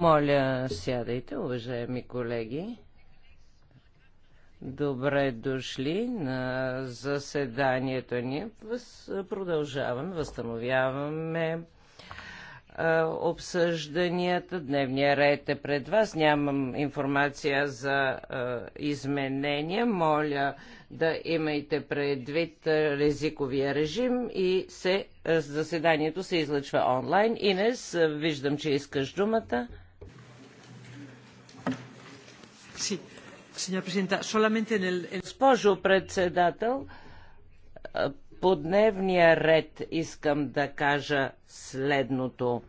Моля, сядайте, уважаеми колеги. Добре дошли на заседанието ни. Продължаваме, възстановяваме обсъжданията. Дневния ред е пред вас. Нямам информация за изменения. Моля да имайте предвид резиковия режим и се, заседанието се излъчва онлайн. Инес, виждам, че искаш думата. Госпожо председател, по дневния ред искам да кажа следното.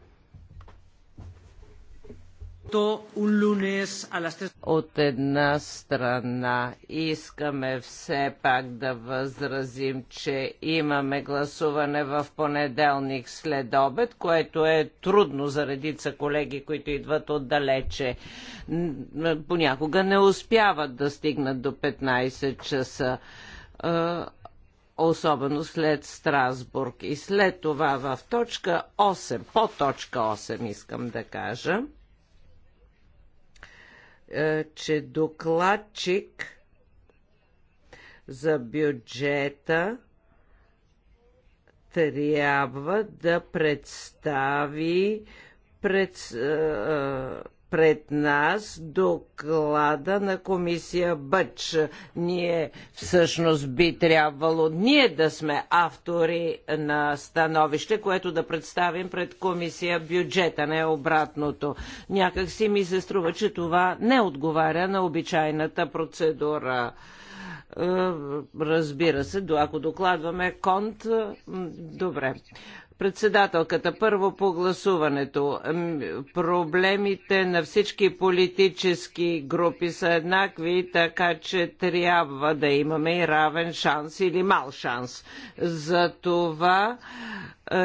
От една страна искаме все пак да възразим, че имаме гласуване в понеделник след обед, което е трудно за редица колеги, които идват отдалече. Понякога не успяват да стигнат до 15 часа особено след Страсбург. И след това в точка 8, по точка 8 искам да кажа, е, че докладчик за бюджета трябва да представи пред, е, е, пред нас доклада на комисия БЪЧ. Ние всъщност би трябвало ние да сме автори на становище, което да представим пред комисия бюджета, не обратното. Някак си ми се струва, че това не отговаря на обичайната процедура е, разбира се, ако докладваме конт, добре. Председателката, първо по гласуването. Проблемите на всички политически групи са еднакви, така че трябва да имаме и равен шанс или мал шанс. За това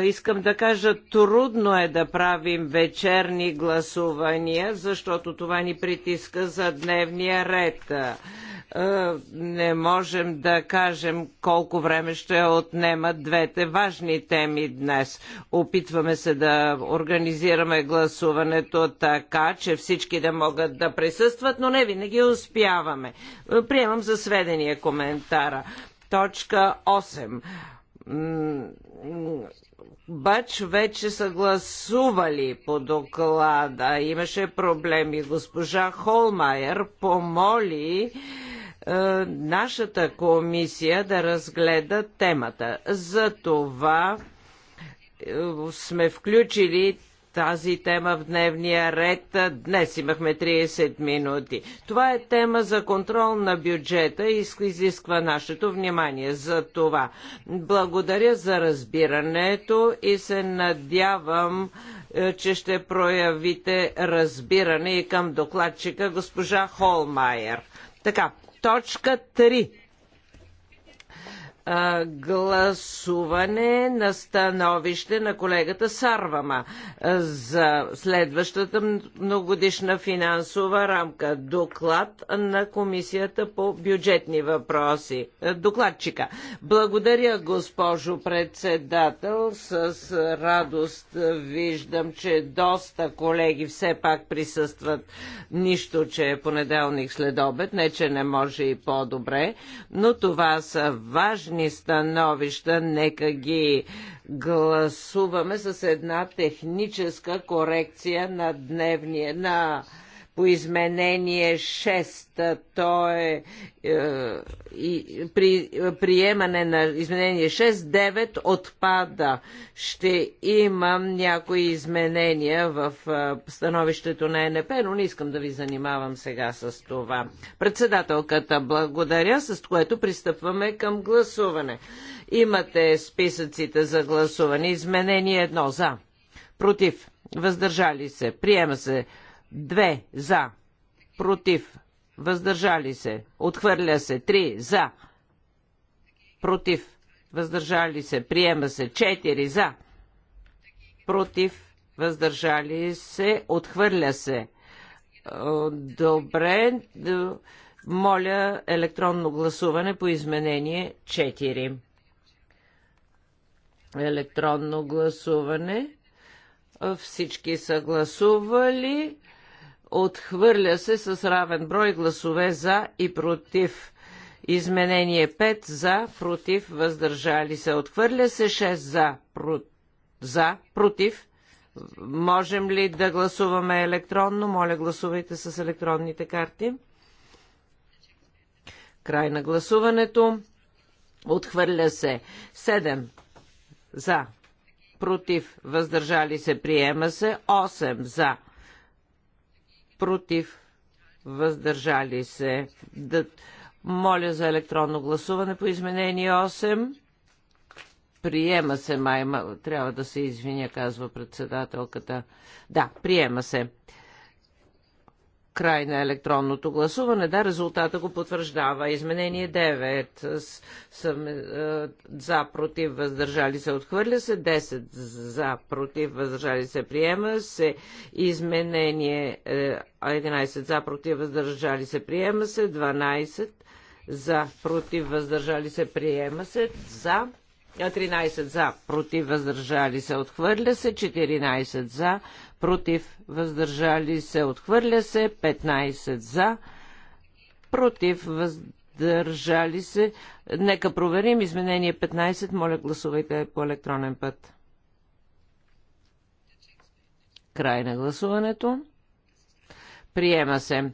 искам да кажа, трудно е да правим вечерни гласувания, защото това ни притиска за дневния ред. Е, не можем да кажем колко време ще отнемат двете важни теми днес. Опитваме се да организираме гласуването така, че всички да могат да присъстват, но не винаги успяваме. Е, приемам за сведение коментара. Точка 8 бач вече са гласували по доклада. Имаше проблеми. Госпожа Холмайер помоли е, нашата комисия да разгледа темата. За това е, сме включили тази тема в дневния ред. Днес имахме 30 минути. Това е тема за контрол на бюджета и изисква нашето внимание за това. Благодаря за разбирането и се надявам, е, че ще проявите разбиране и към докладчика госпожа Холмайер. Така, точка 3 гласуване на становище на колегата Сарвама за следващата многодишна финансова рамка. Доклад на Комисията по бюджетни въпроси. Докладчика. Благодаря, госпожо председател. С радост виждам, че доста колеги все пак присъстват. Нищо, че е понеделник след обед, не че не може и по-добре, но това са важни конкретни становища, нека ги гласуваме с една техническа корекция на дневния, на по изменение 6, то е, е и, при приемане на изменение 6, 9 отпада. Ще имам някои изменения в е, становището на НП, но не искам да ви занимавам сега с това. Председателката благодаря, с което пристъпваме към гласуване. Имате списъците за гласуване. Изменение 1 за. Против. Въздържали се. Приема се. 2 за, против, въздържали се, отхвърля се Три за, против, въздържали се, приема се Четири за, против, въздържали се, отхвърля се. Добре, моля електронно гласуване по изменение 4. Електронно гласуване. Всички са гласували. Отхвърля се с равен брой гласове за и против. Изменение 5 за, против, въздържали се. Отхвърля се 6 за, про... за против. Можем ли да гласуваме електронно? Моля, гласувайте с електронните карти. Край на гласуването. Отхвърля се 7 за, против, въздържали се, приема се 8 за, против, въздържали се. Да, моля за електронно гласуване по изменение 8. Приема се, майма. Трябва да се извиня, казва председателката. Да, приема се край на електронното гласуване. Да, резултата го потвърждава. Изменение 9. С, е, за, против, въздържали се, отхвърля се. 10. За, против, въздържали се, приема се. Изменение 11. Е, за, против, въздържали се, приема се. 12. За, против, въздържали се, приема се. За, 13 за, против, въздържали се, отхвърля се. 14 за, против, въздържали се, отхвърля се. 15 за, против, въздържали се. Нека проверим изменение 15. Моля, гласувайте по електронен път. Край на гласуването. Приема се.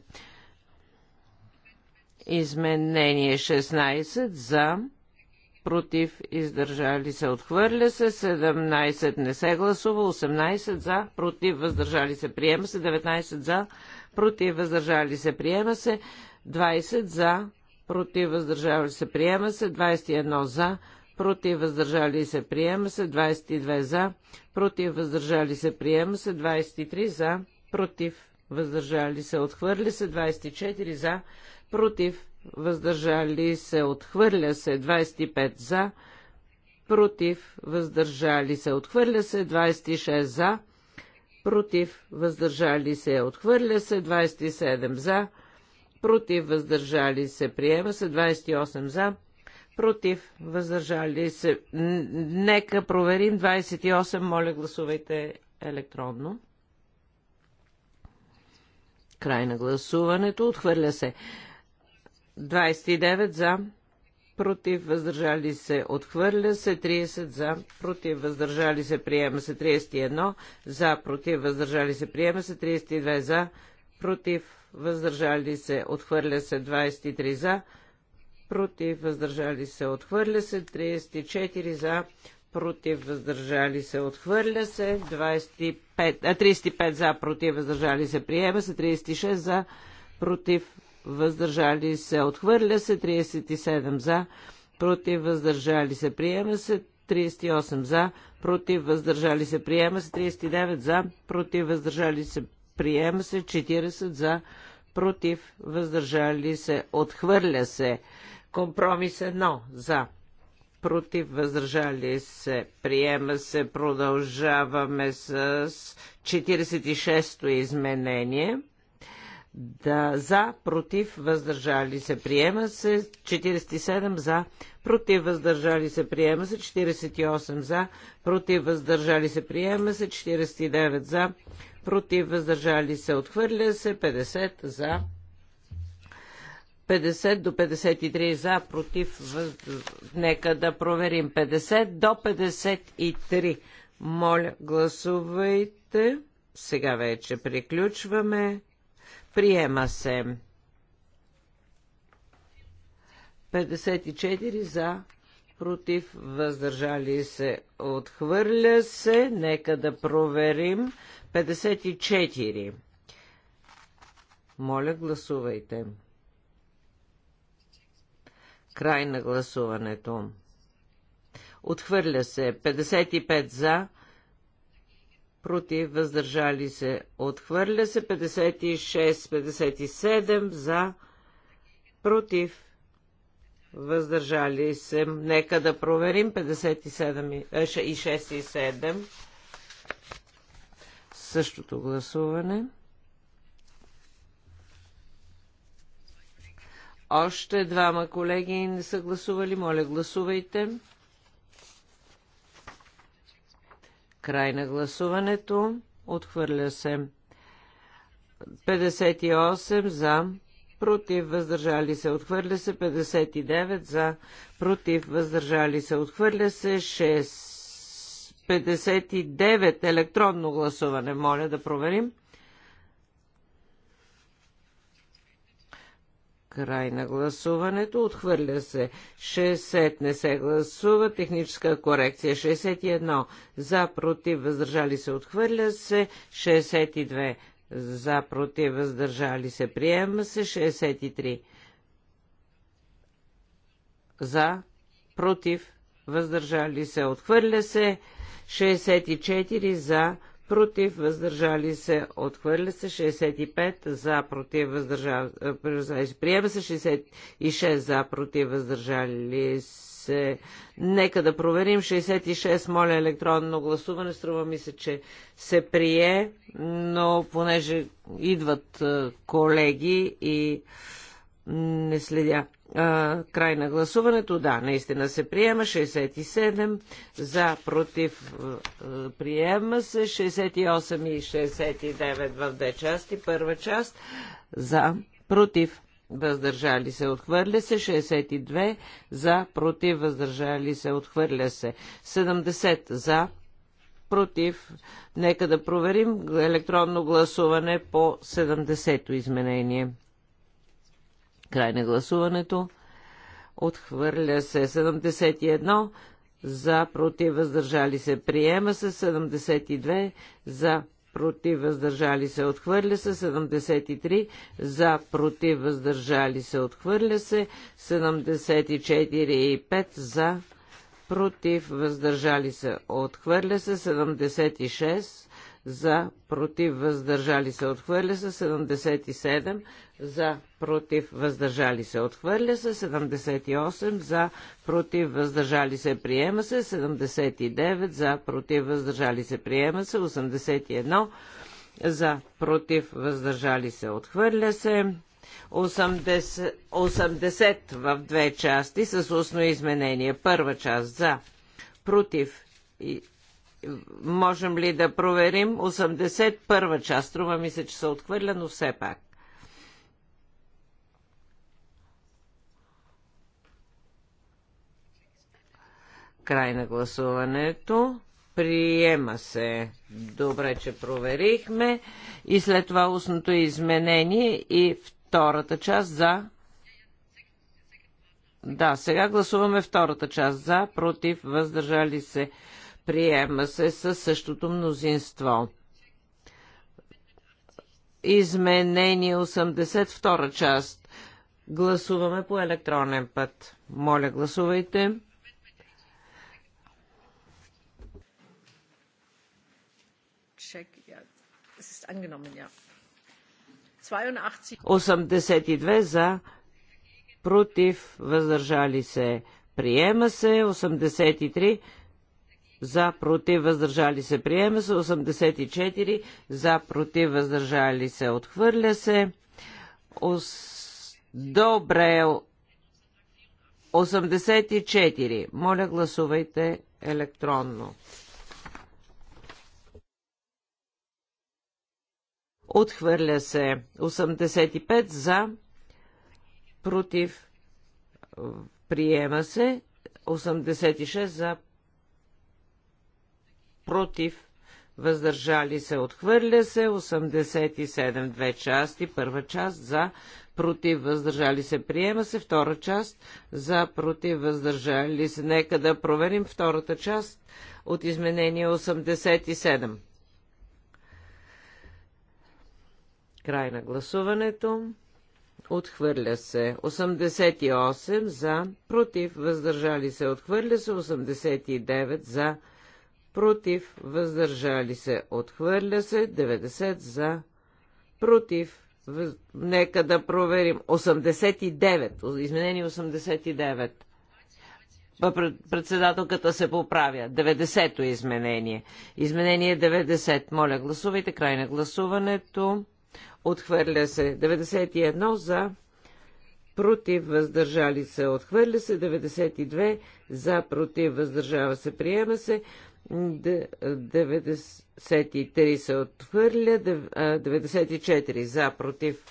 Изменение 16 за против, издържали се, отхвърля се, 17 не се гласува, 18 за, против, въздържали се, приема се, 19 за, против, въздържали се, приема се, 20 за, против, въздържали се, приема се, 21 за, против, въздържали се, приема се, 22 за, против, въздържали се, приема се, 23 за, против, въздържали се, отхвърля се, 24 за, против, въздържали се, отхвърля се 25 за, против, въздържали се, отхвърля се 26 за, против, въздържали се, отхвърля се 27 за, против, въздържали се, приема се 28 за, против, въздържали се. Нека проверим 28, моля гласувайте електронно. Край на гласуването, отхвърля се. 29 за, против, въздържали се, отхвърля се, 30 за, против, въздържали се, приема се, 31 за, против, въздържали се, приема се, 32 за, против, въздържали се, отхвърля се, 23 за, против, въздържали се, отхвърля се, 34 за, против, въздържали се, отхвърля се, 25, а, 35 за, против, въздържали се, приема се, 36 за, против, въздържали се, отхвърля се, 37 за, против, въздържали се, приема се, 38 за, против, въздържали се, приема се, 39 за, против, въздържали се, приема се, 40 за, против, въздържали се, отхвърля се, компромис 1 за, против, въздържали се. Приема се, продължаваме с 46-то изменение да, за, против, въздържали се, приема се 47 за, против, въздържали се, приема се 48 за, против, въздържали се, приема се 49 за, против, въздържали се, отхвърля се 50 за. 50 до 53 за, против, въз... нека да проверим 50 до 53. Моля, гласувайте. Сега вече приключваме. Приема се. 54 за, против, въздържали се, отхвърля се. Нека да проверим. 54. Моля, гласувайте. Край на гласуването. Отхвърля се. 55 за, против, въздържали се, отхвърля се, 56-57 за, против, въздържали се. Нека да проверим 57 и 6 и 7. Е, Същото гласуване. Още двама колеги не са гласували. Моля, гласувайте. Край на гласуването. Отхвърля се. 58 за, против, въздържали се, отхвърля се, 59 за, против, въздържали се, отхвърля се, 6, 59 електронно гласуване. Моля да проверим. Край на гласуването. Отхвърля се. 60 не се гласува. Техническа корекция. 61 за, против, въздържали се. Отхвърля се. 62 за, против, въздържали се. Приема се. 63 за, против, въздържали се. Отхвърля се. 64 за, против, против, въздържали се, отхвърля се 65, за, против, е, въздържали се, приема се 66, за, против, въздържали се. Нека да проверим 66, моля електронно гласуване, струва ми се, че се прие, но понеже идват е, колеги и не следя. А, край на гласуването, да, наистина се приема. 67 за, против, приема се. 68 и 69 в две части. Първа част за, против, въздържали се, отхвърля се, 62 за, против, въздържали се, отхвърля се, 70 за, против. Нека да проверим електронно гласуване по 70-то изменение. Край на гласуването. Отхвърля се 71 за, против, въздържали се. Приема се 72 за, против, въздържали се. Отхвърля се 73 за, против, въздържали се. Отхвърля се 74 и 5 за, против, въздържали се. Отхвърля се 76 за против въздържали се отхвърля се 77 за против въздържали се отхвърля се 78 за против въздържали се приема се 79 за против въздържали се приема се 81 за против въздържали се отхвърля се 80, 80 в две части с устно изменение. Първа част за против и можем ли да проверим 81 ва част? Струва ми се, че се отхвърля, но все пак. Край на гласуването. Приема се. Добре, че проверихме. И след това устното изменение и втората част за. Да, сега гласуваме втората част за, против, въздържали се. Приема се със същото мнозинство. Изменение 82 част. Гласуваме по електронен път. Моля, гласувайте. Чек, 82 за, против, въздържали се. Приема се. 83 за против въздържали се приема се, 84 за против въздържали се отхвърля се. Ос... Добре, 84. Моля гласувайте електронно. Отхвърля се 85 за, против, приема се 86 за, против, въздържали се, отхвърля се, 87 две части, първа част за, против, въздържали се, приема се, втора част за, против, въздържали се. Нека да проверим втората част от изменение 87. Край на гласуването. Отхвърля се. 88 за, против, въздържали се. Отхвърля се. 89 за, против, въздържали се, отхвърля се, 90 за, против, въз... нека да проверим, 89, изменени 89. Председателката се поправя. 90-то изменение. Изменение 90. Моля, гласувайте. Край на гласуването. Отхвърля се 91 за против въздържали се, отхвърля се, 92 за, против въздържава се, приема се, 93 се отхвърля, 94 за, против,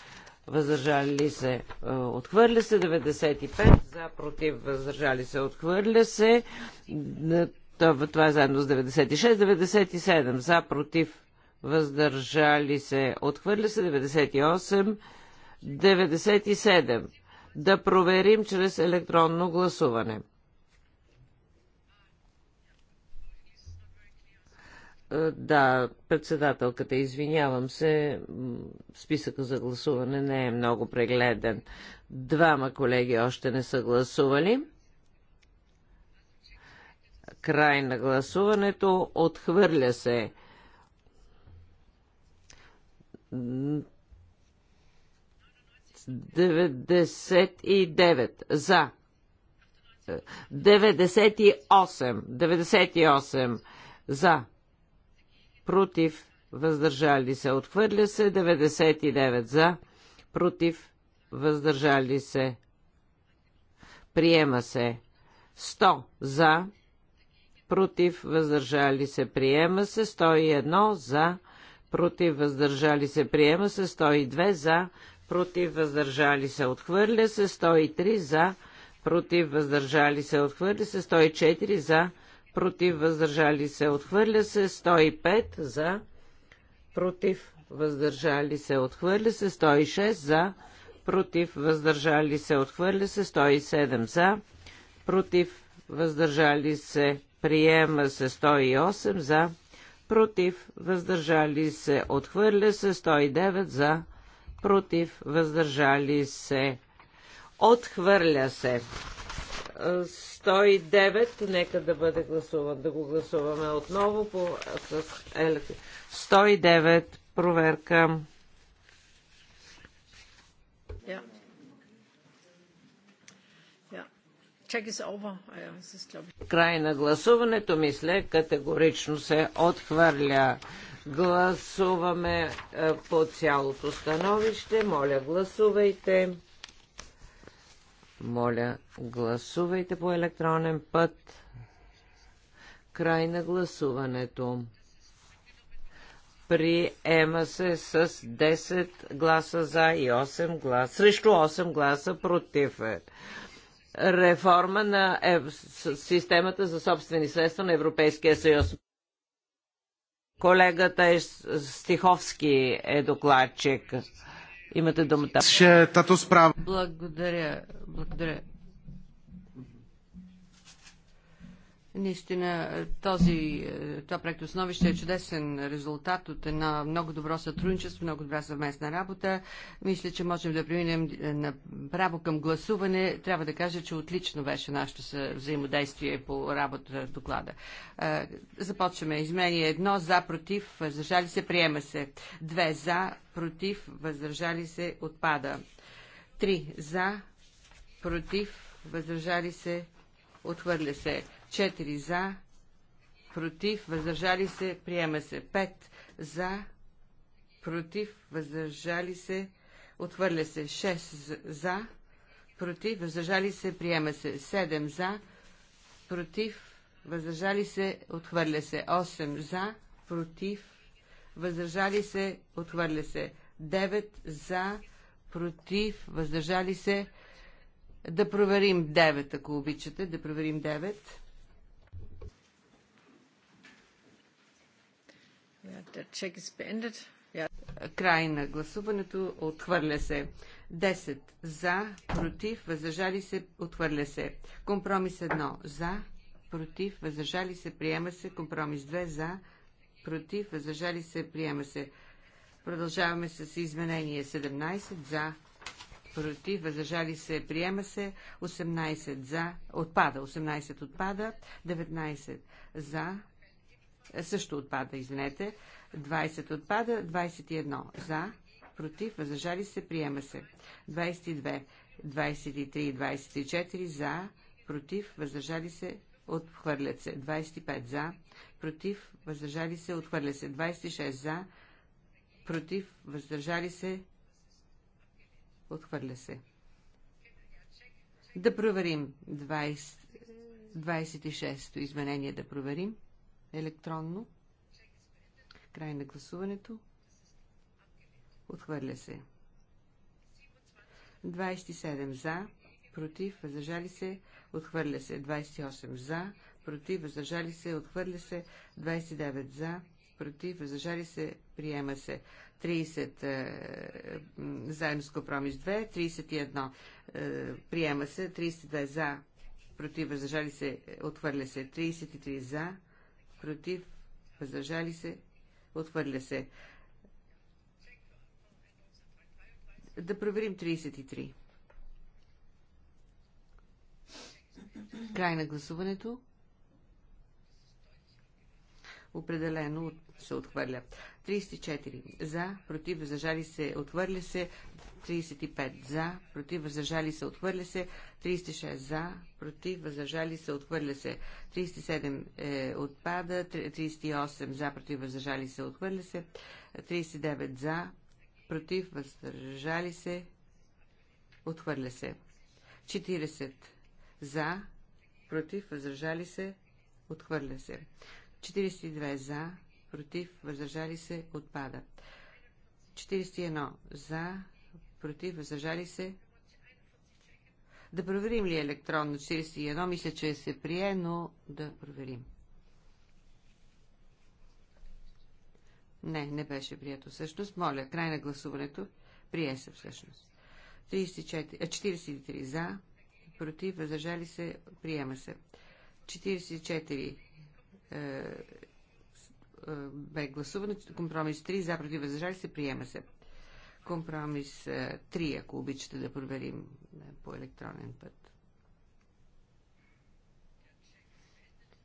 въздържали се, отхвърля се, 95 е за, против, въздържали се, отхвърля се, това е заедно с 96, 97 за, против, въздържали се, отхвърля се, 98, 97. Да проверим чрез електронно гласуване. Е, да, председателката, извинявам се, списъка за гласуване не е много прегледен. Двама колеги още не са гласували. Край на гласуването. Отхвърля се. и 99 за. 98. 98 за против, въздържали се, отхвърля се, 99 за, против, въздържали се, приема се, 100 за, против, въздържали се, приема се, 101 за, против, въздържали се, приема се, 102 за, против, въздържали се, отхвърля се, 103 за, против, въздържали се, отхвърля се, 104 за, против, въздържали се, отхвърля се, 105 за, против, въздържали се, отхвърля се, 106 за, против, въздържали се, отхвърля се, 107 за, против, въздържали се, приема се, 108 за, против, въздържали се, отхвърля се, 109 за, против, въздържали се, отхвърля се. 109, нека да бъде гласуван, да го гласуваме отново по, с 109, проверка. Ah Край на гласуването, мисля, категорично се отхвърля. Гласуваме е, по цялото становище. Моля, гласувайте. Моля, гласувайте по електронен път. Край на гласуването. Приема се с 10 гласа за и 8 гласа, срещу 8 гласа против. Реформа на е, системата за собствени средства на Европейския съюз. Колегата е, Стиховски е докладчик. Имате думата. Ще тато справа. Благодаря. Благодаря. Наистина този, е, това проект основище е чудесен резултат от едно много добро сътрудничество, много добра съвместна работа. Мисля, че можем да преминем е, право към гласуване. Трябва да кажа, че отлично беше нашето взаимодействие по работа в доклада. Е, започваме. Изменение едно за, против, въздържали се, приема се. Две за, против, въздържали се, отпада. Три за, против, въздържали се, отхвърля се. 4 за, против, въздържали се, приема се. 5 за, против, въздържали се, отвърля се. 6 за, против, въздържали се, приема се. 7 за, против, въздържали се, отхвърля се. 8 за, против, въздържали се, отхвърля се. 9 за, против, въздържали се. Да проверим 9, ако обичате, да проверим 9. Край на гласуването. Отхвърля се. 10 за, против, въздържали се, отхвърля се. Компромис 1 за, против, въздържали се, приема се. Компромис 2 за, против, въздържали се, приема се. Продължаваме с изменение 17 за, против, въздържали се, приема се. 18 за, отпада, 18 отпада, 19 за, също отпада, извинете. 20 отпада, 21 за, против, въздържали се, приема се. 22, 23 и 24 за, против, въздържали се, отхвърлят се. 25 за, против, въздържали се, отхвърля се. 26 за, против, въздържали се, отхвърля се. Да проверим 20, 26-то изменение, да проверим. 26 електронно. Край на гласуването. Отхвърля се. 27 за, против, въздържали се, отхвърля се. 28 за, против, въздържали се, отхвърля се. 29 за, против, въздържали се, приема се. 30 е, заедно с компромис 2, 31 е, приема се, 32 за, против, въздържали се, отхвърля се. 33 за, против, въздържали се, отхвърля се. Да проверим 33. Край на гласуването. Определено се отхвърля. 34. За, против, въздържали се, отхвърля се. 35 за, против, въздържали се, отхвърля се, 36 за, против, въздържали се, отхвърля се, 37 е, отпада, 38 за, против, въздържали се, отхвърля се, 39 за, против, въздържали се, отхвърля се, 40 за, против, въздържали се, отхвърля се, 42 за, против, въздържали се, отпада. 41 за, против, въздържали се. Да проверим ли електронно 41? Мисля, че се прие, но да проверим. Не, не беше прието всъщност. Моля, край на гласуването. Прие се всъщност. 34, 43 за, против, въздържали се, приема се. 44 е, е, бе гласуване. компромис 3 за, против, въздържали се, приема се. Компромис 3, е, ако обичате да проверим е, по електронен път.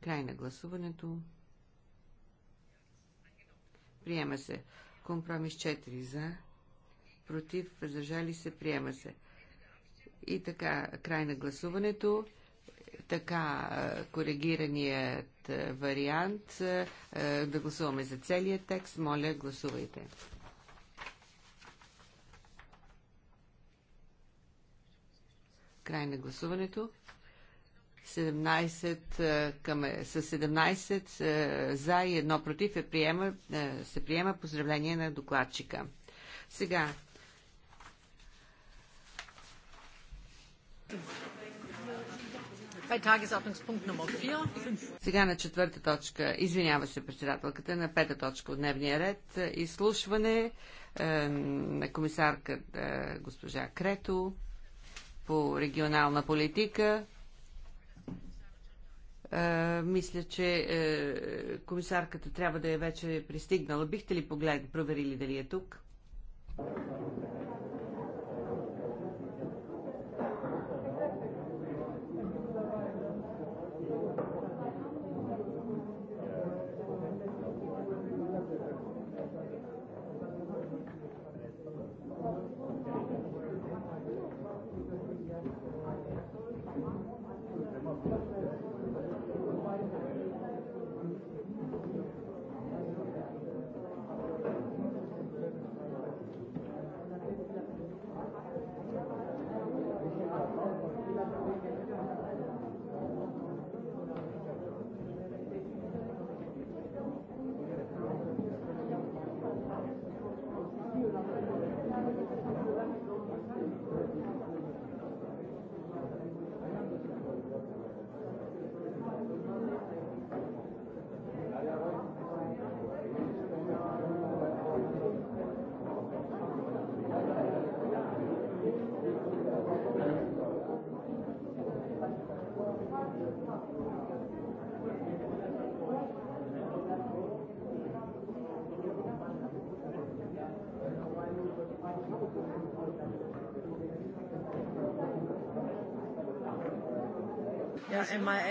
Край на гласуването. Приема се. Компромис 4 за. Против, въздържали се, приема се. И така, край на гласуването. Така, е, коригираният вариант. Да гласуваме за целият текст. Моля, гласувайте. Край на гласуването. 17 е, към, е, с 17 е, за и едно против е приема, се приема поздравление на докладчика. Сега. Сега на четвърта точка, извинява се председателката, на пета точка от дневния ред, изслушване е, на комисарка е, госпожа Крето по регионална политика. мисля, че е, комисарката трябва да е вече пристигнала. Бихте ли поглед, проверили дали е тук?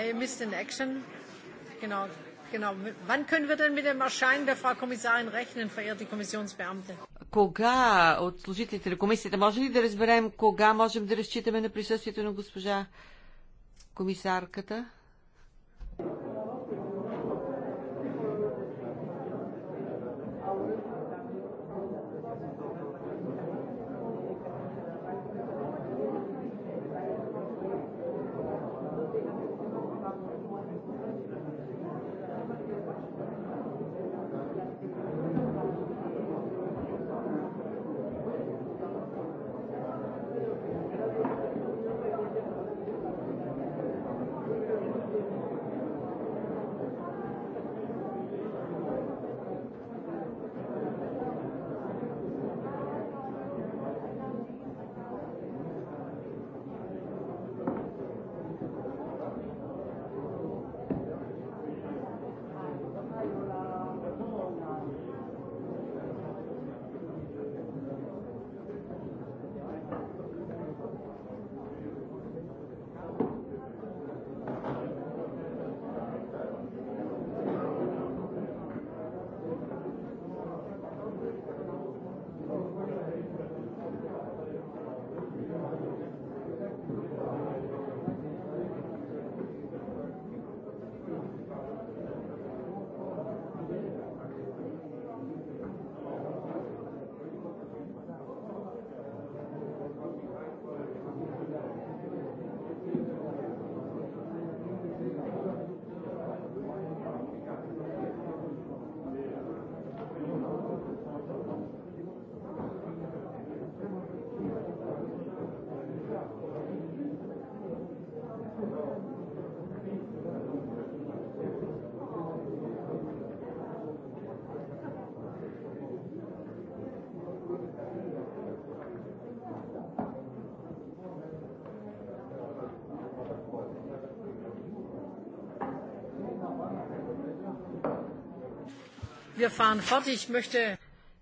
I missed an action. Genau. Genau. Wann können wir denn mit dem Erscheinen der Frau Kommissarin rechnen, verehrte Kommissionsbeamte? Кога от служителите на комисията може ли да разберем кога можем да разчитаме на присъствието на госпожа комисарката?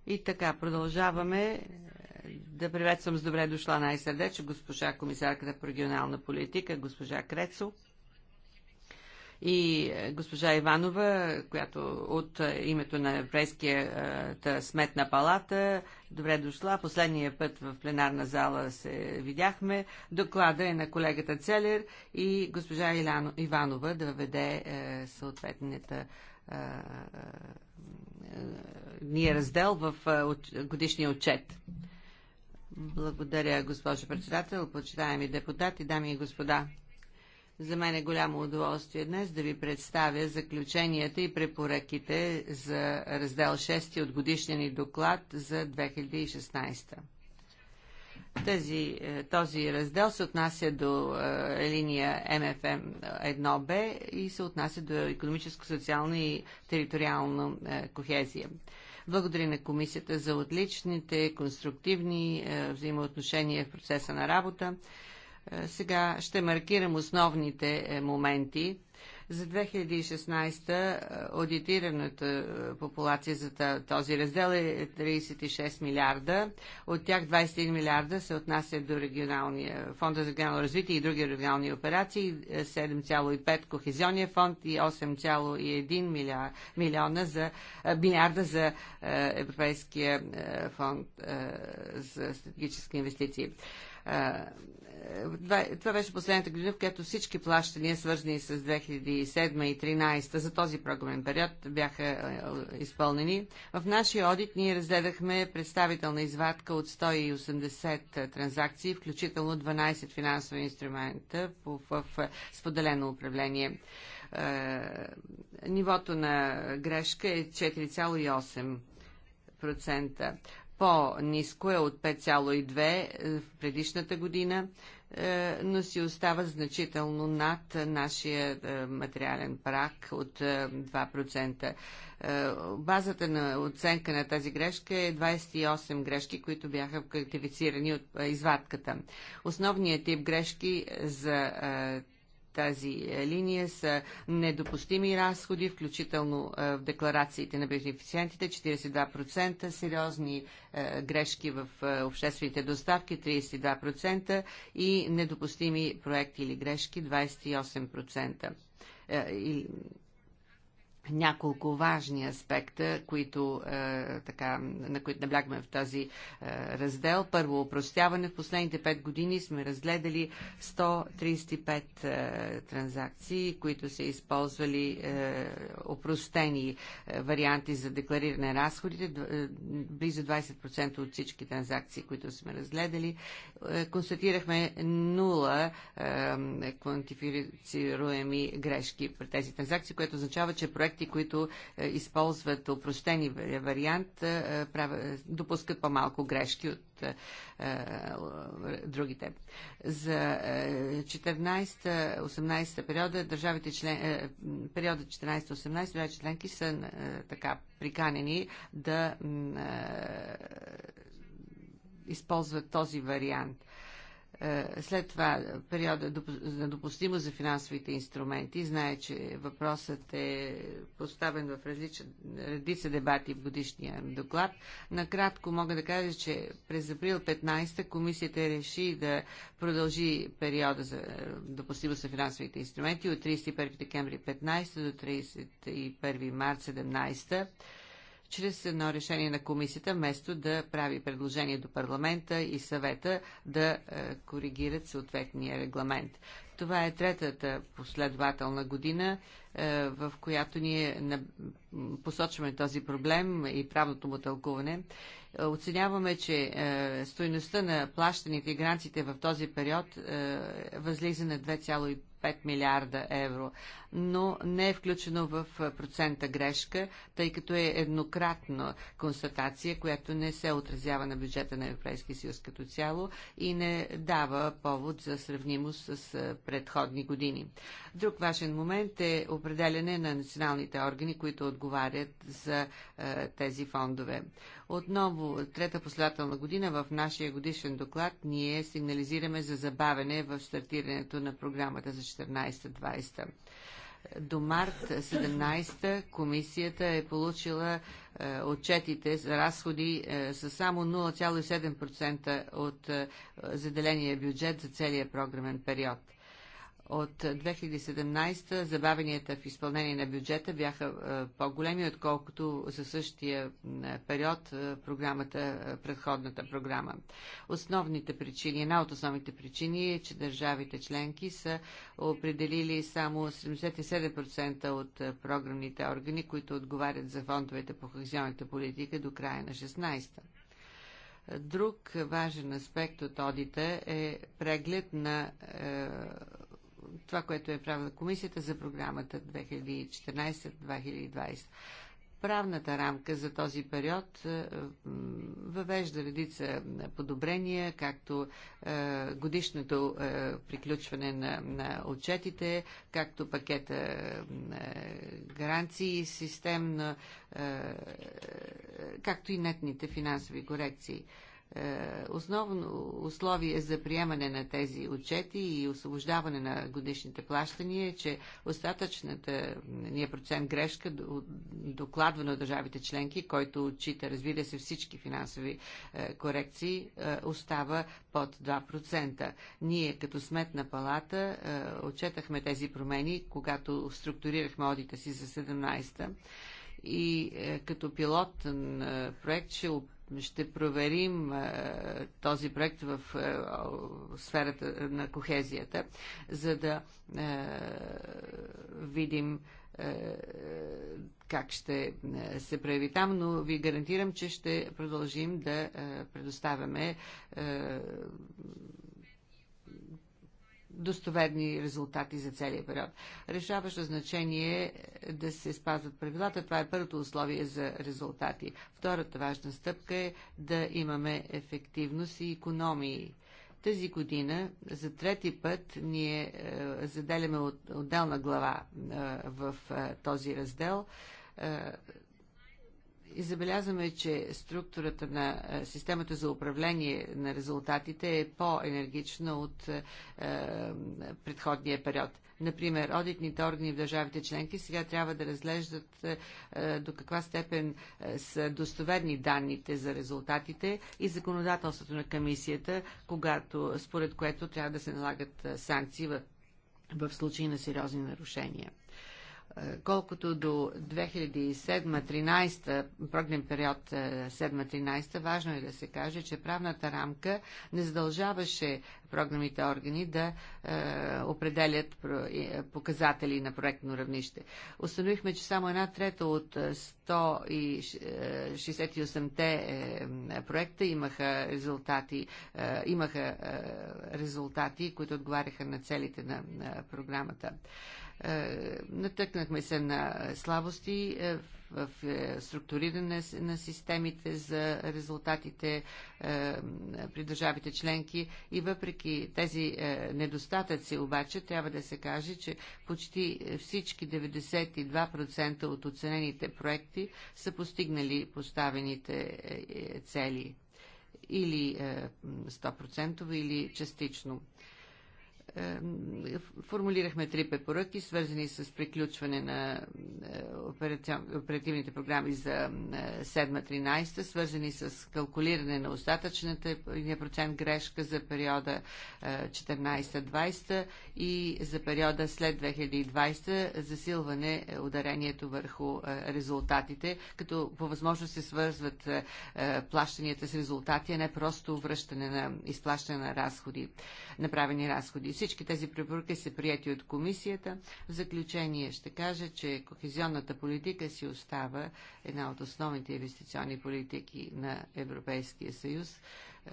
И така, продължаваме да приветствам с добре дошла най-сърдечно госпожа комисарката по регионална политика, госпожа Крецо и е, госпожа Иванова, която от е, името на Еврейския е, сметна палата. Добре дошла. Последния път в пленарна зала се видяхме. Доклада е на колегата Целер и госпожа Иванова да въведе съответната ни е раздел в годишния отчет. Благодаря, госпожо председател, почитаеми депутати, дами и господа. За мен е голямо удоволствие днес да ви представя заключенията и препоръките за раздел 6 от годишния ни доклад за 2016. Тази, е, този раздел се отнася до е, линия МФМ 1Б и се отнася до економическо, социална и териториална е, кохезия. Благодаря на комисията за отличните, конструктивни е, взаимоотношения в процеса на работа. Е, сега ще маркирам основните е, моменти за 2016 е, аудитираната е, популация за този раздел е 36 милиарда. От тях 21 милиарда се отнасят до регионалния фонда за регионално развитие и други регионални операции, 7,5 е, кохезионния фонд и 8,1 милиона за, милиарда за Европейския фонд за стратегически инвестиции това беше последната година, в която всички плащания, свързани с 2007 и 2013 за този програмен период, бяха изпълнени. В нашия одит ние разгледахме представителна извадка от 180 транзакции, включително 12 финансови инструмента в споделено управление. Нивото на грешка е 4,8% по-низко е от 5,2 е, в предишната година, е, но си остава значително над нашия е, материален прак от 2%. Базата на оценка на тази грешка е 28 грешки, които бяха квалифицирани от извадката. Основният тип грешки за тази е, линия са недопустими разходи, включително е, в декларациите на бенефициентите 42%, сериозни е, грешки в обществените доставки 32% и недопустими проекти или грешки 28% няколко важни аспекта, които, е, така, на които наблягаме в този е, раздел. Първо, опростяване. В последните 5 години сме разгледали 135 е, транзакции, които са използвали е, опростени е, варианти за деклариране на разходите. Е, близо 20% от всички транзакции, които сме разгледали. Е, констатирахме нула е, квантифицируеми грешки при тези транзакции, което означава, че проект проекти, които е, използват упрощени вариант, е, е, допускат по-малко грешки от другите. За 14-18 периода държавите член, периода 14-18 държавите членки са така приканени да използват този вариант е, след това периода на допустимост за финансовите инструменти. Знае, че въпросът е поставен в различни редица дебати в годишния доклад. Накратко мога да кажа, че през април 15 та комисията реши да продължи периода за е, допустимо за финансовите инструменти от 31 декември 15 до 31 март 17 чрез едно решение на комисията, вместо да прави предложение до парламента и съвета да е, коригират съответния регламент. Това е третата последователна година, е, в която ние посочваме този проблем и правното му тълкуване. Е, оценяваме, че стоеността на плащаните и гранците в този период възлиза на 2,5 5 милиарда евро, но не е включено в процента грешка, тъй като е еднократна констатация, която не се отразява на бюджета на Европейския съюз като цяло и не дава повод за сравнимост с предходни години. Друг важен момент е определене на националните органи, които отговарят за тези фондове. Отново, трета последователна година в нашия годишен доклад ние сигнализираме за забавене в стартирането на програмата за 14-20. До март 17 комисията е получила е, отчетите за разходи е, са само 0,7% от е, заделения бюджет за целия програмен период. От 2017 забавенията в изпълнение на бюджета бяха е, по-големи, отколкото за същия период е, програмата, е, предходната програма. Основните причини, една от основните причини е, че държавите членки са определили само 77% от програмните органи, които отговарят за фондовете по хазионната политика до края на 16 та Друг важен аспект от одита е преглед на това, което е правила комисията за програмата 2014-2020. Правната рамка за този период е, въвежда редица подобрения, както е, годишното е, приключване на, на отчетите, както пакета гаранции, системно, както и нетните финансови корекции. Е, основно условие за приемане на тези отчети и освобождаване на годишните плащания е, че остатъчната ние процент грешка, докладвана от държавите членки, който отчита, разбира се, всички финансови е, корекции, е, остава под 2%. Ние като сметна палата отчетахме тези промени, когато структурирахме одита си за 17-та и е, като пилотен проект ще ще проверим е, този проект в е, сферата на кохезията, за да е, видим как ще се прояви там, но ви гарантирам, че ще продължим да предоставяме достоверни резултати за целия период. Решаващо значение е да се спазват правилата. Това е първото условие за резултати. Втората важна стъпка е да имаме ефективност и економии. Тази година за трети път ние е, заделяме от, отделна глава е, в е, този раздел. Е, и забелязваме, че структурата на е, системата за управление на резултатите е по-енергична от е, предходния период. Например, одитните органи в държавите членки сега трябва да разглеждат е, до каква степен са достоверни данните за резултатите и законодателството на комисията, когато, според което трябва да се налагат санкции в, в случай на сериозни нарушения. Е, колкото до 2007-13, програмен период 7-13, е, важно е да се каже, че правната рамка не задължаваше програмните органи да е, определят е, показатели на проектно равнище. Установихме, че само една трета от 168-те проекта имаха резултати, е, имаха резултати, които отговаряха на целите на, на програмата. Е, е, натъкнахме се на слабости е, в е, структуриране на системите за резултатите при държавите членки и въпреки тези недостатъци обаче трябва да се каже, че почти всички 92% от оценените проекти са постигнали поставените цели или 100% или частично формулирахме три препоръки, свързани с приключване на е, оперативните програми за 7-13, е, свързани с калкулиране на остатъчната е, процент грешка за периода 14-20 и за периода след 2020 засилване ударението върху резултатите, като по възможност се свързват плащанията с резултати, а не просто връщане на изплащане на разходи, направени разходи всички тези препоръки са прияти от комисията. В заключение ще кажа, че кохезионната политика си остава една от основните инвестиционни политики на Европейския съюз.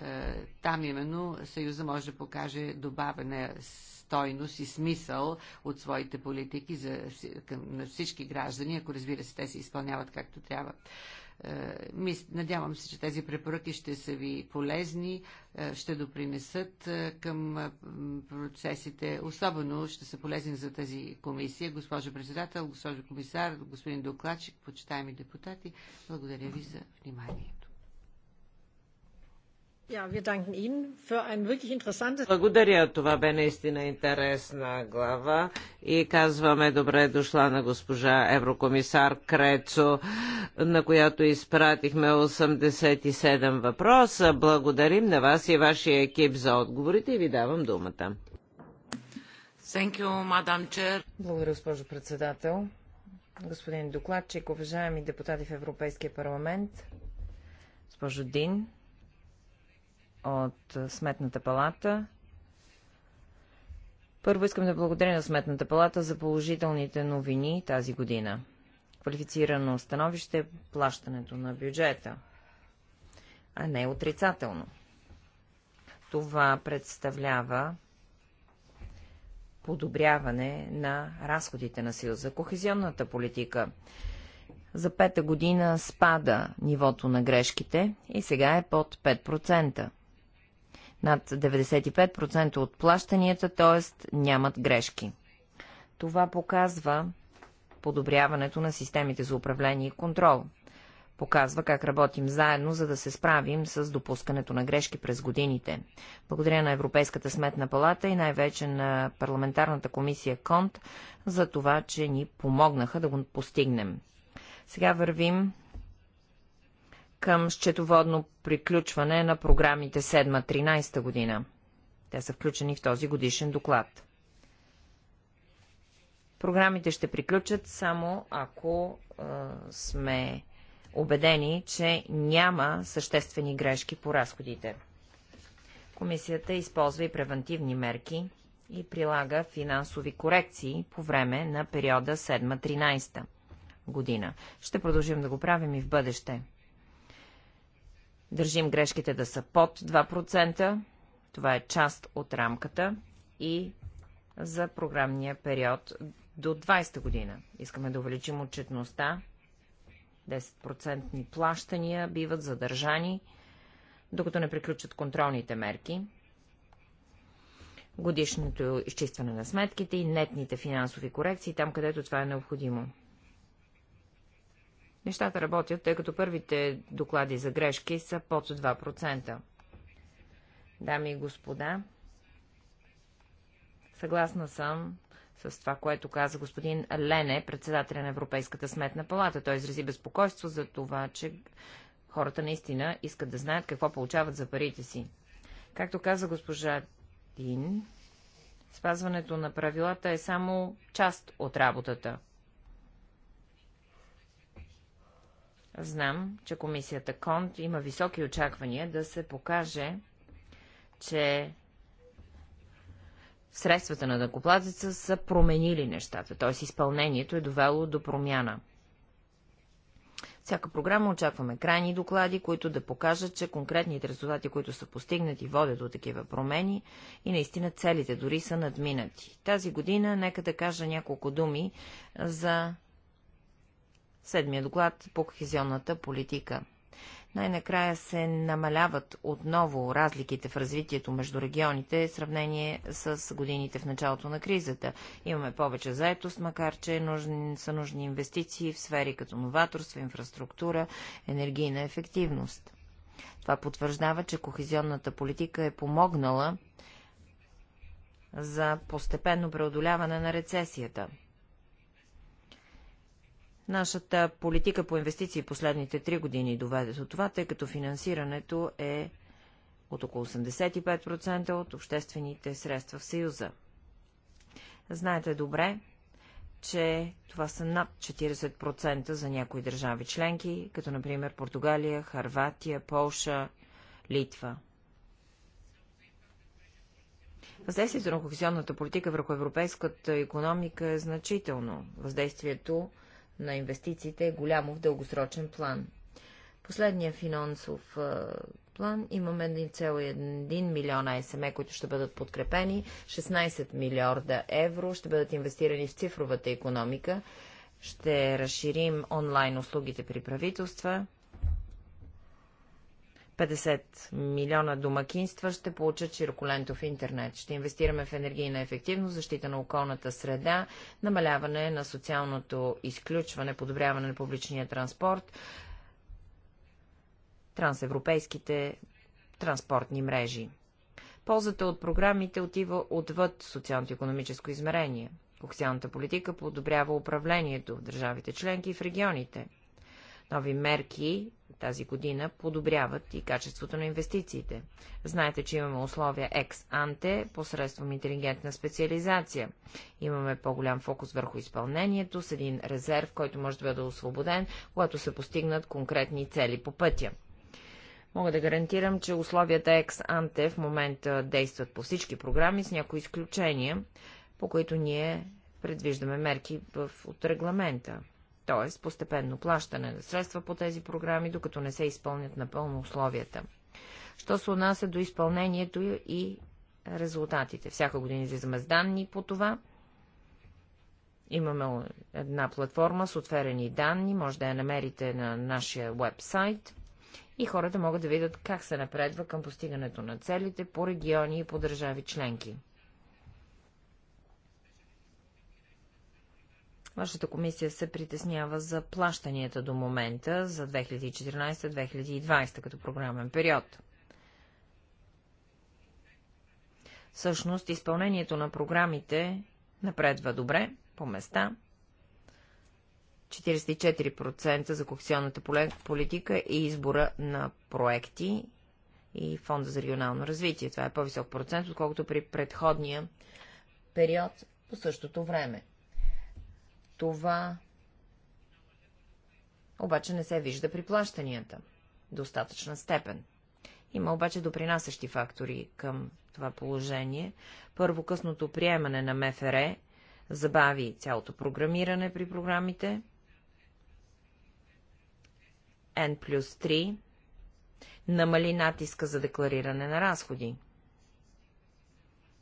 Е, там именно съюза може да покаже добавена стойност и смисъл от своите политики за, към, на всички граждани, ако разбира се, те се изпълняват както трябва. Е, надявам се, че тези препоръки ще са ви полезни, е, ще допринесат е, към процесите, особено ще са полезни за тази комисия. Госпожо председател, госпожо комисар, господин докладчик, почитаеми депутати, благодаря ви за внимание. Благодаря, това бе наистина интересна глава и казваме добре дошла на госпожа еврокомисар Крецо, на която изпратихме 87 въпроса. Благодарим на вас и вашия екип за отговорите и ви давам думата. You, Благодаря, госпожо председател. Господин докладчик, уважаеми депутати в Европейския парламент, госпожо Дин, от Сметната палата. Първо искам да благодаря на Сметната палата за положителните новини тази година. Квалифицирано становище е плащането на бюджета, а не отрицателно. Това представлява подобряване на разходите на Съюз за кохезионната политика. За пета година спада нивото на грешките и сега е под 5% над 95% от плащанията, т.е. нямат грешки. Това показва подобряването на системите за управление и контрол. Показва как работим заедно, за да се справим с допускането на грешки през годините. Благодаря на Европейската сметна палата и най-вече на парламентарната комисия КОНТ за това, че ни помогнаха да го постигнем. Сега вървим към счетоводно приключване на програмите 7-13 година. Те са включени в този годишен доклад. Програмите ще приключат само ако е, сме убедени, че няма съществени грешки по разходите. Комисията използва и превентивни мерки и прилага финансови корекции по време на периода 7-13 година. Ще продължим да го правим и в бъдеще. Държим грешките да са под 2%. Това е част от рамката и за програмния период до 20 та година. Искаме да увеличим отчетността. 10% плащания биват задържани, докато не приключат контролните мерки. Годишното изчистване на сметките и нетните финансови корекции, там където това е необходимо. Нещата работят, тъй като първите доклади за грешки са под 2%. Дами и господа, съгласна съм с това, което каза господин Лене, председателя на Европейската сметна палата. Той изрази безпокойство за това, че хората наистина искат да знаят какво получават за парите си. Както каза госпожа Дин, спазването на правилата е само част от работата. Знам, че комисията Конт има високи очаквания да се покаже, че средствата на дъкоплатеца са променили нещата, т.е. изпълнението е довело до промяна. Всяка програма очакваме крайни доклади, които да покажат, че конкретните резултати, които са постигнати, водят до такива промени и наистина целите дори са надминати. Тази година нека да кажа няколко думи за Седмият доклад по кохезионната политика. Най-накрая се намаляват отново разликите в развитието между регионите в сравнение с годините в началото на кризата. Имаме повече заетост, макар че нужни, са нужни инвестиции в сфери като новаторство, инфраструктура, енергийна ефективност. Това потвърждава, че кохезионната политика е помогнала за постепенно преодоляване на рецесията – Нашата политика по инвестиции последните три години доведе до това, тъй като финансирането е от около 85% от обществените средства в Съюза. Знаете добре, че това са над 40% за някои държави членки, като например Португалия, Харватия, Полша, Литва. Въздействието на кохезионната политика върху европейската економика е значително. Въздействието на инвестициите е голямо в дългосрочен план. Последния финансов план имаме 1,1 милиона СМЕ, които ще бъдат подкрепени, 16 милиарда евро ще бъдат инвестирани в цифровата економика, ще разширим онлайн услугите при правителства, 50 милиона домакинства ще получат широколентов интернет. Ще инвестираме в енергийна ефективност, защита на околната среда, намаляване на социалното изключване, подобряване на публичния транспорт, трансевропейските транспортни мрежи. Ползата от програмите отива отвъд социално-економическо измерение. Кохесионната политика подобрява управлението в държавите членки и в регионите. Нови мерки тази година подобряват и качеството на инвестициите. Знаете, че имаме условия екс-анте посредством интелигентна специализация. Имаме по-голям фокус върху изпълнението с един резерв, който може да бъде освободен, когато се постигнат конкретни цели по пътя. Мога да гарантирам, че условията екс-анте в момента действат по всички програми, с някои изключения, по които ние предвиждаме мерки в, от регламента т.е. постепенно плащане на средства по тези програми, докато не се изпълнят напълно условията. Що се отнася до изпълнението и резултатите? Всяка година излизаме с данни по това. Имаме една платформа с отверени данни, може да я намерите на нашия вебсайт и хората могат да видят как се напредва към постигането на целите по региони и по държави членки. Вашата комисия се притеснява за плащанията до момента за 2014-2020 като програмен период. Всъщност, изпълнението на програмите напредва добре, по места. 44% за кохесионната политика и избора на проекти и фонда за регионално развитие. Това е по-висок процент, отколкото при предходния период по същото време. Това обаче не се вижда при плащанията. Достатъчна степен. Има обаче допринасящи фактори към това положение. Първо, късното приемане на МФР забави цялото програмиране при програмите. N плюс 3 намали натиска за деклариране на разходи.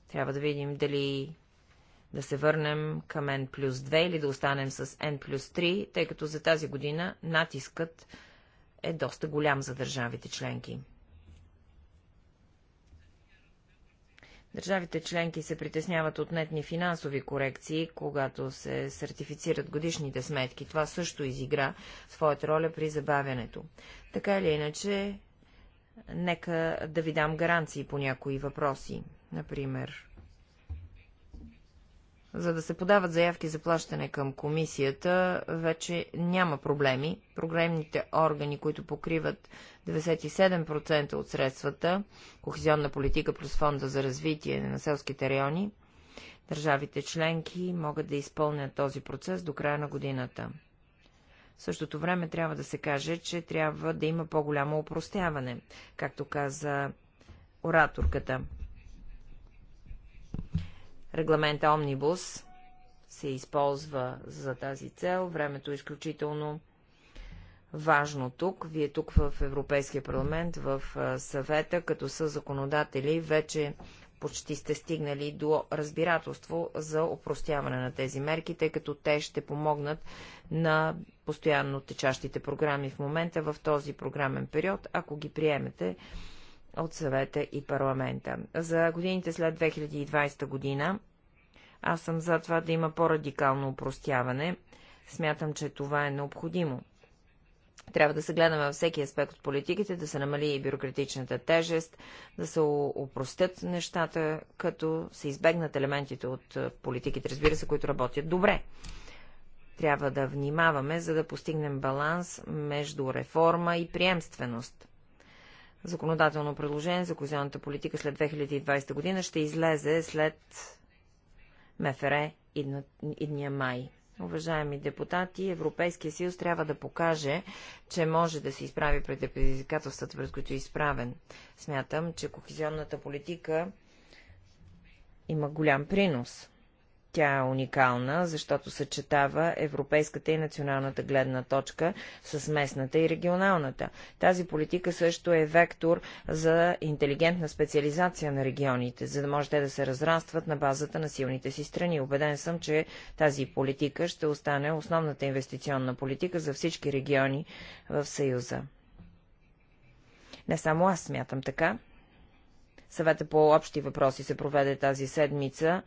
Трябва да видим дали да се върнем към N плюс 2 или да останем с N плюс 3, тъй като за тази година натискът е доста голям за държавите членки. Държавите членки се притесняват от нетни финансови корекции, когато се сертифицират годишните сметки. Това също изигра своята роля при забавянето. Така или иначе, нека да ви дам гаранции по някои въпроси. Например, за да се подават заявки за плащане към комисията, вече няма проблеми. Програмните органи, които покриват 97% от средствата, кохезионна политика плюс фонда за развитие на селските райони, държавите членки могат да изпълнят този процес до края на годината. В същото време трябва да се каже, че трябва да има по-голямо упростяване, както каза ораторката. Регламента Омнибус се използва за тази цел. Времето е изключително важно тук. Вие тук в Европейския парламент, в съвета, като са законодатели, вече почти сте стигнали до разбирателство за опростяване на тези мерки, тъй като те ще помогнат на постоянно течащите програми в момента в този програмен период, ако ги приемете от съвета и парламента. За годините след 2020 година аз съм за това да има по-радикално упростяване. Смятам, че това е необходимо. Трябва да се гледаме във всеки аспект от политиките, да се намали и бюрократичната тежест, да се упростят нещата, като се избегнат елементите от е, политиките, разбира се, които работят добре. Трябва да внимаваме, за да постигнем баланс между реформа и приемственост законодателно предложение за козионната политика след 2020 година ще излезе след МФР идна, идния май. Уважаеми депутати, Европейския съюз трябва да покаже, че може да се изправи пред предизвикателствата, пред които е изправен. Смятам, че кохезионната политика има голям принос тя е уникална, защото съчетава европейската и националната гледна точка с местната и регионалната. Тази политика също е вектор за интелигентна специализация на регионите, за да може те да се разрастват на базата на силните си страни. Обеден съм, че тази политика ще остане основната инвестиционна политика за всички региони в Съюза. Не само аз смятам така. Съвета по общи въпроси се проведе тази седмица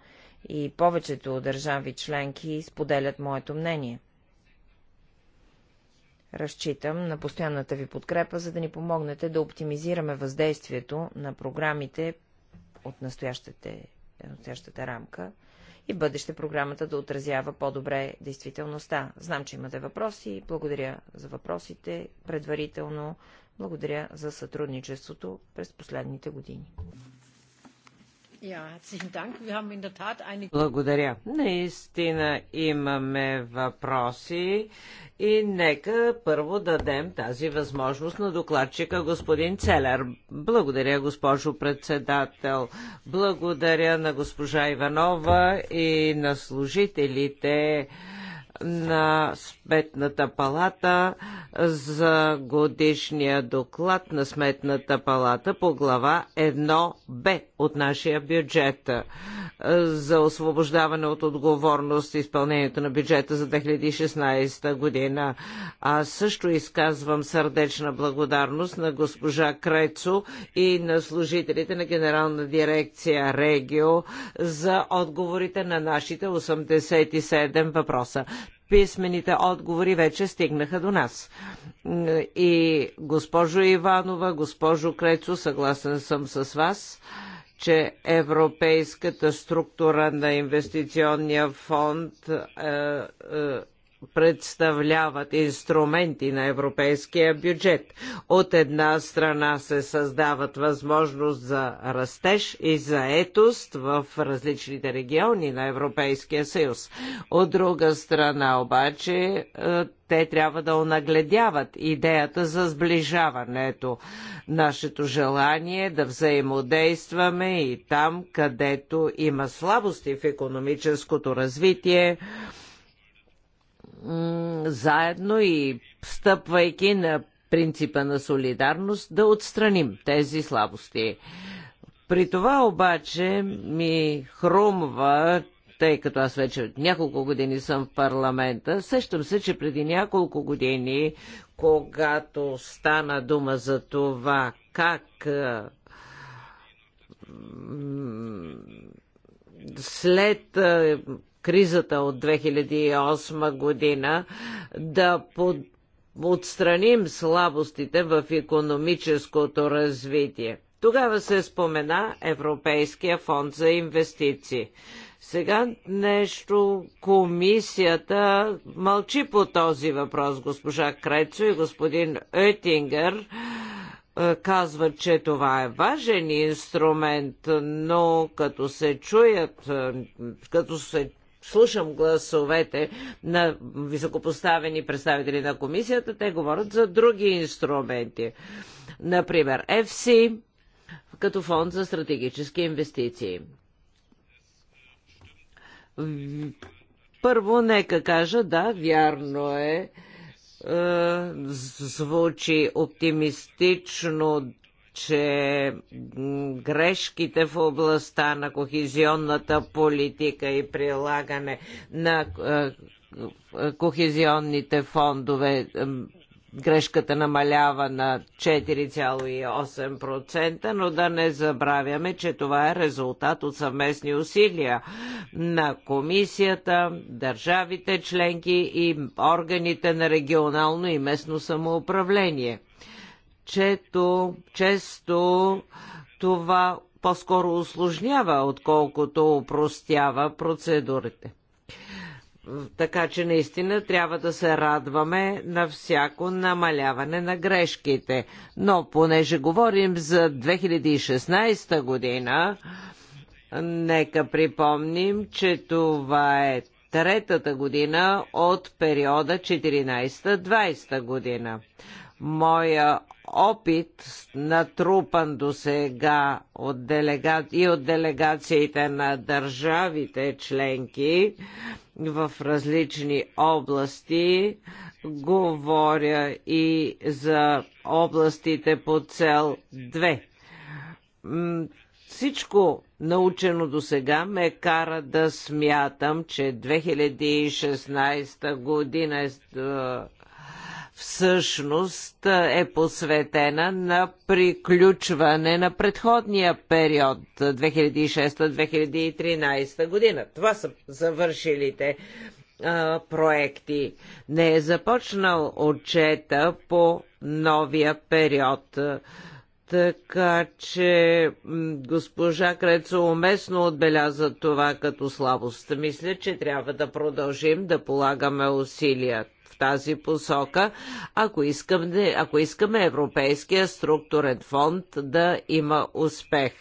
и повечето държави членки споделят моето мнение. Разчитам на постоянната ви подкрепа, за да ни помогнете да оптимизираме въздействието на програмите от настоящата рамка и бъдеще програмата да отразява по-добре действителността. Знам, че имате въпроси. Благодаря за въпросите. Предварително благодаря за сътрудничеството през последните години. Благодаря. Наистина имаме въпроси и нека първо дадем тази възможност на докладчика господин Целер. Благодаря, госпожо председател. Благодаря на госпожа Иванова и на служителите на Сметната палата за годишния доклад на Сметната палата по глава 1Б от нашия бюджет за освобождаване от отговорност изпълнението на бюджета за 2016 година. А също изказвам сърдечна благодарност на госпожа Крецо и на служителите на Генерална дирекция Регио за отговорите на нашите 87 въпроса писмените отговори вече стигнаха до нас. И госпожо Иванова, госпожо Крецо, съгласен съм с вас че европейската структура на инвестиционния фонд е, е, представляват инструменти на европейския бюджет. От една страна се създават възможност за растеж и заетост в различните региони на Европейския съюз. От друга страна обаче е, те трябва да онагледяват идеята за сближаването. Нашето желание е да взаимодействаме и там, където има слабости в економическото развитие, заедно и стъпвайки на принципа на солидарност да отстраним тези слабости. При това обаче ми хрумва, тъй като аз вече от няколко години съм в парламента, сещам се, че преди няколко години, когато стана дума за това как след кризата от 2008 година, да под отстраним слабостите в економическото развитие. Тогава се спомена Европейския фонд за инвестиции. Сега нещо комисията мълчи по този въпрос. Госпожа Крецо и господин Оетингер е, казват, че това е важен инструмент, но като се чуят, е, като се слушам гласовете на високопоставени представители на комисията, те говорят за други инструменти. Например, FC като фонд за стратегически инвестиции. Първо, нека кажа, да, вярно е, е звучи оптимистично че грешките в областта на кохезионната политика и прилагане на е, е, кохезионните фондове е, грешката намалява на 4,8%, но да не забравяме, че това е резултат от съвместни усилия на комисията, държавите членки и органите на регионално и местно самоуправление чето често това по-скоро осложнява, отколкото упростява процедурите. Така че наистина трябва да се радваме на всяко намаляване на грешките. Но понеже говорим за 2016 година, нека припомним, че това е третата година от периода 14-20 година. Моя опит, натрупан до сега от делега... и от делегациите на държавите членки в различни области. Говоря и за областите по цел 2. Всичко научено до сега ме кара да смятам, че 2016 година е, е всъщност е посветена на приключване на предходния период 2006-2013 година. Това са завършилите а, проекти. Не е започнал отчета по новия период. Така че госпожа Крецо уместно отбеляза това като слабост. Мисля, че трябва да продължим да полагаме усилия тази посока, ако искаме, ако искаме Европейския структурен фонд да има успех.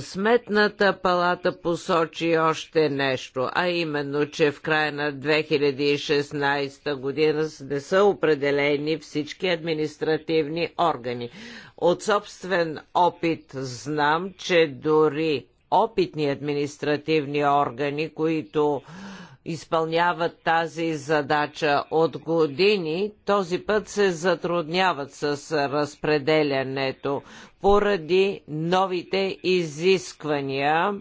Сметната палата посочи още нещо, а именно, че в края на 2016 година не са определени всички административни органи. От собствен опит знам, че дори опитни административни органи, които изпълняват тази задача от години, този път се затрудняват с разпределянето поради новите изисквания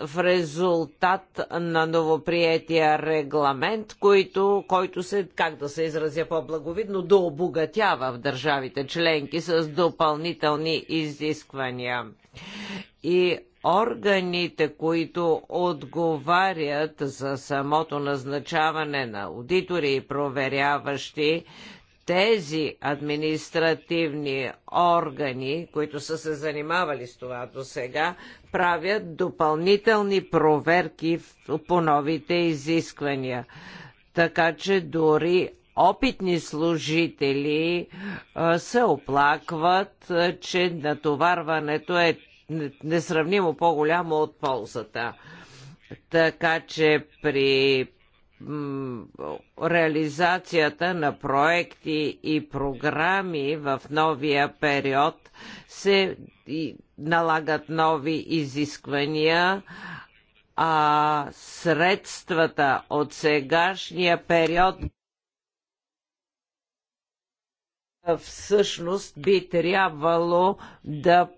в резултат на новоприятия регламент, който, който се, как да се изразя по-благовидно, дообогатява в държавите членки с допълнителни изисквания. И органите, които отговарят за самото назначаване на аудитори и проверяващи, тези административни органи, които са се занимавали с това до сега, правят допълнителни проверки по новите изисквания. Така че дори опитни служители се оплакват, че натоварването е несравнимо по-голямо от ползата. Така че при реализацията на проекти и програми в новия период се налагат нови изисквания, а средствата от сегашния период всъщност би трябвало да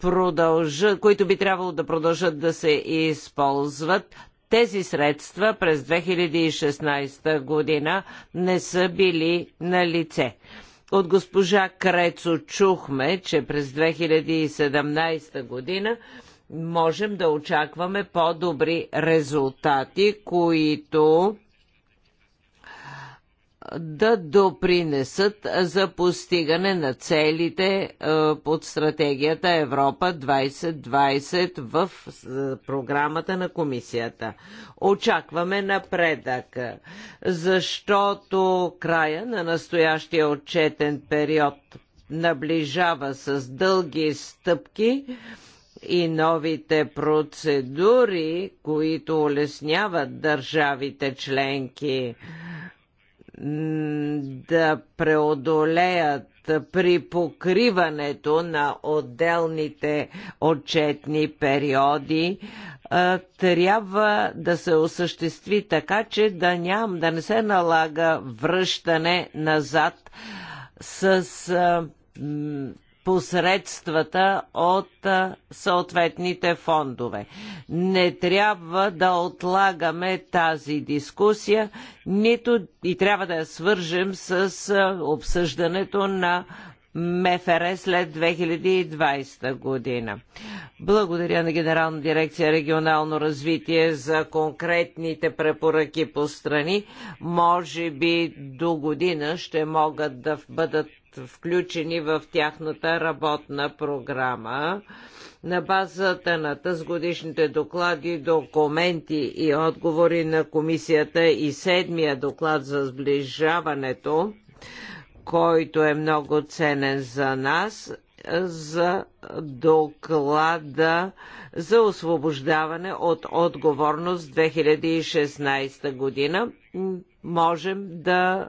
продължат, които би трябвало да продължат да се използват, тези средства през 2016 година не са били на лице. От госпожа Крецо чухме, че през 2017 година можем да очакваме по-добри резултати, които да допринесат за постигане на целите е, под стратегията Европа 2020 в е, програмата на комисията. Очакваме напредък, защото края на настоящия отчетен период наближава с дълги стъпки и новите процедури, които улесняват държавите членки да преодолеят при покриването на отделните отчетни периоди трябва да се осъществи така, че да ням, да не се налага връщане назад с посредствата от съответните фондове. Не трябва да отлагаме тази дискусия, нито и трябва да я свържем с обсъждането на МФР след 2020 година. Благодаря на Генерална дирекция регионално развитие за конкретните препоръки по страни. Може би до година ще могат да бъдат включени в тяхната работна програма. На базата на тъзгодишните доклади, документи и отговори на комисията и седмия доклад за сближаването, който е много ценен за нас, за доклада за освобождаване от отговорност 2016 година можем да е,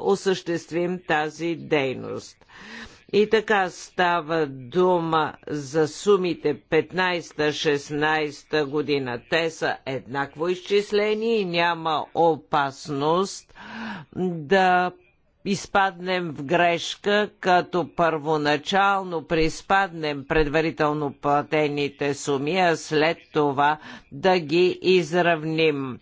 осъществим тази дейност. И така става дума за сумите 15-16 година. Те са еднакво изчислени и няма опасност да изпаднем в грешка, като първоначално приспаднем предварително платените суми, а след това да ги изравним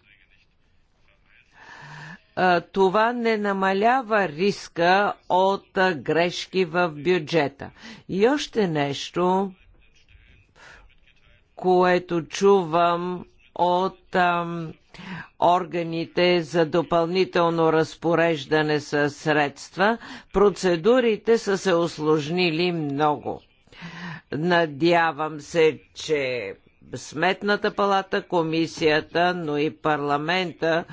това не намалява риска от грешки в бюджета. И още нещо, което чувам от органите за допълнително разпореждане със средства, процедурите са се осложнили много. Надявам се, че Сметната палата, комисията, но и парламента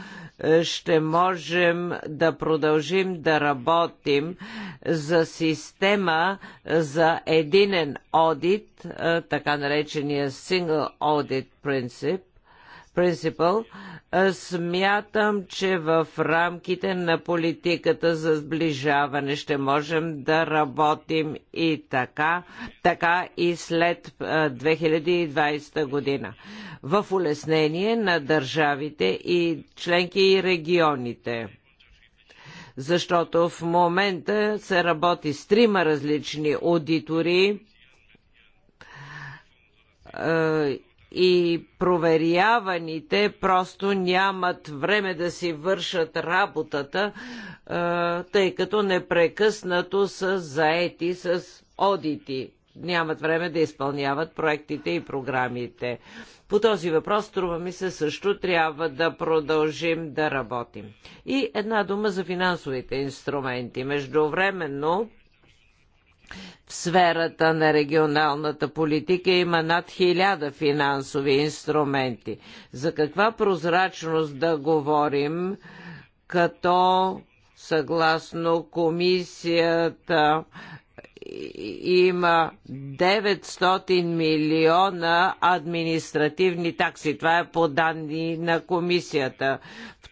е, ще можем да продължим да работим за система за единен одит, е, така наречения Single Audit принцип, Principle, смятам, че в рамките на политиката за сближаване ще можем да работим и така, така и след 2020 година. В улеснение на държавите и членки и регионите защото в момента се работи с трима различни аудитори и проверяваните просто нямат време да си вършат работата, е, тъй като непрекъснато са заети с одити. Нямат време да изпълняват проектите и програмите. По този въпрос, струва ми се, също трябва да продължим да работим. И една дума за финансовите инструменти. Междувременно, в сферата на регионалната политика има над хиляда финансови инструменти. За каква прозрачност да говорим, като съгласно комисията има 900 милиона административни такси. Това е по данни на комисията.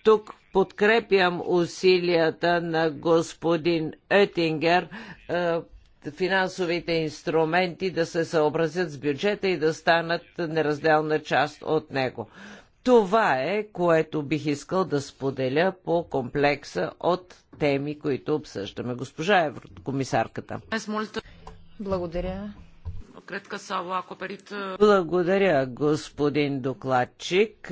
Тук подкрепям усилията на господин Етингер е, финансовите инструменти да се съобразят с бюджета и да станат неразделна част от него. Това е, което бих искал да споделя по комплекса от теми, които обсъждаме. Госпожа Еврокомисарката. Благодаря. Благодаря, господин докладчик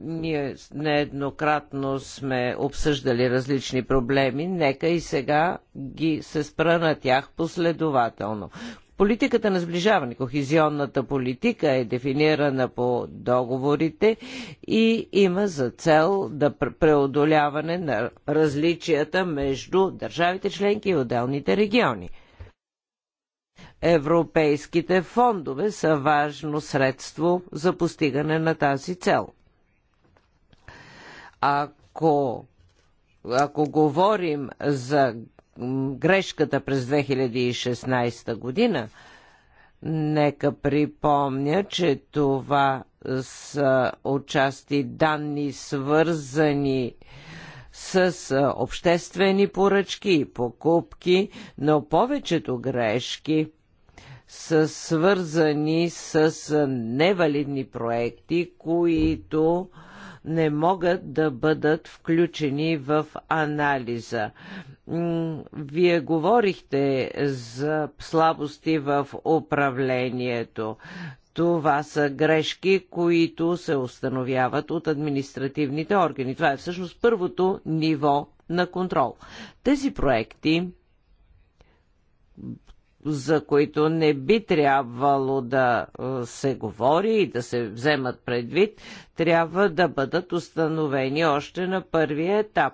ние нееднократно сме обсъждали различни проблеми, нека и сега ги се спра на тях последователно. Политиката на сближаване, кохезионната политика е дефинирана по договорите и има за цел да преодоляване на различията между държавите членки и отделните региони. Европейските фондове са важно средство за постигане на тази цел. Ако, ако говорим за грешката през 2016 година, Нека припомня, че това са отчасти данни свързани с обществени поръчки и покупки, но повечето грешки са свързани с невалидни проекти, които не могат да бъдат включени в анализа. Вие говорихте за слабости в управлението. Това са грешки, които се установяват от административните органи. Това е всъщност първото ниво на контрол. Тези проекти за които не би трябвало да е, се говори и да се вземат предвид, трябва да бъдат установени още на първия етап.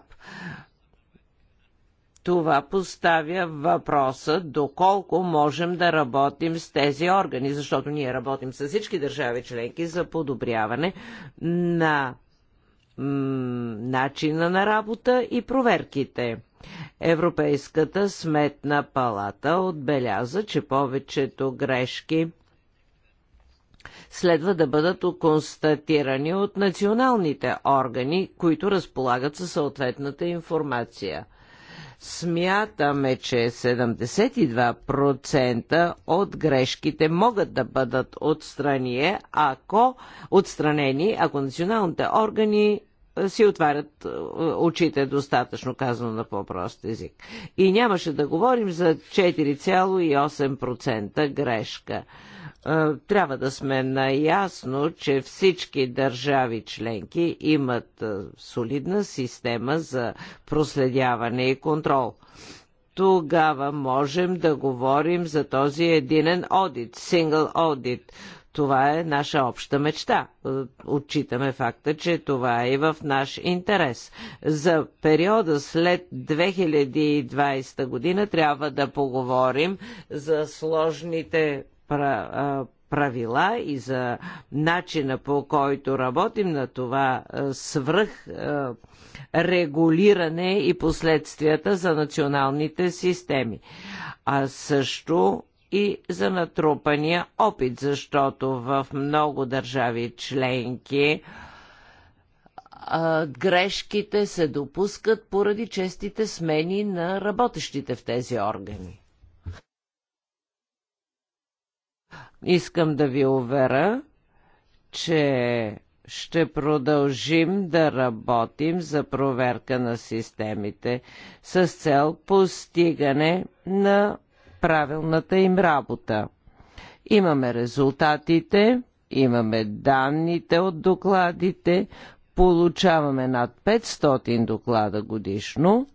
Това поставя въпроса доколко можем да работим с тези органи, защото ние работим с всички държави членки за подобряване на начина на работа и проверките. Европейската сметна палата отбеляза, че повечето грешки следва да бъдат констатирани от националните органи, които разполагат със съответната информация. Смятаме, че 72% от грешките могат да бъдат отстрани, ако, отстранени, ако националните органи си отварят очите достатъчно, казано на по-прост език. И нямаше да говорим за 4,8% грешка трябва да сме наясно, че всички държави членки имат солидна система за проследяване и контрол. Тогава можем да говорим за този единен одит, сингъл одит. Това е наша обща мечта. Отчитаме факта, че това е и в наш интерес. За периода след 2020 година трябва да поговорим за сложните правила и за начина по който работим на това свръх регулиране и последствията за националните системи. А също и за натрупания опит, защото в много държави членки грешките се допускат поради честите смени на работещите в тези органи. Искам да ви уверя, че ще продължим да работим за проверка на системите с цел постигане на правилната им работа. Имаме резултатите, имаме данните от докладите, получаваме над 500 доклада годишно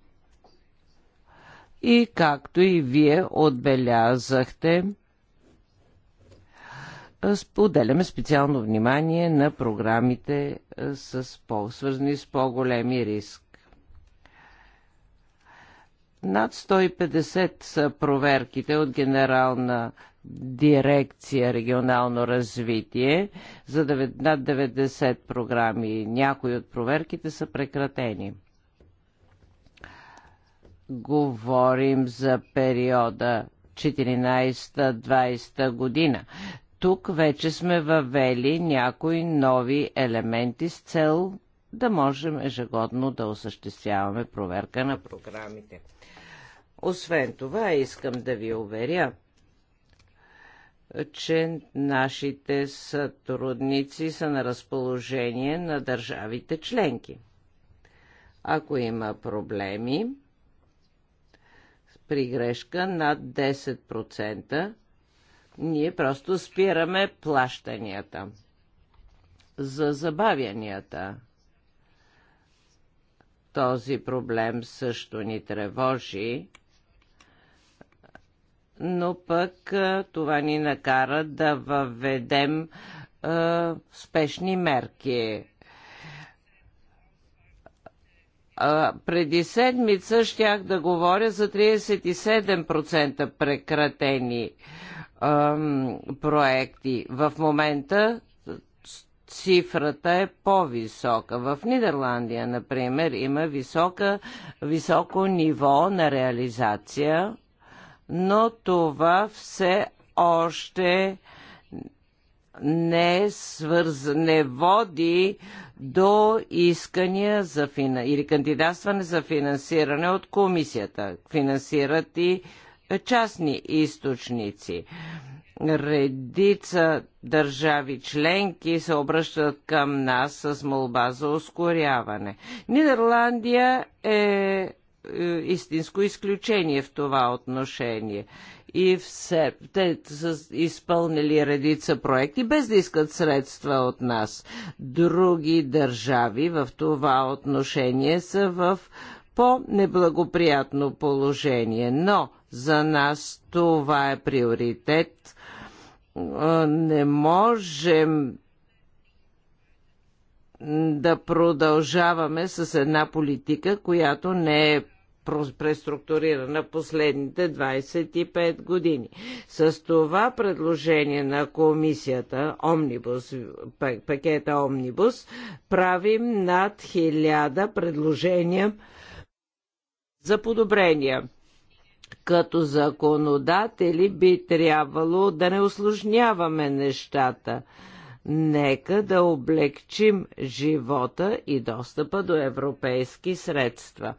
и както и вие отбелязахте, споделяме специално внимание на програмите с по, свързани с по-големи риск. Над 150 са проверките от Генерална дирекция регионално развитие за над 90 програми. Някои от проверките са прекратени. Говорим за периода 14-20 година тук вече сме въвели някои нови елементи с цел да можем ежегодно да осъществяваме проверка на програмите. Освен това, искам да ви уверя, че нашите сътрудници са на разположение на държавите членки. Ако има проблеми, при грешка над 10%, ние просто спираме плащанията за забавянията. Този проблем също ни тревожи, но пък това ни накара да въведем е, спешни мерки. А, преди седмица щях да говоря за 37% прекратени. А, проекти. В момента цифрата е по-висока. В Нидерландия, например, има висока, високо ниво на реализация, но това все още не, свърз... не води до искания за фина... или кандидатстване за финансиране от комисията. Финансират и частни източници. Редица държави членки се обръщат към нас с молба за ускоряване. Нидерландия е, е истинско изключение в това отношение. И все, те са изпълнили редица проекти, без да искат средства от нас. Други държави в това отношение са в по-неблагоприятно положение, но за нас това е приоритет. Не можем да продължаваме с една политика, която не е преструктурирана последните 25 години. С това предложение на комисията Омнибус, пакета Омнибус, правим над 1000 предложения за подобрения като законодатели би трябвало да не осложняваме нещата. Нека да облегчим живота и достъпа до европейски средства.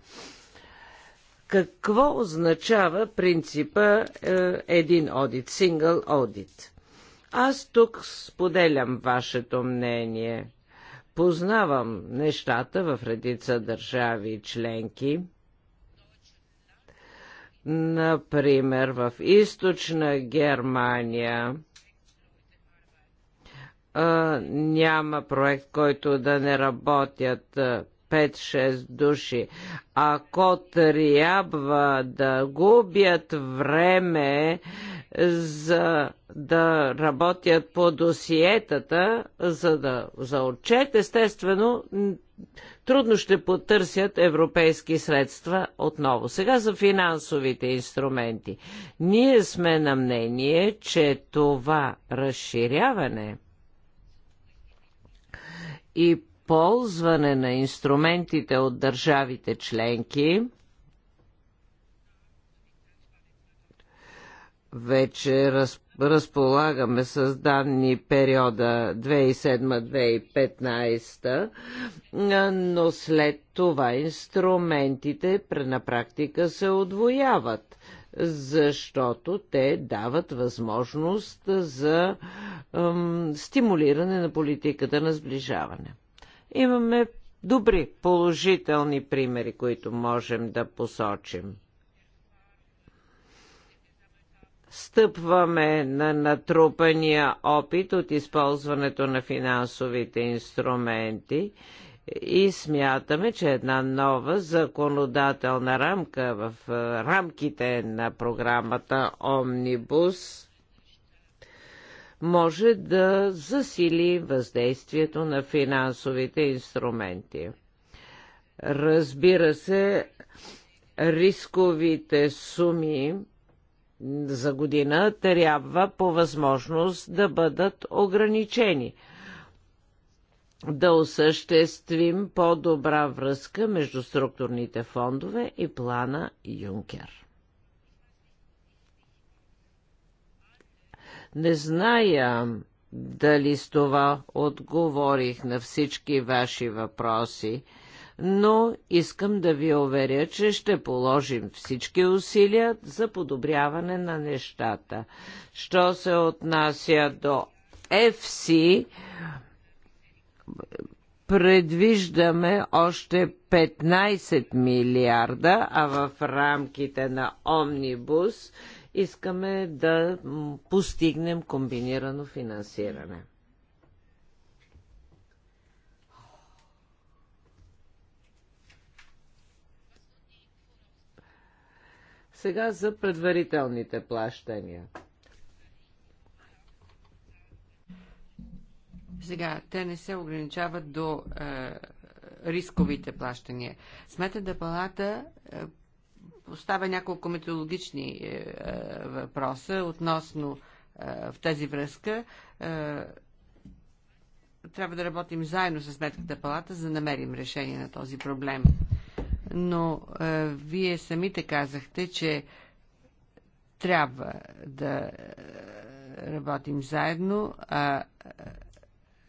Какво означава принципа е, един одит, сингъл одит? Аз тук споделям вашето мнение. Познавам нещата в редица държави и членки – Например, в източна Германия а, няма проект, който да не работят 5-6 души. Ако трябва да губят време за да работят по досиетата, за да за отчет, естествено, трудно ще потърсят европейски средства отново. Сега за финансовите инструменти. Ние сме на мнение, че това разширяване и ползване на инструментите от държавите членки, вече раз, разполагаме с данни периода 2007-2015, но след това инструментите на практика се отвояват, защото те дават възможност за ем, стимулиране на политиката на сближаване. Имаме добри, положителни примери, които можем да посочим. Стъпваме на натрупания опит от използването на финансовите инструменти и смятаме, че една нова законодателна рамка в рамките на програмата Омнибус може да засили въздействието на финансовите инструменти. Разбира се, рисковите суми за година трябва по възможност да бъдат ограничени. Да осъществим по-добра връзка между структурните фондове и плана Юнкер. Не зная дали с това отговорих на всички ваши въпроси, но искам да ви уверя, че ще положим всички усилия за подобряване на нещата. Що се отнася до FC, предвиждаме още 15 милиарда, а в рамките на Омнибус – искаме да постигнем комбинирано финансиране. Сега за предварителните плащания. Сега, те не се ограничават до е, рисковите плащания. да палата е, поставя няколко метеорологични е, е, въпроса относно е, в тази връзка. Трябва да работим заедно с Сметката палата, за да намерим решение на този проблем. Но вие самите казахте, че трябва да работим заедно, а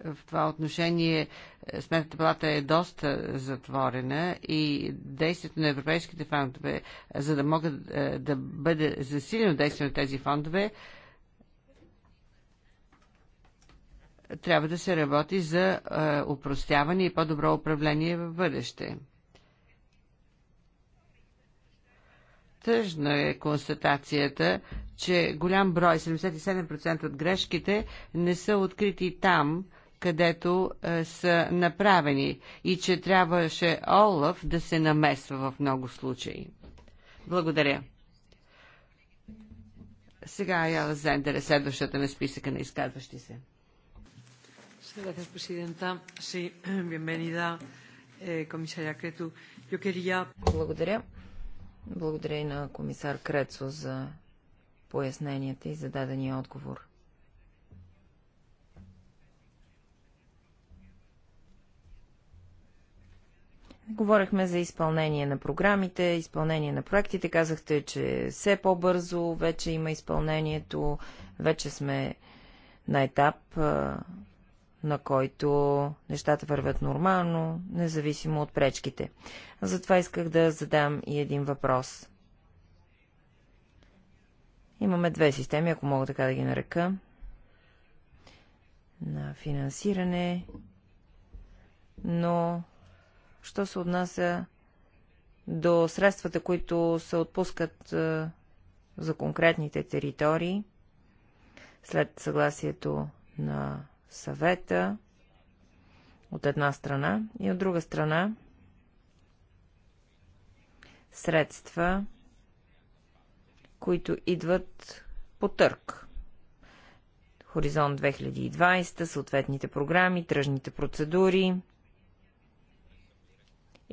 в това отношение е, Сметната палата е доста е, затворена и действието на европейските фондове, за да могат е, да бъде засилено действието на тези фондове, трябва да се работи за упростяване и по-добро управление в бъдеще. Тъжна е констатацията, че голям брой, 77% от грешките, не са открити там, където е, са направени и че трябваше Олаф да се намесва в много случаи. Благодаря. Сега Яла Зендер е следващата на списъка на изказващи се. Gracias, Presidenta. Sí, bienvenida, eh, комисаря Крету. Yo quería... Благодаря. Благодаря и на комисар Крецо за поясненията и зададения отговор. Говорехме за изпълнение на програмите, изпълнение на проектите. Казахте, че все по-бързо вече има изпълнението. Вече сме на етап, на който нещата вървят нормално, независимо от пречките. Затова исках да задам и един въпрос. Имаме две системи, ако мога така да ги нарека, на финансиране, но Що се отнася до средствата, които се отпускат е, за конкретните територии, след съгласието на съвета, от една страна, и от друга страна, средства, които идват по търк. Хоризонт 2020, съответните програми, тръжните процедури,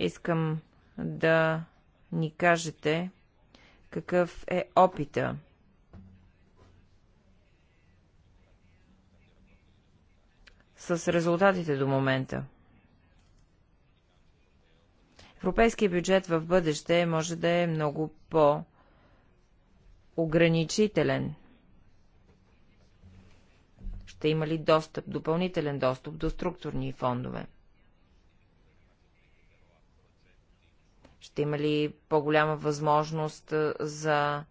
Искам да ни кажете какъв е опита. С резултатите до момента. Европейския бюджет в бъдеще може да е много по-ограничителен. Ще има ли достъп, допълнителен достъп до структурни фондове? Ще има ли по-голяма възможност за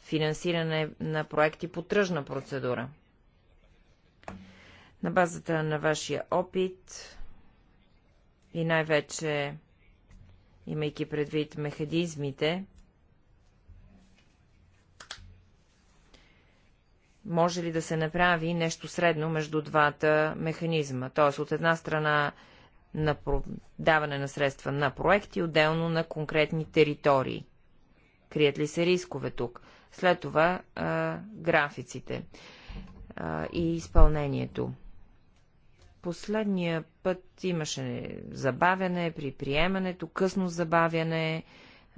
финансиране на проекти по тръжна процедура? На базата на вашия опит и най-вече имайки предвид механизмите, може ли да се направи нещо средно между двата механизма? Т.е. от една страна на даване на средства на проекти, отделно на конкретни територии. Крият ли се рискове тук? След това а, графиците а, и изпълнението. Последния път имаше забавяне при приемането, късно забавяне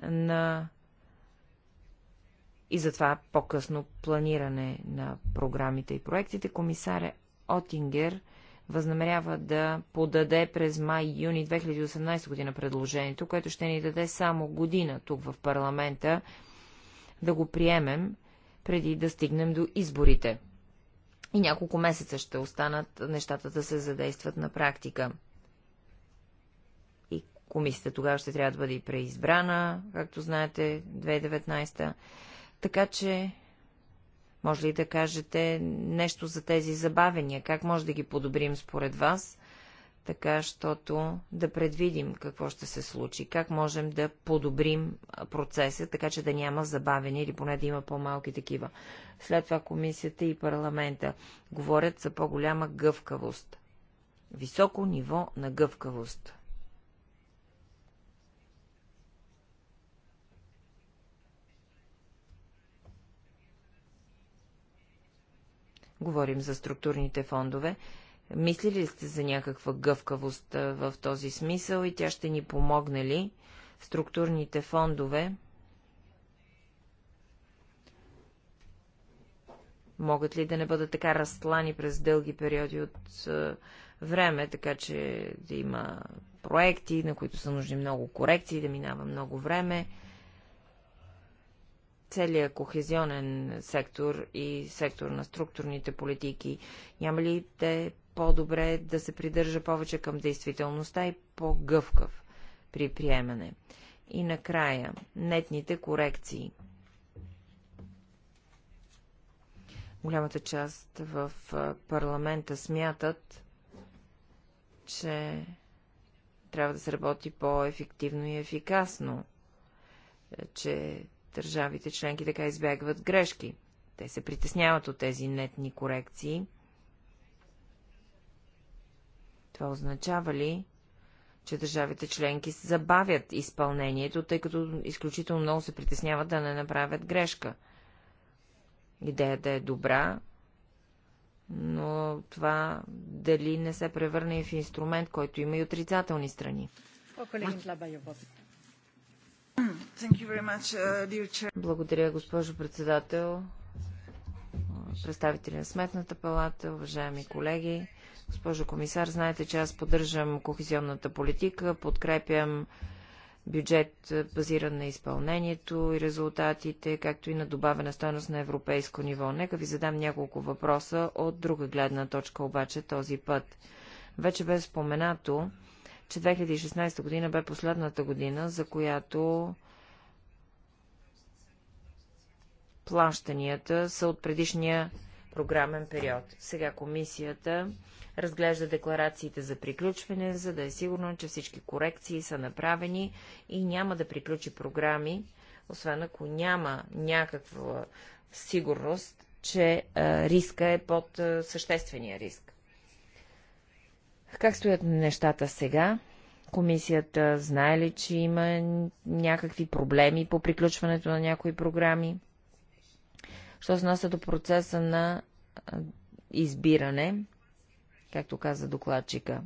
на и затова по-късно планиране на програмите и проектите. Комисаря Отингер – възнамерява да подаде през май-юни 2018 година предложението, което ще ни даде само година тук в парламента да го приемем преди да стигнем до изборите. И няколко месеца ще останат нещата да се задействат на практика. И комисията тогава ще трябва да бъде и преизбрана, както знаете, 2019. Така че може ли да кажете нещо за тези забавения? Как може да ги подобрим според вас, така, щото да предвидим какво ще се случи? Как можем да подобрим процеса, така че да няма забавения или поне да има по-малки такива? След това комисията и парламента говорят за по-голяма гъвкавост. Високо ниво на гъвкавост. говорим за структурните фондове. Мислили ли сте за някаква гъвкавост в този смисъл и тя ще ни помогне ли структурните фондове могат ли да не бъдат така разтлани през дълги периоди от време, така че да има проекти, на които са нужни много корекции, да минава много време целия кохезионен сектор и сектор на структурните политики? Няма ли те по-добре да се придържа повече към действителността и по-гъвкав при приемане? И накрая, нетните корекции. Голямата част в парламента смятат, че трябва да се работи по-ефективно и ефикасно, че Държавите членки така избягват грешки. Те се притесняват от тези нетни корекции. Това означава ли, че държавите членки забавят изпълнението, тъй като изключително много се притесняват да не направят грешка? Идеята е добра, но това дали не се превърне и в инструмент, който има и отрицателни страни. Uh, Благодаря, госпожо председател, представители на Сметната палата, уважаеми колеги. Госпожо комисар, знаете, че аз поддържам кохезионната политика, подкрепям бюджет базиран на изпълнението и резултатите, както и на добавена стойност на европейско ниво. Нека ви задам няколко въпроса от друга гледна точка обаче този път. Вече бе споменато, че 2016 година бе последната година, за която плащанията са от предишния програмен период. Сега комисията разглежда декларациите за приключване, за да е сигурно, че всички корекции са направени и няма да приключи програми, освен ако няма някаква сигурност, че риска е под съществения риск. Как стоят нещата сега? Комисията знае ли, че има някакви проблеми по приключването на някои програми? Що се нася до процеса на избиране, както каза докладчика?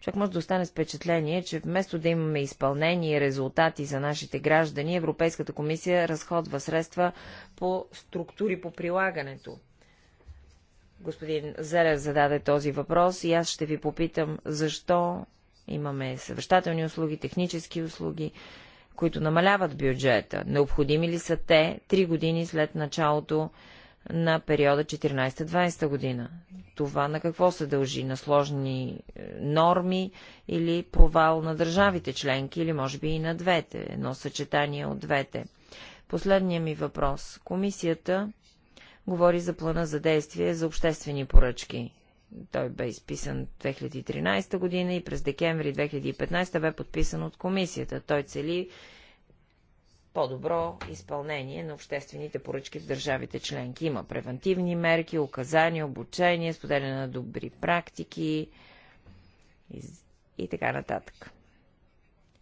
Човек може да остане с впечатление, че вместо да имаме изпълнение и резултати за нашите граждани, Европейската комисия разходва средства по структури по прилагането. Господин Зелев зададе този въпрос и аз ще ви попитам защо имаме съвещателни услуги, технически услуги, които намаляват бюджета. Необходими ли са те три години след началото на периода 14-20 година? Това на какво се дължи? На сложни е, норми или провал на държавите членки или може би и на двете? Едно съчетание от двете. Последният ми въпрос. Комисията говори за плана за действие за обществени поръчки. Той бе изписан 2013 година и през декември 2015 бе подписан от комисията. Той цели по-добро изпълнение на обществените поръчки в държавите членки. Има превентивни мерки, указания, обучение, споделяне на добри практики и, и така нататък.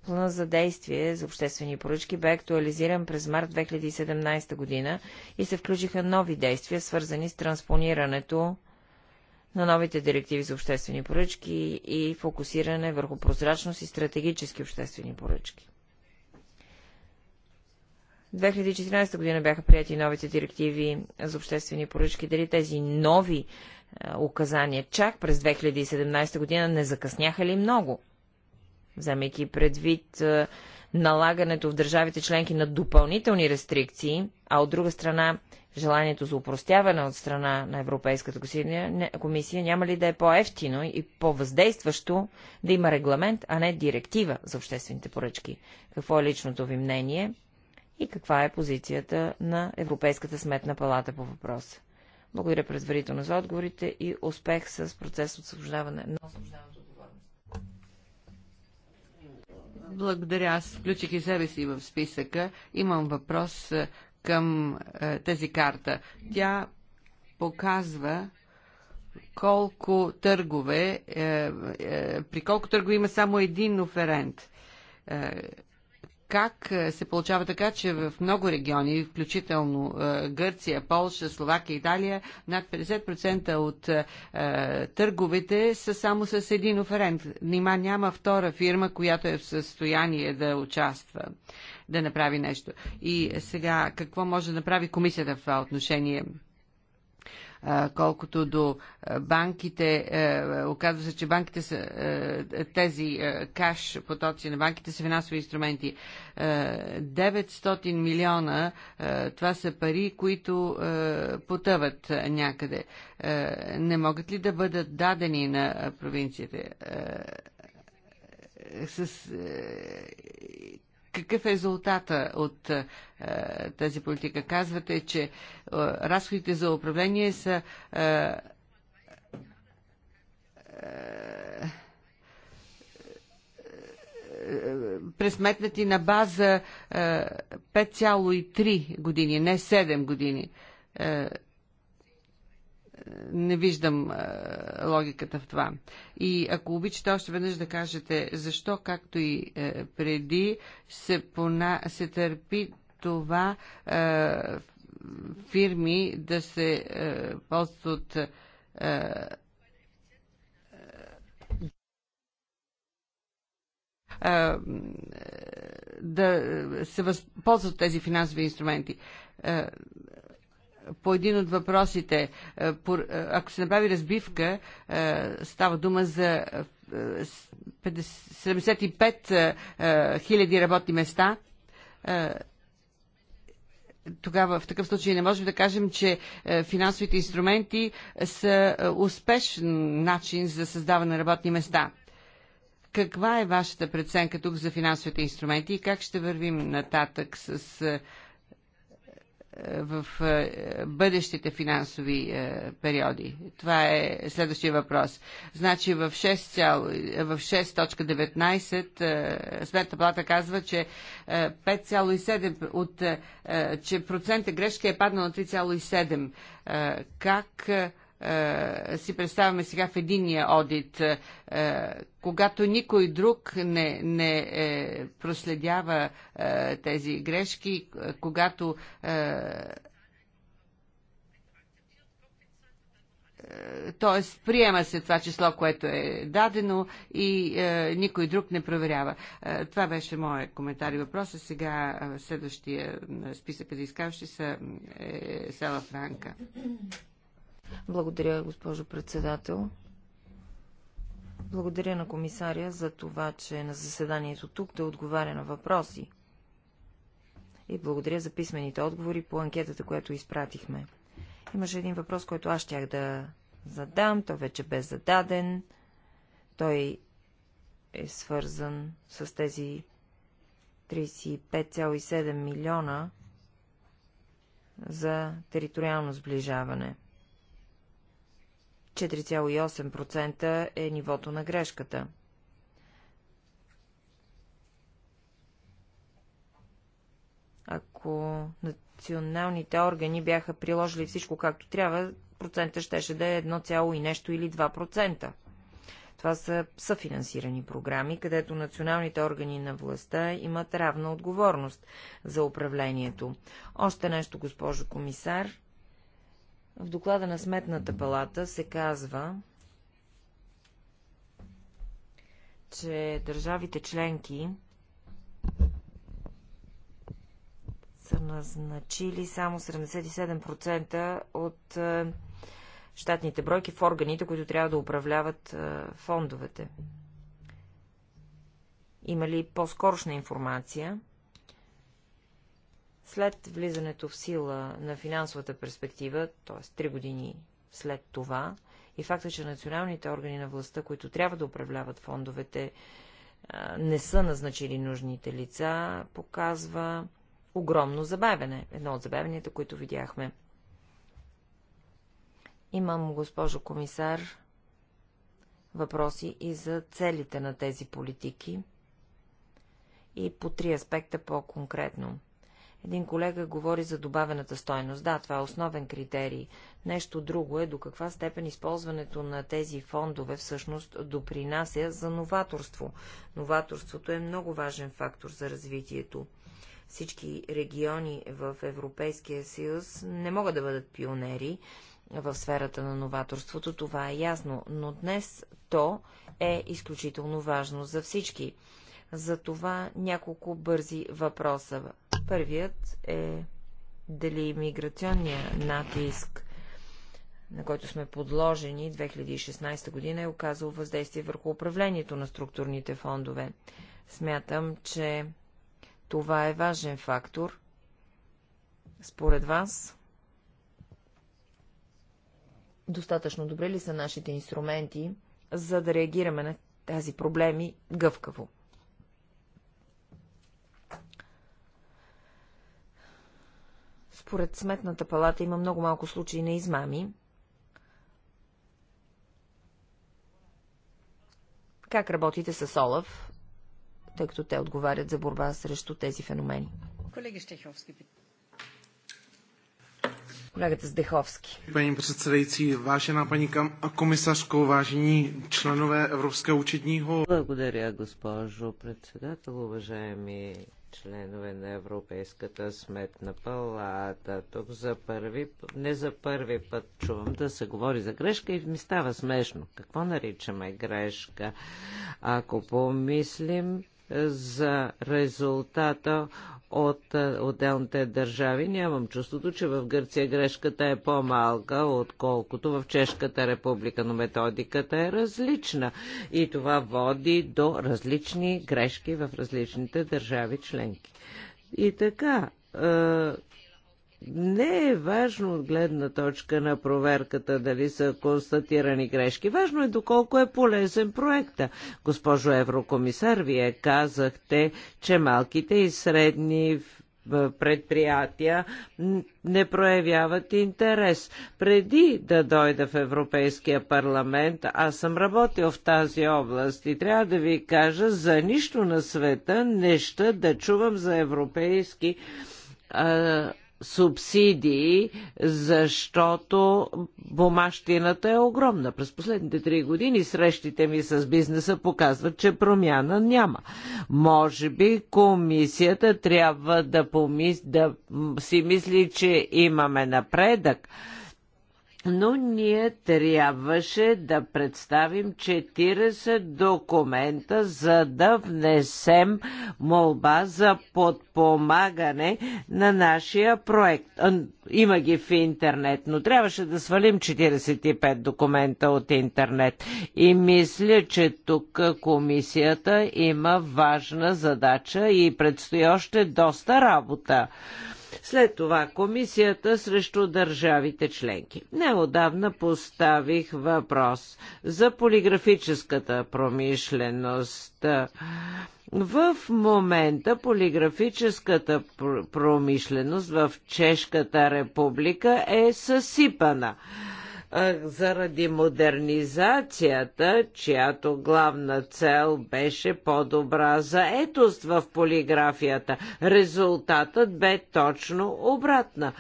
Плана за действие за обществени поръчки бе актуализиран през март 2017 година и се включиха нови действия, свързани с транспонирането на новите директиви за обществени поръчки и фокусиране върху прозрачност и стратегически обществени поръчки. 2014 година бяха прияти новите директиви за обществени поръчки. Дали тези нови указания чак през 2017 година не закъсняха ли много? вземайки предвид налагането в държавите членки на допълнителни рестрикции, а от друга страна желанието за упростяване от страна на Европейската комисия, няма ли да е по-ефтино и по-въздействащо да има регламент, а не директива за обществените поръчки? Какво е личното ви мнение и каква е позицията на Европейската сметна палата по въпроса? Благодаря предварително за отговорите и успех с процес от освобождаване на освобождаването. Благодаря. Аз включих и себе си в списъка. Имам въпрос към е, тази карта. Тя показва колко търгове, е, е, при колко търгове има само един оферент. Е, как е, се получава така, че в много региони, включително е, Гърция, Полша, Словакия, Италия, над 50% от е, търговете са само с един оферент. Нима няма втора фирма, която е в състояние да участва, да направи нещо. И сега, какво може да направи комисията в това отношение? Колкото до банките, оказва се, че банките са, тези каш потоци на банките са финансови инструменти. 900 милиона, това са пари, които потъват някъде. Не могат ли да бъдат дадени на провинциите? с, какъв е резултата от а, е, тази политика? Казвате, че а, е, разходите за управление са. Е, пресметнати на база 5,3 години, не 7 години не виждам логиката в това. И ако обичате още веднъж да кажете защо, както и е, преди, се, пона, се търпи това е, фирми да се е, ползват е, да се възползват тези финансови инструменти по един от въпросите, е, е, ако се направи разбивка, е, става дума за 75 000 работни места, тогава в такъв случай не можем да кажем, че финансовите инструменти са успешен начин за създаване на работни места. Каква е вашата преценка тук за финансовите инструменти и как ще вървим нататък с в е, бъдещите финансови е, периоди? Това е следващия въпрос. Значи в 6.19 е, Сметната плата казва, че 5,7 от, че процента грешка е паднал на 3,7. Как е, си представяме сега в единия одит, е, когато никой друг не, не е, проследява е, тези грешки, когато е, т.е. приема се това число, което е дадено и е, никой друг не проверява. Е, това беше моят коментар и въпрос. сега е, следващия списък за изказващи са е, Села Франка. Благодаря, госпожо председател. Благодаря на комисаря за това, че е на заседанието тук да отговаря на въпроси. И благодаря за писмените отговори по анкетата, която изпратихме. Имаше един въпрос, който аз щях да задам, той вече бе зададен. Той е свързан с тези 35,7 милиона за териториално сближаване – 4,8% е нивото на грешката. Ако националните органи бяха приложили всичко както трябва, процента щеше да е 1, и нещо или 2%. Това са съфинансирани програми, където националните органи на властта имат равна отговорност за управлението. Още нещо, госпожо комисар. В доклада на Сметната палата се казва, че държавите членки са назначили само 77% от е, щатните бройки в органите, които трябва да управляват е, фондовете. Има ли по-скорошна информация? След влизането в сила на финансовата перспектива, т.е. три години след това, и факта, че националните органи на властта, които трябва да управляват фондовете, не са назначили нужните лица, показва огромно забавяне. Едно от забавянията, които видяхме. Имам, госпожо комисар, въпроси и за целите на тези политики и по три аспекта по-конкретно. Един колега говори за добавената стойност. Да, това е основен критерий. Нещо друго е до каква степен използването на тези фондове всъщност допринася за новаторство. Новаторството е много важен фактор за развитието. Всички региони в Европейския съюз не могат да бъдат пионери в сферата на новаторството, това е ясно, но днес то е изключително важно за всички. За това няколко бързи въпроса. Първият е дали миграционния натиск, на който сме подложени 2016 година, е оказал въздействие върху управлението на структурните фондове. Смятам, че това е важен фактор. Според вас, достатъчно добре ли са нашите инструменти, за да реагираме на тези проблеми гъвкаво? Според Сметната палата има много малко случаи на измами. Как работите с Олаф, тъй като те отговарят за борба срещу тези феномени? Колеги Штеховски, Колегата Здеховски. Paní předsedající, vážená paní комисарско, уважени членове Европска účetního. Благодаря, госпожо председател, уважаеми членове на Европейската сметна палата. Тук за първи, не за първи път чувам да се говори за грешка и ми става смешно. Какво наричаме грешка? Ако помислим, за резултата от е, отделните държави. Нямам чувството, че в Гърция грешката е по-малка, отколкото в Чешката република, но методиката е различна и това води до различни грешки в различните държави членки. И така, е, не е важно от гледна точка на проверката дали са констатирани грешки. Важно е доколко е полезен проекта. Госпожо Еврокомисар, вие казахте, че малките и средни предприятия не проявяват интерес. Преди да дойда в Европейския парламент, аз съм работил в тази област и трябва да ви кажа, за нищо на света неща да чувам за европейски а, субсидии, защото бумащината е огромна. През последните три години срещите ми с бизнеса показват, че промяна няма. Може би комисията трябва да, помис... да си мисли, че имаме напредък но ние трябваше да представим 40 документа, за да внесем молба за подпомагане на нашия проект. Има ги в интернет, но трябваше да свалим 45 документа от интернет. И мисля, че тук комисията има важна задача и предстои още доста работа. След това комисията срещу държавите членки. Неодавна поставих въпрос за полиграфическата промишленост. В момента полиграфическата промишленост в Чешката република е съсипана заради модернизацията, чиято главна цел беше по-добра заетост в полиграфията. Резултатът бе точно обратна.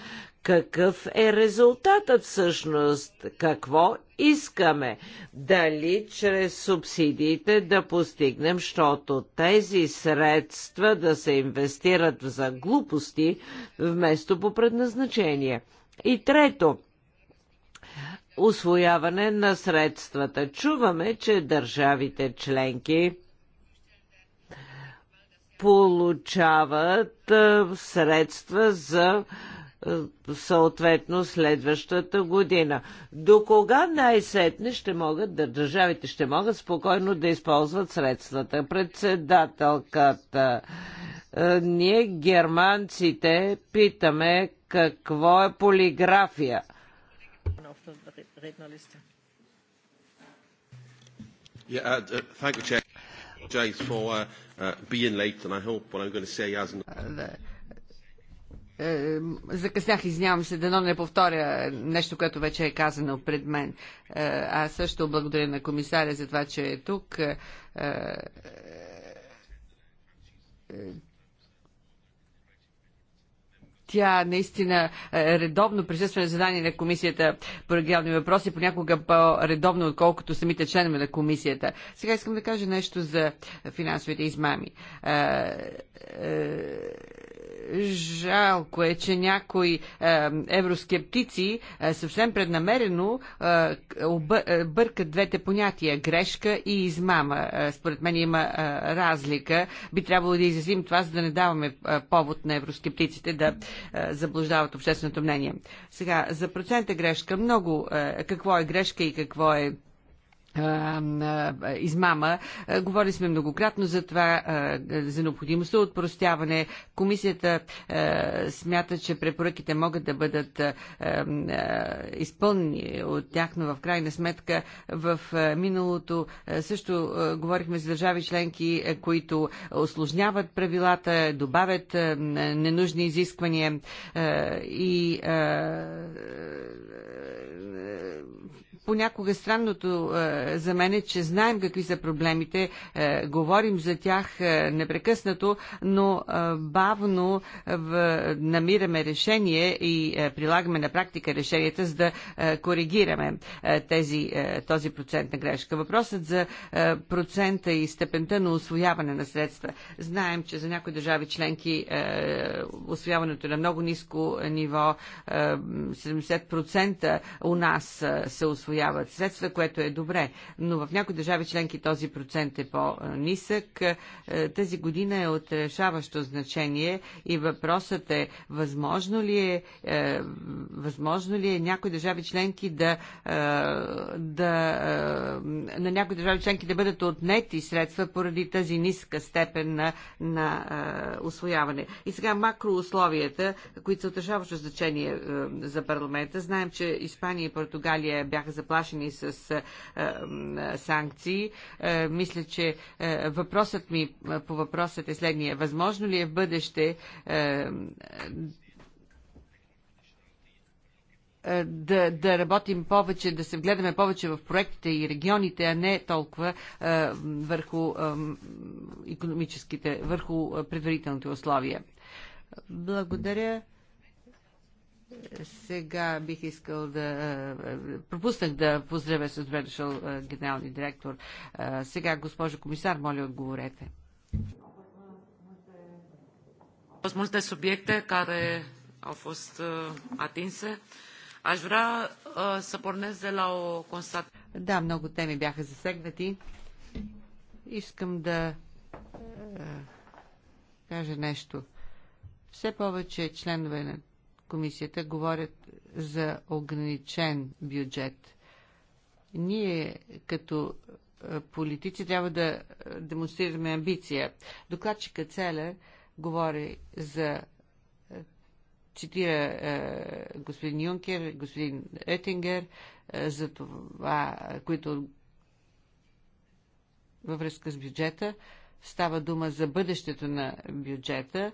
Какъв е резултатът всъщност? Какво искаме? Дали чрез субсидиите да постигнем, защото тези средства да се инвестират за глупости вместо по предназначение? И трето, освояване на средствата. Чуваме, че държавите членки получават средства за съответно следващата година. До кога най-сетне ще могат, да, държавите ще могат спокойно да използват средствата? Председателката, ние германците питаме какво е полиграфия – Rednerliste. Yeah, uh, uh, thank you, Chair. Apologise for uh, uh, being late, and I hope what I'm going to say hasn't. Uh, the... Uh, закъснях, извинявам се, дано не повторя нещо, което вече е казано пред мен. Uh, аз също благодаря на комисаря за това, че е тук тя наистина е, редовно присъства на задание на комисията по регионални въпроси, понякога по-редовно, отколкото самите членове на комисията. Сега искам да кажа нещо за финансовите измами е, е, Жалко е, че някои е, евроскептици е, съвсем преднамерено е, бъркат двете понятия грешка и измама. Според мен има разлика. Би трябвало да изясним това, за да не даваме повод на евроскептиците да заблуждават общественото мнение. Сега, за процента грешка много. Какво е грешка и какво е измама. Говорили сме многократно за това, за необходимостта от простяване. Комисията смята, че препоръките могат да бъдат изпълнени от тях, но в крайна сметка в миналото също говорихме за държави членки, които осложняват правилата, добавят ненужни изисквания и понякога странното е, за мен е, че знаем какви са проблемите, е, говорим за тях е, непрекъснато, но е, бавно е, в, намираме решение и е, прилагаме на практика решенията, за да е, коригираме е, тези, е, този процент на грешка. Въпросът за е, процента и степента на освояване на средства. Знаем, че за някои държави членки е, освояването е на много ниско ниво, е, 70% у нас е, се освоява усвояват средства, което е добре. Но в някои държави членки този процент е по-нисък. Е, тази година е от решаващо значение и въпросът е възможно ли е, е възможно ли е някои държави членки да, е, да е, на някои държави членки да бъдат отнети средства поради тази ниска степен на, на е, освояване. И сега макроусловията, които са от решаващо значение е, за парламента. Знаем, че Испания и Португалия бяха за заплашени с санкции. Е, мисля, че е, въпросът ми е, по въпросът е следния. Възможно ли е в бъдеще да, да работим повече, да се вгледаме повече в проектите и регионите, а не толкова а, върху а, економическите, върху предварителните условия. Благодаря. Сега бих искал да... Пропуснах да поздравя с добре дошъл генералния директор. Сега, госпожо комисар, моля отговорете. Multe subiecte care au fost atinse. Aș vrea să pornesc de la o constatare. Да, много теми бяха засегнати. Искам да кажа нещо. Все повече членове на комисията говорят за ограничен бюджет. Ние като политици трябва да демонстрираме амбиция. Докладчика Целе говори за цитира е, господин Юнкер, господин Етингер, е, за това, които във връзка с бюджета. Става дума за бъдещето на бюджета. Е,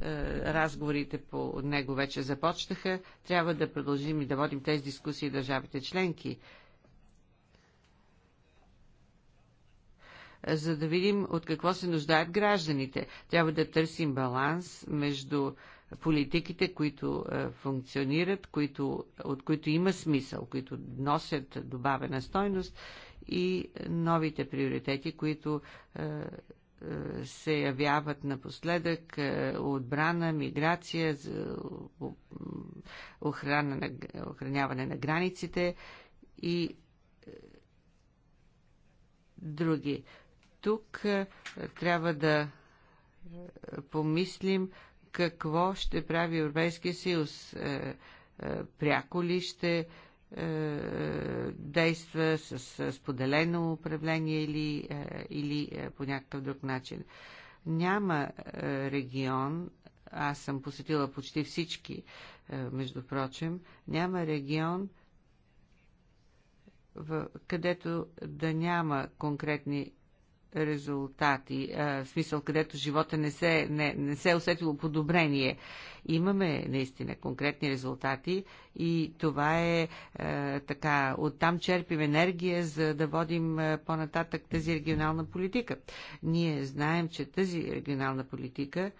е, разговорите по него вече започнаха. Трябва да продължим и да водим тези дискусии държавите членки. за да видим от какво се нуждаят гражданите. Трябва да търсим баланс между политиките, които е, функционират, които, от които има смисъл, които носят добавена стойност и новите приоритети, които е, се явяват напоследък е, отбрана, миграция, охрана на, охраняване на границите и е, други. Тук е, трябва да помислим какво ще прави Европейския съюз. Пряко ли ще е, действа с споделено управление или, е, или е, по някакъв друг начин. Няма регион, аз съм посетила почти всички, между прочим, няма регион, където да няма конкретни резултати, в смисъл където живота не се, не, не се е усетило подобрение. Имаме наистина конкретни резултати и това е, а, е, така. Оттам черпим енергия, за да водим а, е, по-нататък тази регионална политика. Ние знаем, че тази регионална политика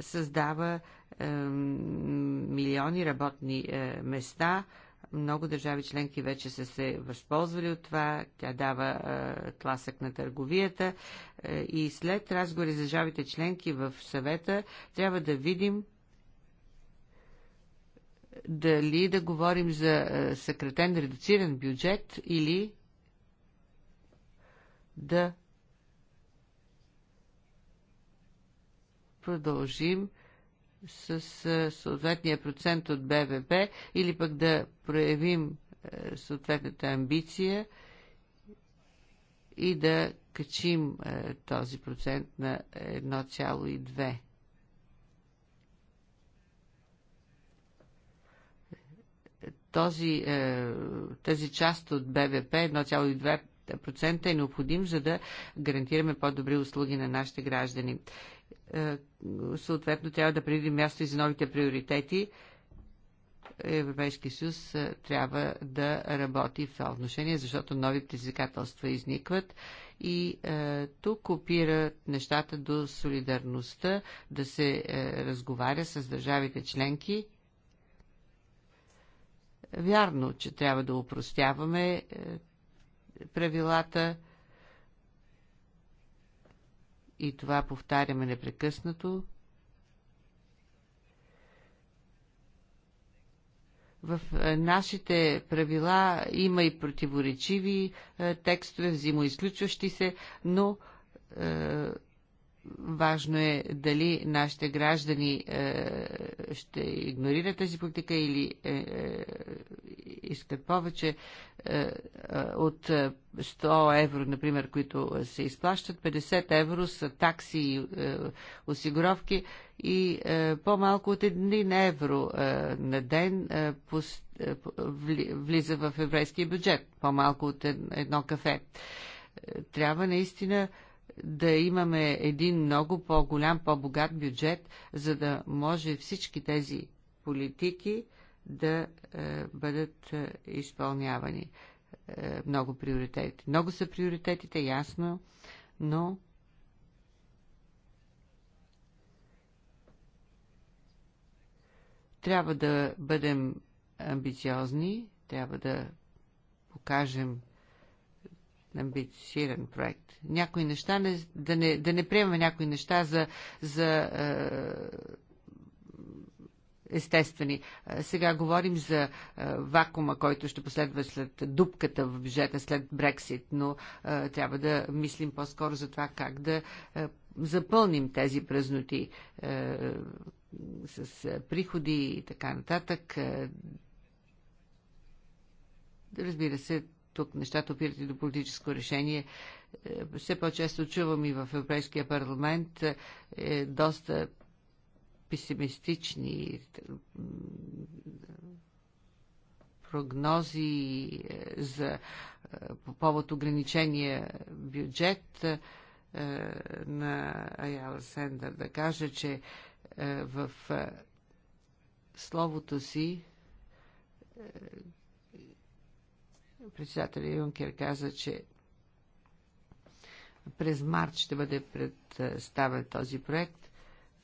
създава а, милиони работни а, е, места, а, много държави членки вече са се възползвали от това. Тя дава а, е, тласък на търговията. А, е, и след разговори с държавите членки в съвета трябва да видим дали да говорим за е, съкратен, редуциран бюджет или да продължим с съответния процент от БВП или пък да проявим съответната амбиция и да качим този процент на 1,2. Този, тази част от БВП 1,2% е необходим, за да гарантираме по-добри услуги на нашите граждани. Е, съответно трябва да предвидим място и за новите приоритети. Европейски съюз е, трябва да работи в това отношение, защото нови предизвикателства изникват и е, тук копира нещата до солидарността, да се е, разговаря с държавите членки. Вярно, че трябва да упростяваме е, правилата, и това повтаряме непрекъснато, в е, нашите правила има и противоречиви е, текстове, взимоизключващи се, но е, Важно е дали нашите граждани е, ще игнорират тази политика или е, е, искат повече е, е от 100 евро, например, които се изплащат, 50 евро са такси и е, осигуровки и е, по-малко от 1 евро е, на ден е, пус, е, влиза в еврейския бюджет, по-малко от едно кафе. Е, трябва наистина е, да имаме един много по-голям, по-богат бюджет, за да може всички тези политики да е, бъдат е, изпълнявани. Е, много приоритети. Много са приоритетите, ясно, но трябва да бъдем амбициозни, трябва да покажем амбициран проект. Някои неща не, да, не, да не приемаме някои неща за, за е, естествени. Е, сега говорим за е, вакуума, който ще последва след дупката в бюджета след Брексит, но е, трябва да мислим по-скоро за това как да е, запълним тези празноти е, с е, приходи и така нататък. Разбира се, тук нещата опират и до политическо решение. Е, все по-често чувам и в Европейския парламент е, е доста песимистични е, прогнози за, по повод ограничения бюджет на Аяла Сендър. Да кажа, че в словото си Председателя Юнкер каза, че през март ще бъде представен този проект.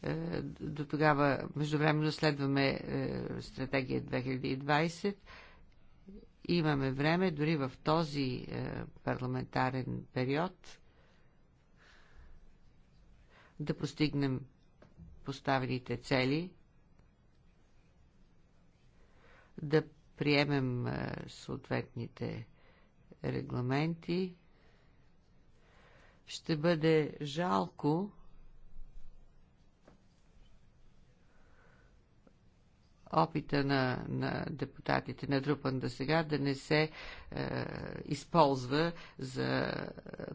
Е, до тогава, междувременно, следваме е, стратегия 2020. Имаме време, дори в този е, парламентарен период, да постигнем поставените цели, да приемем е, съответните регламенти, ще бъде жалко опита на, на депутатите, Друпан да сега, да не се е, използва за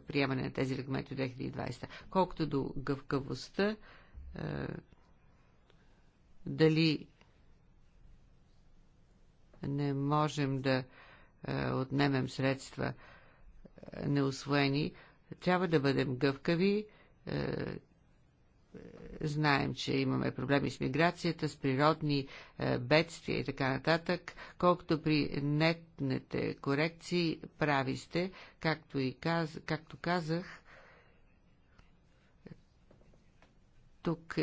приемане на тези регламенти от 2020. Колкото до гъвкавостта, е, дали не можем да е, отнемем средства е, неосвоени. Трябва да бъдем гъвкави. Е, знаем, че имаме проблеми с миграцията, с природни бедствия и така нататък. Колкото при нетните корекции прави сте, както, и каз, както казах, тук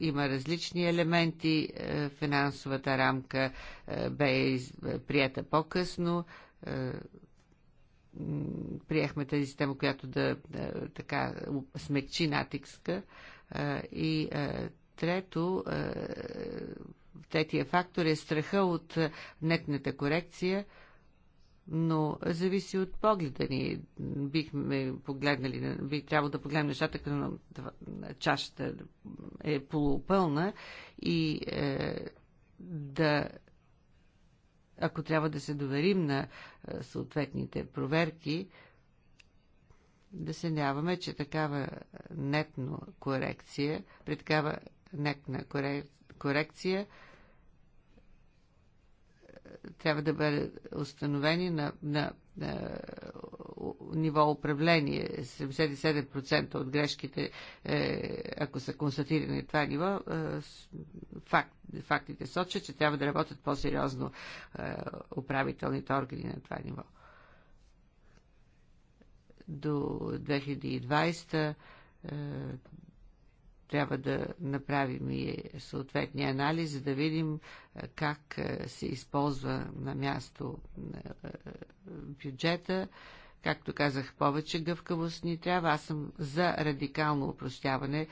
има различни елементи. Е, финансовата рамка е, бе е, прията по-късно. Приехме тази система, която да, така смекчи натиска. И трето, третия фактор е страха от нетната корекция – но зависи от погледа ни. Бихме погледнали, би трябвало да погледнем нещата, като чашата е полупълна и е, да ако трябва да се доверим на е, съответните проверки, да се няваме, че такава нетно корекция, при такава нетна корекция трябва да бъде установени на, на, на ниво управление. 77% от грешките, е, ако са констатирани това ниво, е, факт, фактите сочат, че трябва да работят по-сериозно е, управителните органи на това ниво. До 2020 трябва да направим и съответния анализ, да видим е, как е, се използва на място е, бюджета. Както казах, повече гъвкавост ни трябва. Аз съм за радикално упростяване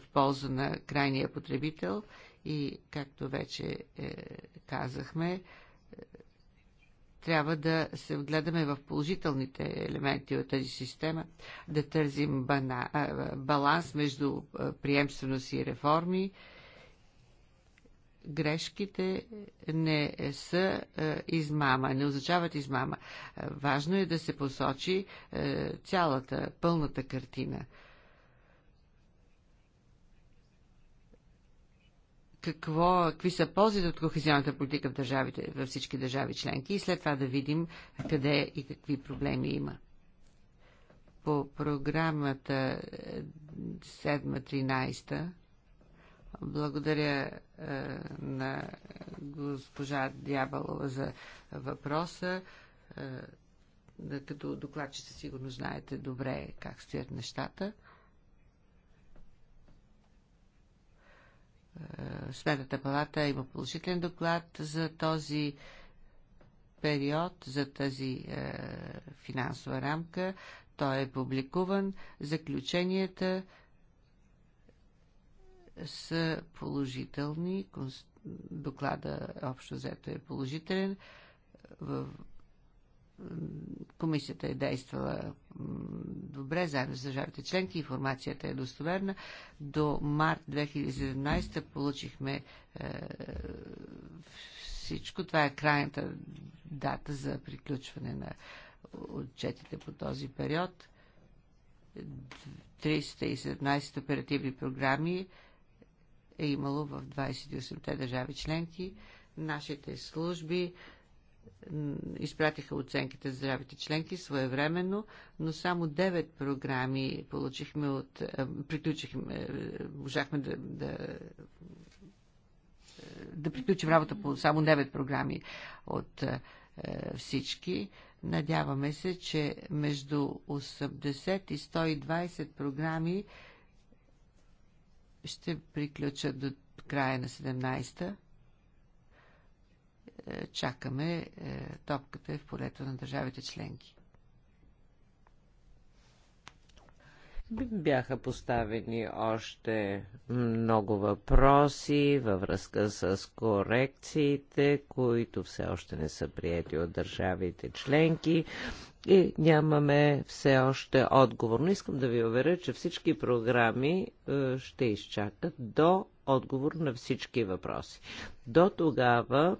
в полза на крайния потребител и, както вече казахме, трябва да се вгледаме в положителните елементи от тази система, да търсим баланс между приемственост и реформи. Грешките не са измама, не означават измама. Важно е да се посочи цялата, пълната картина – какво, какви са ползите от кохезионната политика в държавите, във всички държави членки и след това да видим къде и какви проблеми има. По програмата 7-13 е, благодаря е, на госпожа Дяволова за въпроса. Е, като докладчица сигурно знаете добре как стоят нещата. Сметната палата има положителен доклад за този период, за тази е, финансова рамка. Той е публикуван. Заключенията са положителни. Доклада общо взето е положителен. В комисията е действала добре заедно с държавите членки, информацията е достоверна. До март 2017 получихме е, всичко. Това е крайната дата за приключване на отчетите по този период. 317 оперативни програми е имало в 28-те държави членки. Нашите служби изпратиха оценките за здравите членки своевременно, но само 9 програми получихме от... Е, приключихме, е, можахме да, да е, да приключим работа по само 9 програми от е, всички. Надяваме се, че между 80 и 120 програми ще приключат до края на 17-та. Е, чакаме е, топката е в полето на държавите членки. Бяха поставени още много въпроси във връзка с корекциите, които все още не са приети от държавите членки и нямаме все още отговор. Но искам да ви уверя, че всички програми ще изчакат до отговор на всички въпроси. До тогава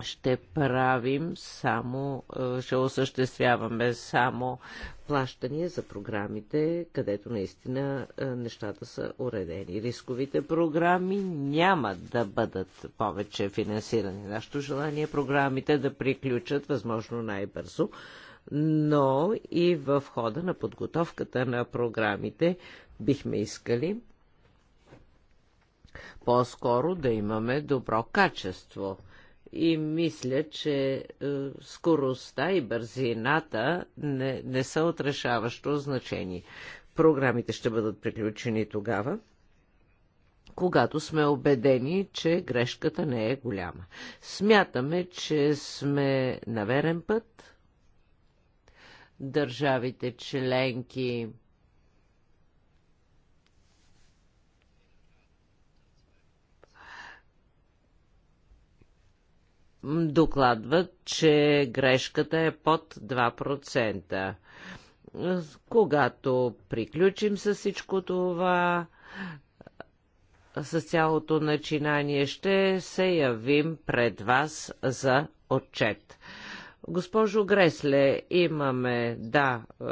ще правим само, е, ще осъществяваме само плащания за програмите, където наистина е, нещата са уредени. Рисковите програми няма да бъдат повече финансирани. Нашето желание е програмите да приключат възможно най-бързо, но и в хода на подготовката на програмите бихме искали по-скоро да имаме добро качество – и мисля, че е, скоростта и бързината не, не са отрешаващо значение. Програмите ще бъдат приключени тогава, когато сме убедени, че грешката не е голяма. Смятаме, че сме на верен път. Държавите членки докладват, че грешката е под 2%. Когато приключим с всичко това, с цялото начинание, ще се явим пред вас за отчет. Госпожо Гресле, имаме, да, е,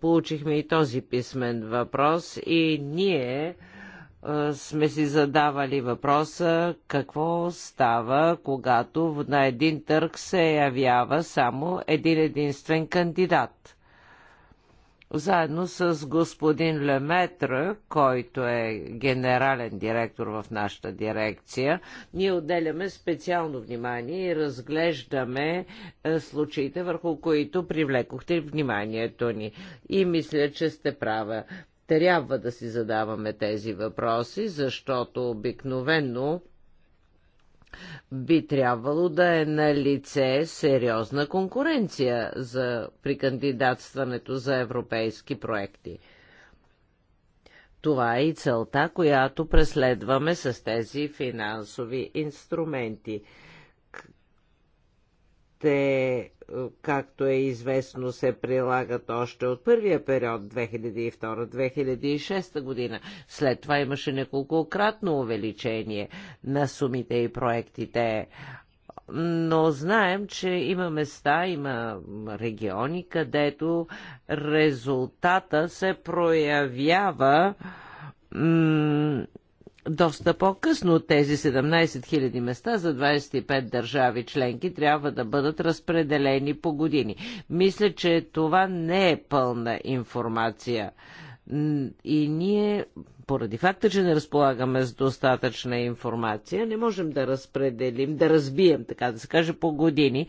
получихме и този писмен въпрос и ние е, сме си задавали въпроса какво става, когато на един търг се явява само един единствен кандидат. Заедно с господин Леметра, който е генерален директор в нашата дирекция, ние отделяме специално внимание и разглеждаме е, случаите, върху които привлекохте вниманието ни. И мисля, че сте права трябва да си задаваме тези въпроси, защото обикновено би трябвало да е на лице сериозна конкуренция за, при кандидатстването за европейски проекти. Това е и целта, която преследваме с тези финансови инструменти. Те както е известно, се прилагат още от първия период 2002-2006 година. След това имаше неколкократно увеличение на сумите и проектите. Но знаем, че има места, има региони, където резултата се проявява доста по-късно тези 17 000 места за 25 държави членки трябва да бъдат разпределени по години. Мисля, че това не е пълна информация. И ние, поради факта, че не разполагаме с достатъчна информация, не можем да разпределим, да разбием, така да се каже, по години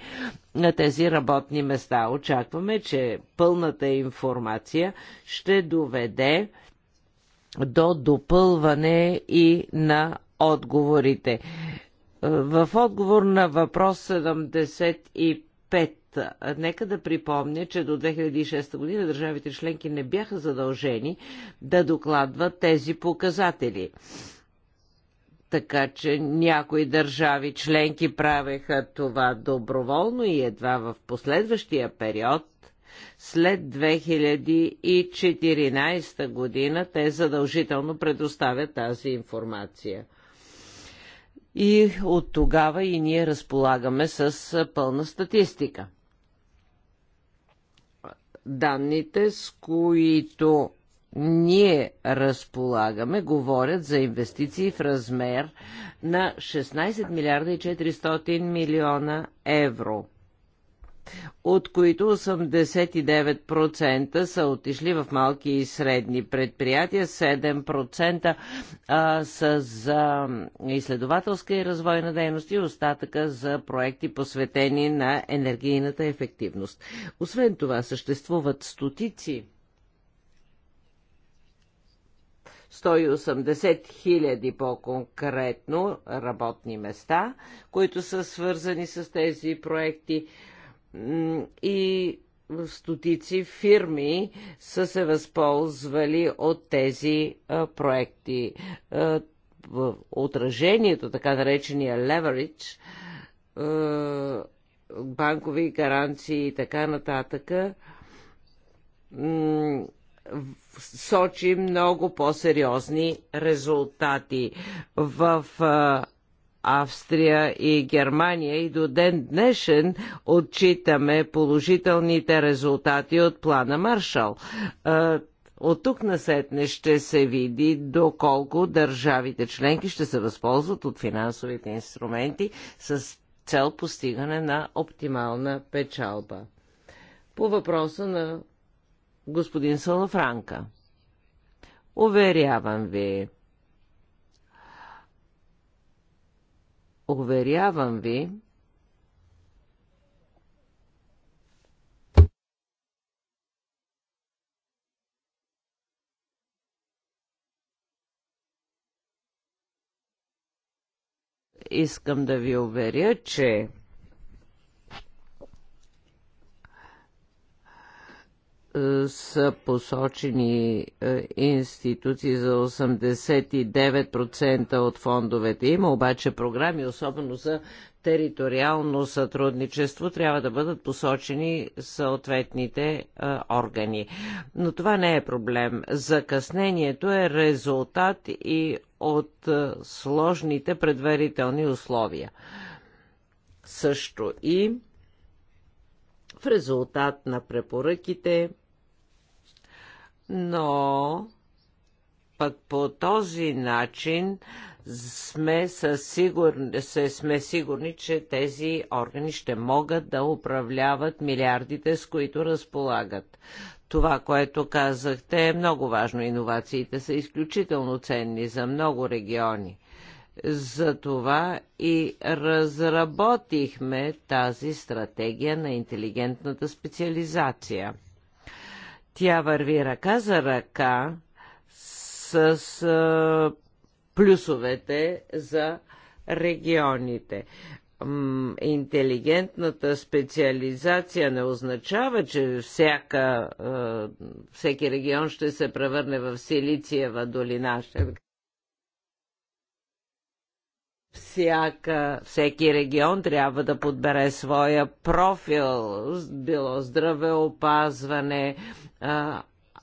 на тези работни места. Очакваме, че пълната информация ще доведе до допълване и на отговорите. В отговор на въпрос 75 Нека да припомня, че до 2006 година държавите членки не бяха задължени да докладват тези показатели така че някои държави членки правеха това доброволно и едва в последващия период след 2014 година те задължително предоставят тази информация. И от тогава и ние разполагаме с пълна статистика. Данните, с които ние разполагаме, говорят за инвестиции в размер на 16 милиарда и 400 милиона евро – от които 89% са отишли в малки и средни предприятия, 7% а, са за изследователска и развойна дейност и остатъка за проекти посветени на енергийната ефективност. Освен това съществуват стотици 180 хиляди по-конкретно работни места, които са свързани с тези проекти и стотици фирми са се възползвали от тези а, проекти. А, в отражението, така наречения leverage, а, банкови гаранции и така нататък, сочи много по-сериозни резултати. В а, Австрия и Германия и до ден днешен отчитаме положителните резултати от плана Маршал. Е, от тук на сетне ще се види доколко държавите членки ще се възползват от финансовите инструменти с цел постигане на оптимална печалба. По въпроса на господин Салафранка. Уверявам ви, Уверявам ви, искам да ви уверя, че са посочени е, институции за 89% от фондовете. Има обаче програми, особено за териториално сътрудничество, трябва да бъдат посочени съответните е, органи. Но това не е проблем. Закъснението е резултат и от е, сложните предварителни условия. Също и в резултат на препоръките но пък по този начин сме, със сигурни, сме сигурни, че тези органи ще могат да управляват милиардите, с които разполагат. Това, което казахте, е много важно. Иновациите са изключително ценни за много региони. Затова и разработихме тази стратегия на интелигентната специализация – тя върви ръка за ръка с а, плюсовете за регионите интелигентната специализация не означава, че всяка, всеки регион ще се превърне в Силициева долина всяка, всеки регион трябва да подбере своя профил, било здравеопазване,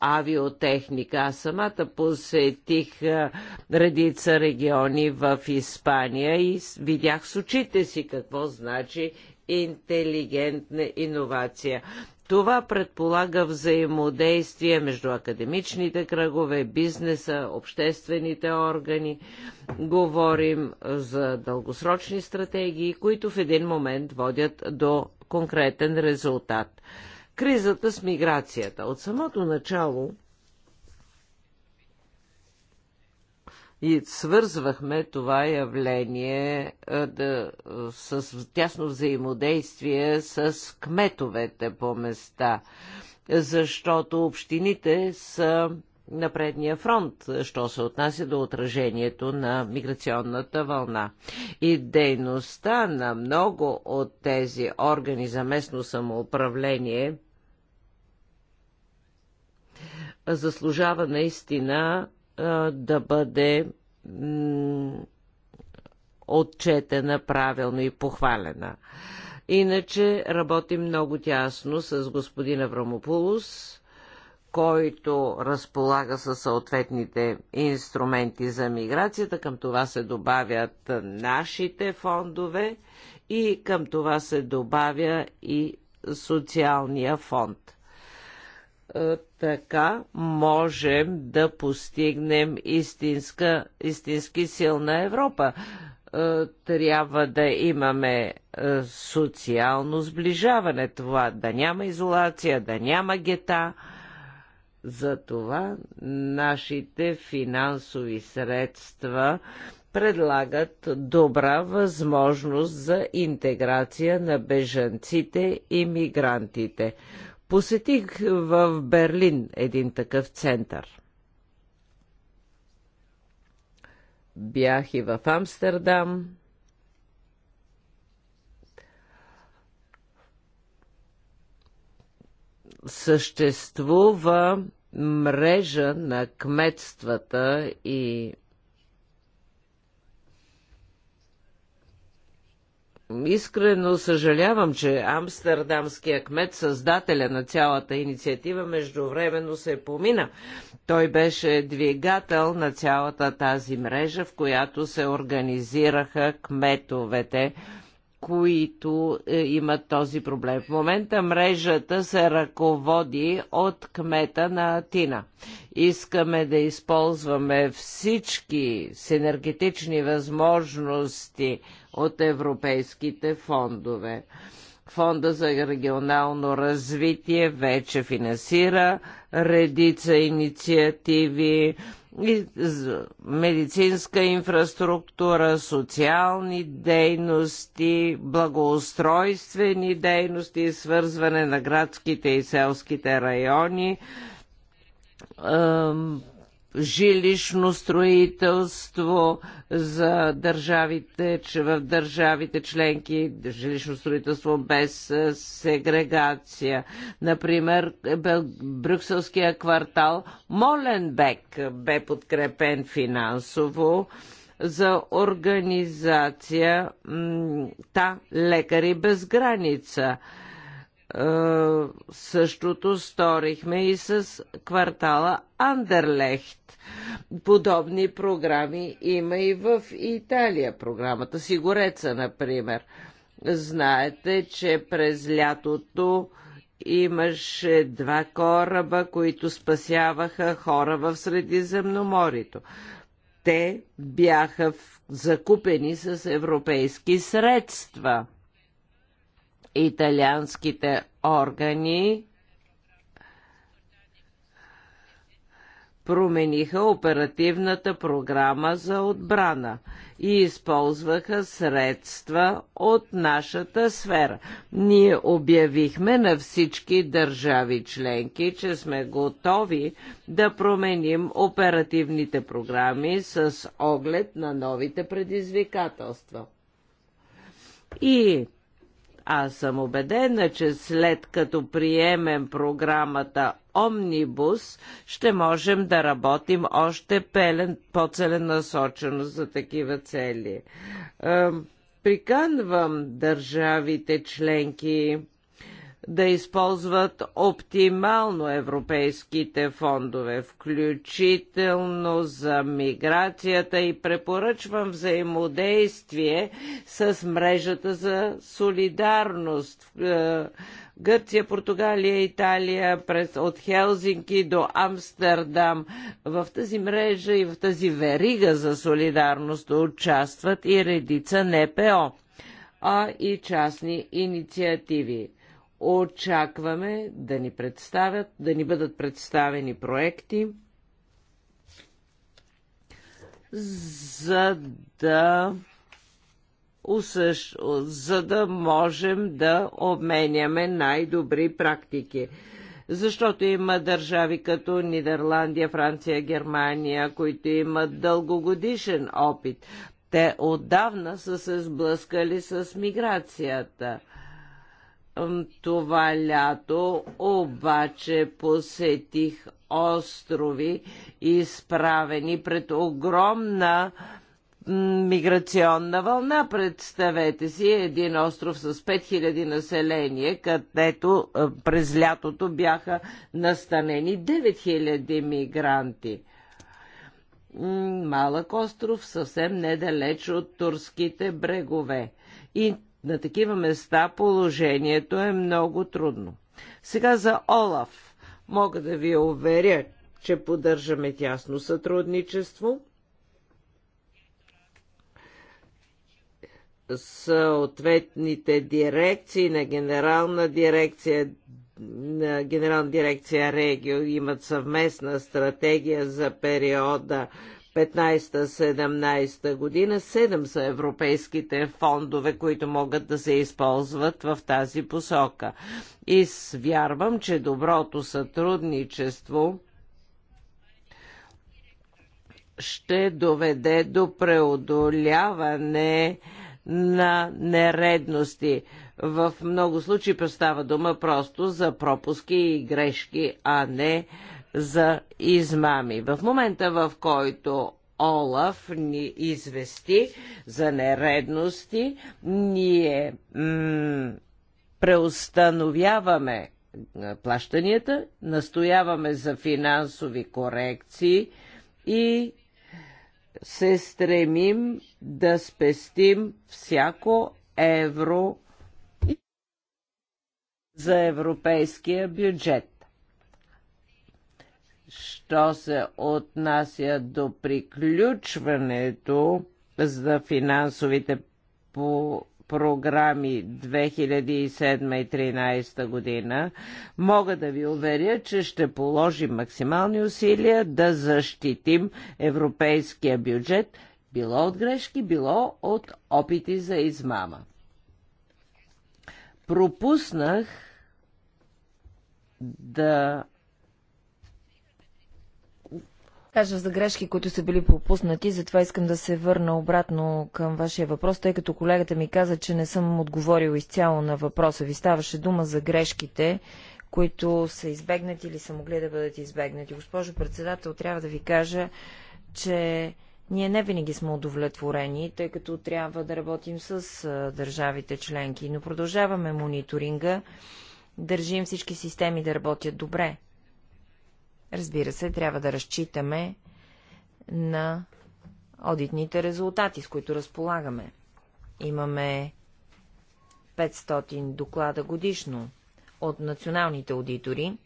авиотехника. Аз самата посетих редица региони в Испания и видях с очите си какво значи интелигентна иновация. Това предполага взаимодействие между академичните кръгове, бизнеса, обществените органи. Говорим за дългосрочни стратегии, които в един момент водят до конкретен резултат. Кризата с миграцията. От самото начало и свързвахме това явление да, с тясно взаимодействие с кметовете по места, защото общините са на предния фронт, що се отнася до отражението на миграционната вълна. И дейността на много от тези органи за местно самоуправление заслужава наистина да бъде отчетена правилно и похвалена. Иначе работим много тясно с господин Аврамопулос, който разполага със съответните инструменти за миграцията. Към това се добавят нашите фондове и към това се добавя и социалния фонд. Е, така можем да постигнем истинска, истински силна Европа. Е, трябва да имаме е, социално сближаване, това да няма изолация, да няма гета. Затова нашите финансови средства предлагат добра възможност за интеграция на бежанците и мигрантите. Посетих в Берлин един такъв център. Бях и в Амстердам. Съществува мрежа на кметствата и Искрено съжалявам, че амстердамския кмет, създателя на цялата инициатива, междувременно се помина. Той беше двигател на цялата тази мрежа, в която се организираха кметовете, които е, имат този проблем. В момента мрежата се ръководи от кмета на Атина. Искаме да използваме всички синергетични възможности – от европейските фондове. Фонда за регионално развитие вече финансира редица инициативи, медицинска инфраструктура, социални дейности, благоустройствени дейности, свързване на градските и селските райони, жилищно строителство за държавите, че в държавите членки жилищно строителство без сегрегация. Например, Брюкселския квартал Моленбек бе подкрепен финансово за организация Та лекари без граница. Е, същото сторихме и с квартала Андерлехт. Подобни програми има и в Италия. Програмата Сигуреца, например. Знаете, че през лятото имаше два кораба, които спасяваха хора в Средиземноморието. Те бяха закупени с европейски средства – италианските органи промениха оперативната програма за отбрана и използваха средства от нашата сфера. Ние обявихме на всички държави членки, че сме готови да променим оперативните програми с оглед на новите предизвикателства. И аз съм убедена, че след като приемем програмата Омнибус, ще можем да работим още пелен, по-целенасочено за такива цели. Приканвам държавите членки да използват оптимално европейските фондове, включително за миграцията и препоръчвам взаимодействие с мрежата за солидарност. Е, Гърция, Португалия, Италия, през, от Хелзинки до Амстердам. В тази мрежа и в тази верига за солидарност участват и редица НПО, а и частни инициативи. Очакваме да ни представят, да ни бъдат представени проекти, за да усъщ, за да можем да обменяме най-добри практики. Защото има държави като Нидерландия, Франция, Германия, които имат дългогодишен опит. Те отдавна са се сблъскали с миграцията това лято обаче посетих острови, изправени пред огромна миграционна вълна. Представете си един остров с 5000 население, където през лятото бяха настанени 9000 мигранти малък остров, съвсем недалеч от турските брегове. И на такива места положението е много трудно. Сега за Олаф. Мога да ви уверя, че поддържаме тясно сътрудничество. съответните дирекции на генерална дирекция на генерална дирекция Регио имат съвместна стратегия за периода 15-17 година. 7 са европейските фондове, които могат да се използват в тази посока. И вярвам, че доброто сътрудничество ще доведе до преодоляване на нередности. В много случаи става дума просто за пропуски и грешки, а не за измами. В момента, в който Олаф ни извести за нередности, ние преустановяваме плащанията, настояваме за финансови корекции и се стремим да спестим всяко евро за европейския бюджет. Що се отнася до приключването за финансовите по програми 2007 и 2013 година, мога да ви уверя, че ще положим максимални усилия да защитим европейския бюджет, било от грешки, било от опити за измама. Пропуснах да кажа за грешки, които са били пропуснати, затова искам да се върна обратно към вашия въпрос, тъй като колегата ми каза, че не съм отговорил изцяло на въпроса ви. Ставаше дума за грешките, които са избегнати или са могли да бъдат избегнати. Госпожо председател, трябва да ви кажа, че ние не винаги сме удовлетворени, тъй като трябва да работим с държавите членки, но продължаваме мониторинга, държим всички системи да работят добре. Разбира се, трябва да разчитаме на одитните резултати, с които разполагаме. Имаме 500 доклада годишно от националните аудитори.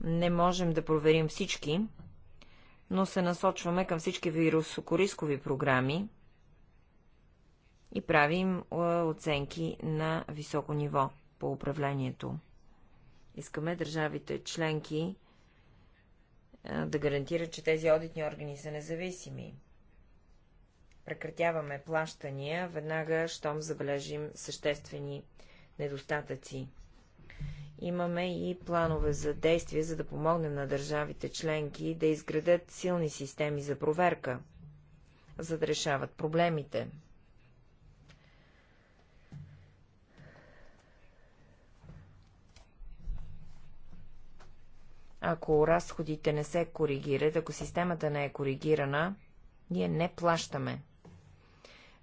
Не можем да проверим всички, но се насочваме към всички вирусокорискови програми, и правим оценки на високо ниво по управлението. Искаме държавите членки да гарантират, че тези одитни органи са независими. Прекратяваме плащания веднага, щом забележим съществени недостатъци. Имаме и планове за действие, за да помогнем на държавите членки да изградят силни системи за проверка, за да решават проблемите. Ако разходите не се коригират, ако системата не е коригирана, ние не плащаме.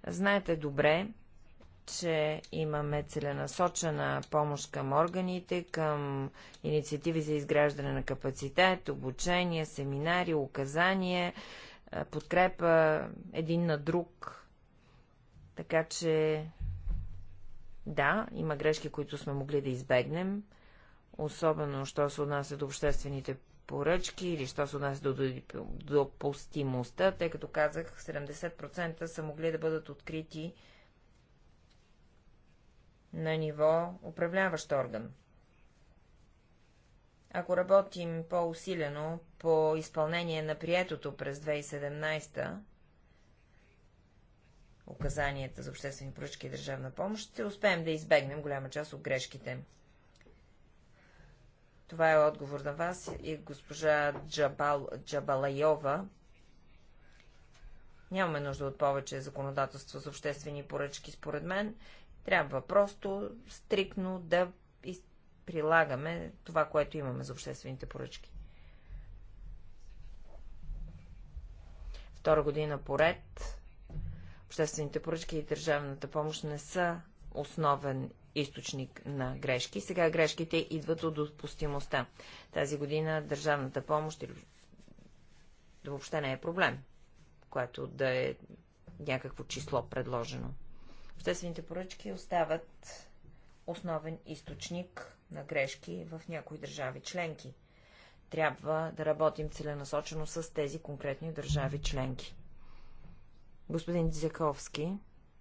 Знаете добре, че имаме целенасочена помощ към органите, към инициативи за изграждане на капацитет, обучение, семинари, указания, подкрепа един на друг. Така че, да, има грешки, които сме могли да избегнем особено, що се отнася до обществените поръчки или що се отнася до допустимостта, тъй като казах, 70% са могли да бъдат открити на ниво управляващ орган. Ако работим по-усилено по изпълнение на приетото през 2017 указанията за обществени поръчки и държавна помощ, ще успеем да избегнем голяма част от грешките. Това е отговор на вас и госпожа Джабал, Джабалайова. Нямаме нужда от повече законодателство за обществени поръчки, според мен. Трябва просто стрикно да прилагаме това, което имаме за обществените поръчки. Втора година поред обществените поръчки и държавната помощ не са основен източник на грешки. Сега грешките идват от допустимостта. Тази година държавната помощ или... въобще не е проблем, което да е някакво число предложено. Обществените поръчки остават основен източник на грешки в някои държави членки. Трябва да работим целенасочено с тези конкретни държави членки. Господин Дзяковски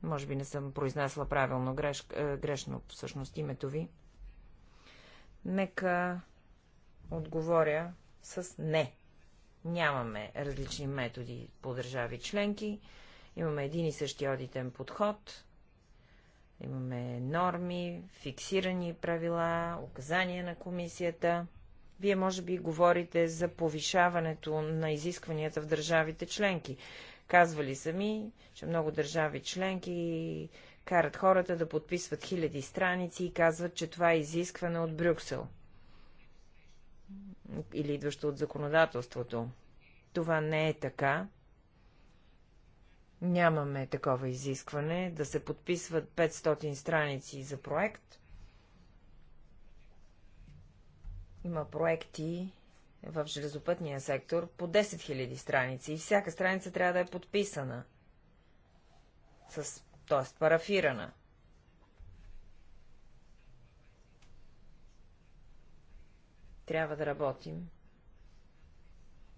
може би не съм произнесла правилно, греш, е, грешно всъщност името ви. Нека отговоря с не. Нямаме различни методи по държави членки. Имаме един и същи одитен подход. Имаме норми, фиксирани правила, указания на комисията. Вие може би говорите за повишаването на изискванията в държавите членки. Казвали сами, че много държави членки карат хората да подписват хиляди страници и казват, че това е изискване от Брюксел или идващо от законодателството. Това не е така. Нямаме такова изискване да се подписват 500 страници за проект. Има проекти, в железопътния сектор по 10 000 страници и всяка страница трябва да е подписана, с, т.е. парафирана. Трябва да работим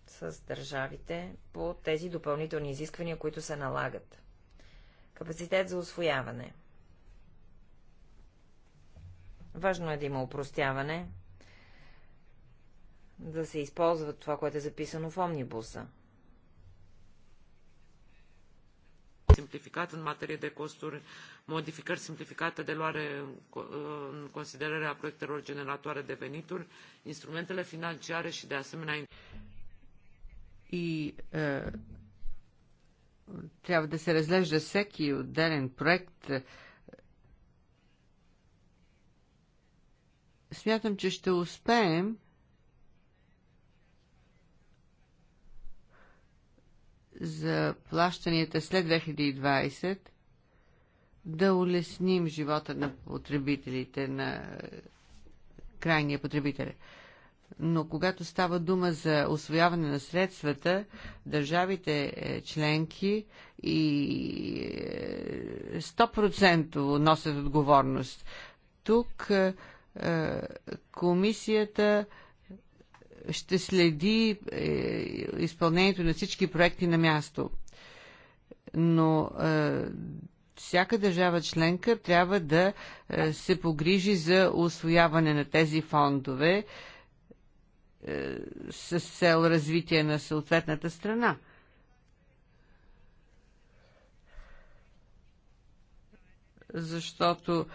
с държавите по тези допълнителни изисквания, които се налагат. Капацитет за освояване. Важно е да има упростяване, да се използва това, което е записано в омнибуса. simplificat în materie de costuri, modificări simplificate de luare în considerare a proiectelor generatoare de venituri, instrumentele financiare și de asemenea... И е, трябва да се разглежда всеки în proiect. Smiatăm ce ще успеем за плащанията след 2020 да улесним живота на потребителите, на е, крайния потребителя. Но когато става дума за освояване на средствата, държавите е, членки и 100% е, носят отговорност. Тук комисията ще следи е, изпълнението на всички проекти на място. Но е, всяка държава членка трябва да е, се погрижи за освояване на тези фондове с цел развитие на съответната страна. Защото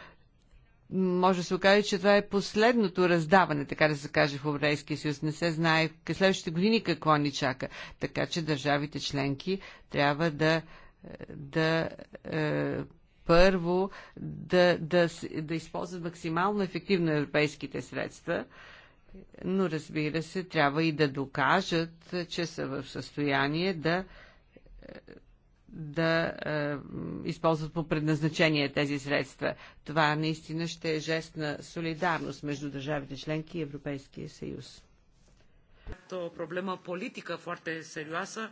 може да се окаже, че това е последното раздаване, така да се каже, в Европейския съюз. Не се знае в следващите години какво ни чака. Така че държавите членки трябва да, да е, първо да, да, да използват максимално ефективно европейските средства, но разбира се, трябва и да докажат, че са в състояние да е, да е, използват по предназначение тези средства. Това наистина ще е жест на солидарност между държавите членки и Европейския съюз. То проблема политика форте сериоза.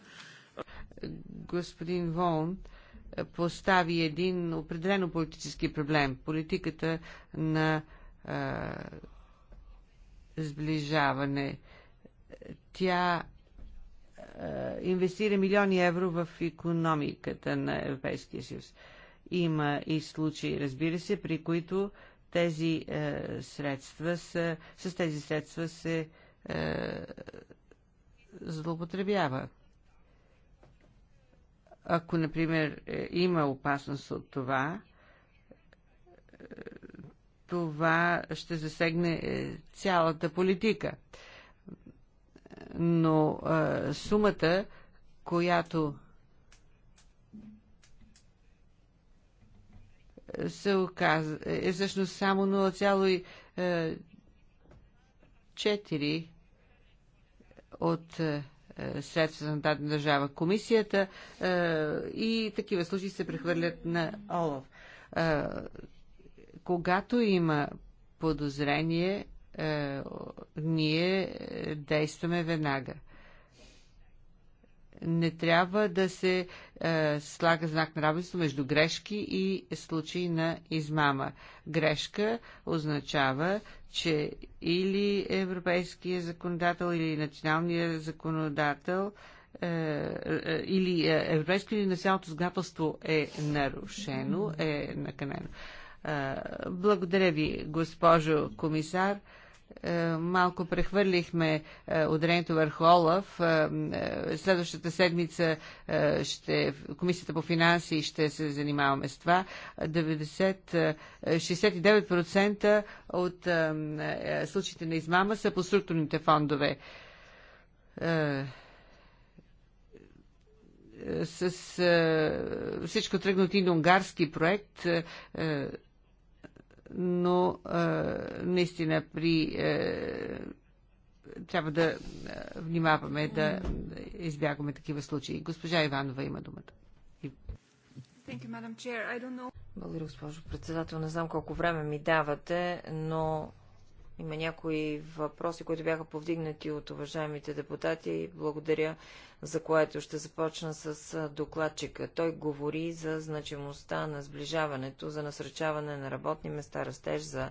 Господин Волн е, постави един определено политически проблем. Политиката на е, сближаване. Тя е, инвестира милиони евро в економиката на Европейския съюз. Има и случаи, разбира се, при които тези е, средства са, с тези средства се е, злоупотребява. Ако, например, е, има опасност от това, е, това ще засегне е, цялата политика. Е, но а, сумата, която е, се оказа, е, е всъщност само 0,4 е, от средства на дадена държава. Комисията е, и такива случаи се прехвърлят на ОЛОВ. Е, когато има подозрение, е, ние е, действаме веднага. Не трябва да се е, слага знак на равенство между грешки и случаи на измама. Грешка означава, че или европейския законодател, или националния законодател, е, е, или е, европейското или националното законодателство е нарушено, е наканено. Е, благодаря ви, госпожо комисар. Е, малко прехвърлихме е, ударението върху Олаф. Е, следващата седмица ще, Комисията по финанси ще се занимаваме с това. 90, 69% от случаите на измама са по структурните фондове с всичко тръгнати на унгарски проект но а, наистина при А, трябва да внимаваме да избягваме такива случаи. Госпожа Иванова има думата. Благодаря, госпожо председател. Не знам колко време ми давате, но има някои въпроси, които бяха повдигнати от уважаемите депутати. Благодаря за което ще започна с докладчика. Той говори за значимостта на сближаването, за насръчаване на работни места, растеж, за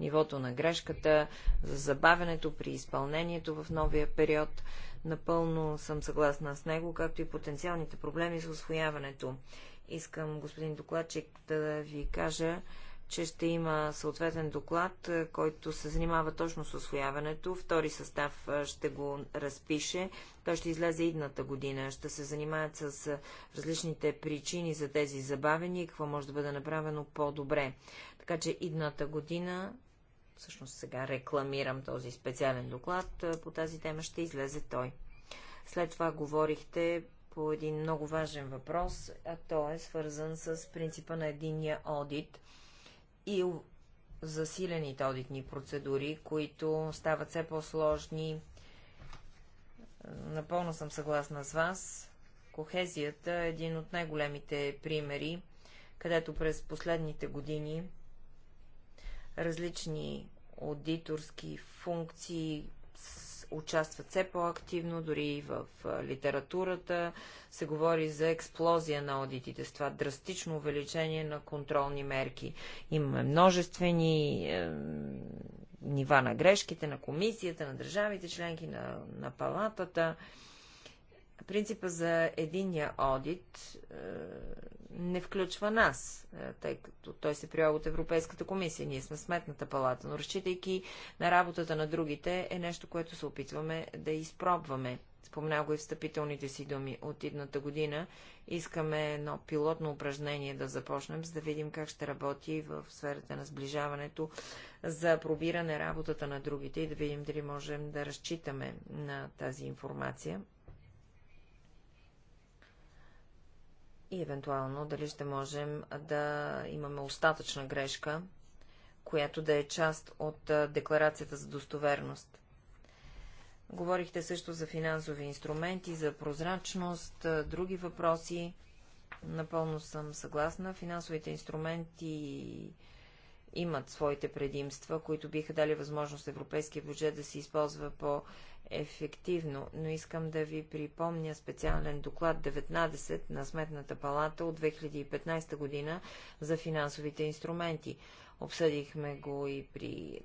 нивото на грешката, за забавянето при изпълнението в новия период. Напълно съм съгласна с него, както и потенциалните проблеми с освояването. Искам, господин докладчик, да ви кажа, че ще има съответен доклад, е, който се занимава точно с освояването. Втори състав е, ще го разпише. Той ще излезе идната година. Ще се занимаят с е, различните причини за тези забавени и какво може да бъде направено по-добре. Така че идната година, всъщност сега рекламирам този специален доклад, по тази тема ще излезе той. След това говорихте по един много важен въпрос, а той е свързан с принципа на единния одит – и засилените одитни процедури, които стават все по-сложни. Напълно съм съгласна с вас. Кохезията е един от най-големите примери, където през последните години различни аудиторски функции, участват все по-активно, дори и в литературата. Се говори за експлозия на аудитите, с това драстично увеличение на контролни мерки. Имаме множествени е, нива на грешките, на комисията, на държавите членки, на, на палатата. Е, принципа за единния одит е, не включва нас, е, тъй като той се прилага от Европейската комисия. Ние сме сметната палата, но разчитайки на работата на другите е нещо, което се опитваме да изпробваме. Спомня го и встъпителните си думи от идната година. Искаме едно пилотно упражнение да започнем, за да видим как ще работи в сферата на сближаването за пробиране работата на другите и да видим дали можем да разчитаме на тази информация и евентуално дали ще можем да имаме остатъчна грешка, която да е част от декларацията за достоверност. Говорихте също за финансови инструменти, за прозрачност, други въпроси. Напълно съм съгласна. Финансовите инструменти имат своите предимства, които биха дали възможност европейския бюджет да се използва по-ефективно, но искам да ви припомня специален доклад 19 на Сметната палата от 2015 година за финансовите инструменти. Обсъдихме го и при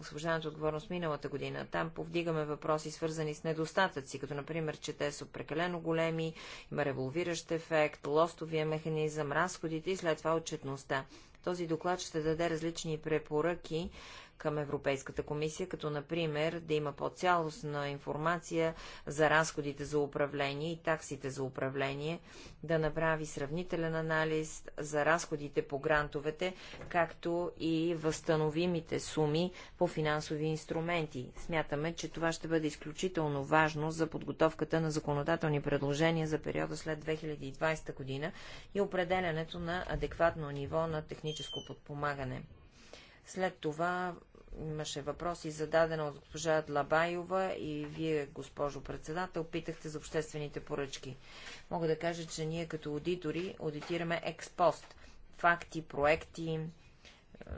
освобождането отговорност миналата година. Там повдигаме въпроси, свързани с недостатъци, като например, че те са прекалено големи, има револвиращ ефект, лостовия механизъм, разходите и след това отчетността. Този доклад ще даде различни препоръки към Европейската комисия, като например да има по-цялостна информация за разходите за управление и таксите за управление, да направи сравнителен анализ за разходите по грантовете, както и възстановимите суми по финансови инструменти. Смятаме, че това ще бъде изключително важно за подготовката на законодателни предложения за периода след 2020 година и определянето на адекватно ниво на техническо подпомагане. След това имаше въпроси зададена от госпожа Длабаева и вие, госпожо председател, питахте за обществените поръчки. Мога да кажа, че ние като аудитори аудитираме експост. Факти, проекти, е,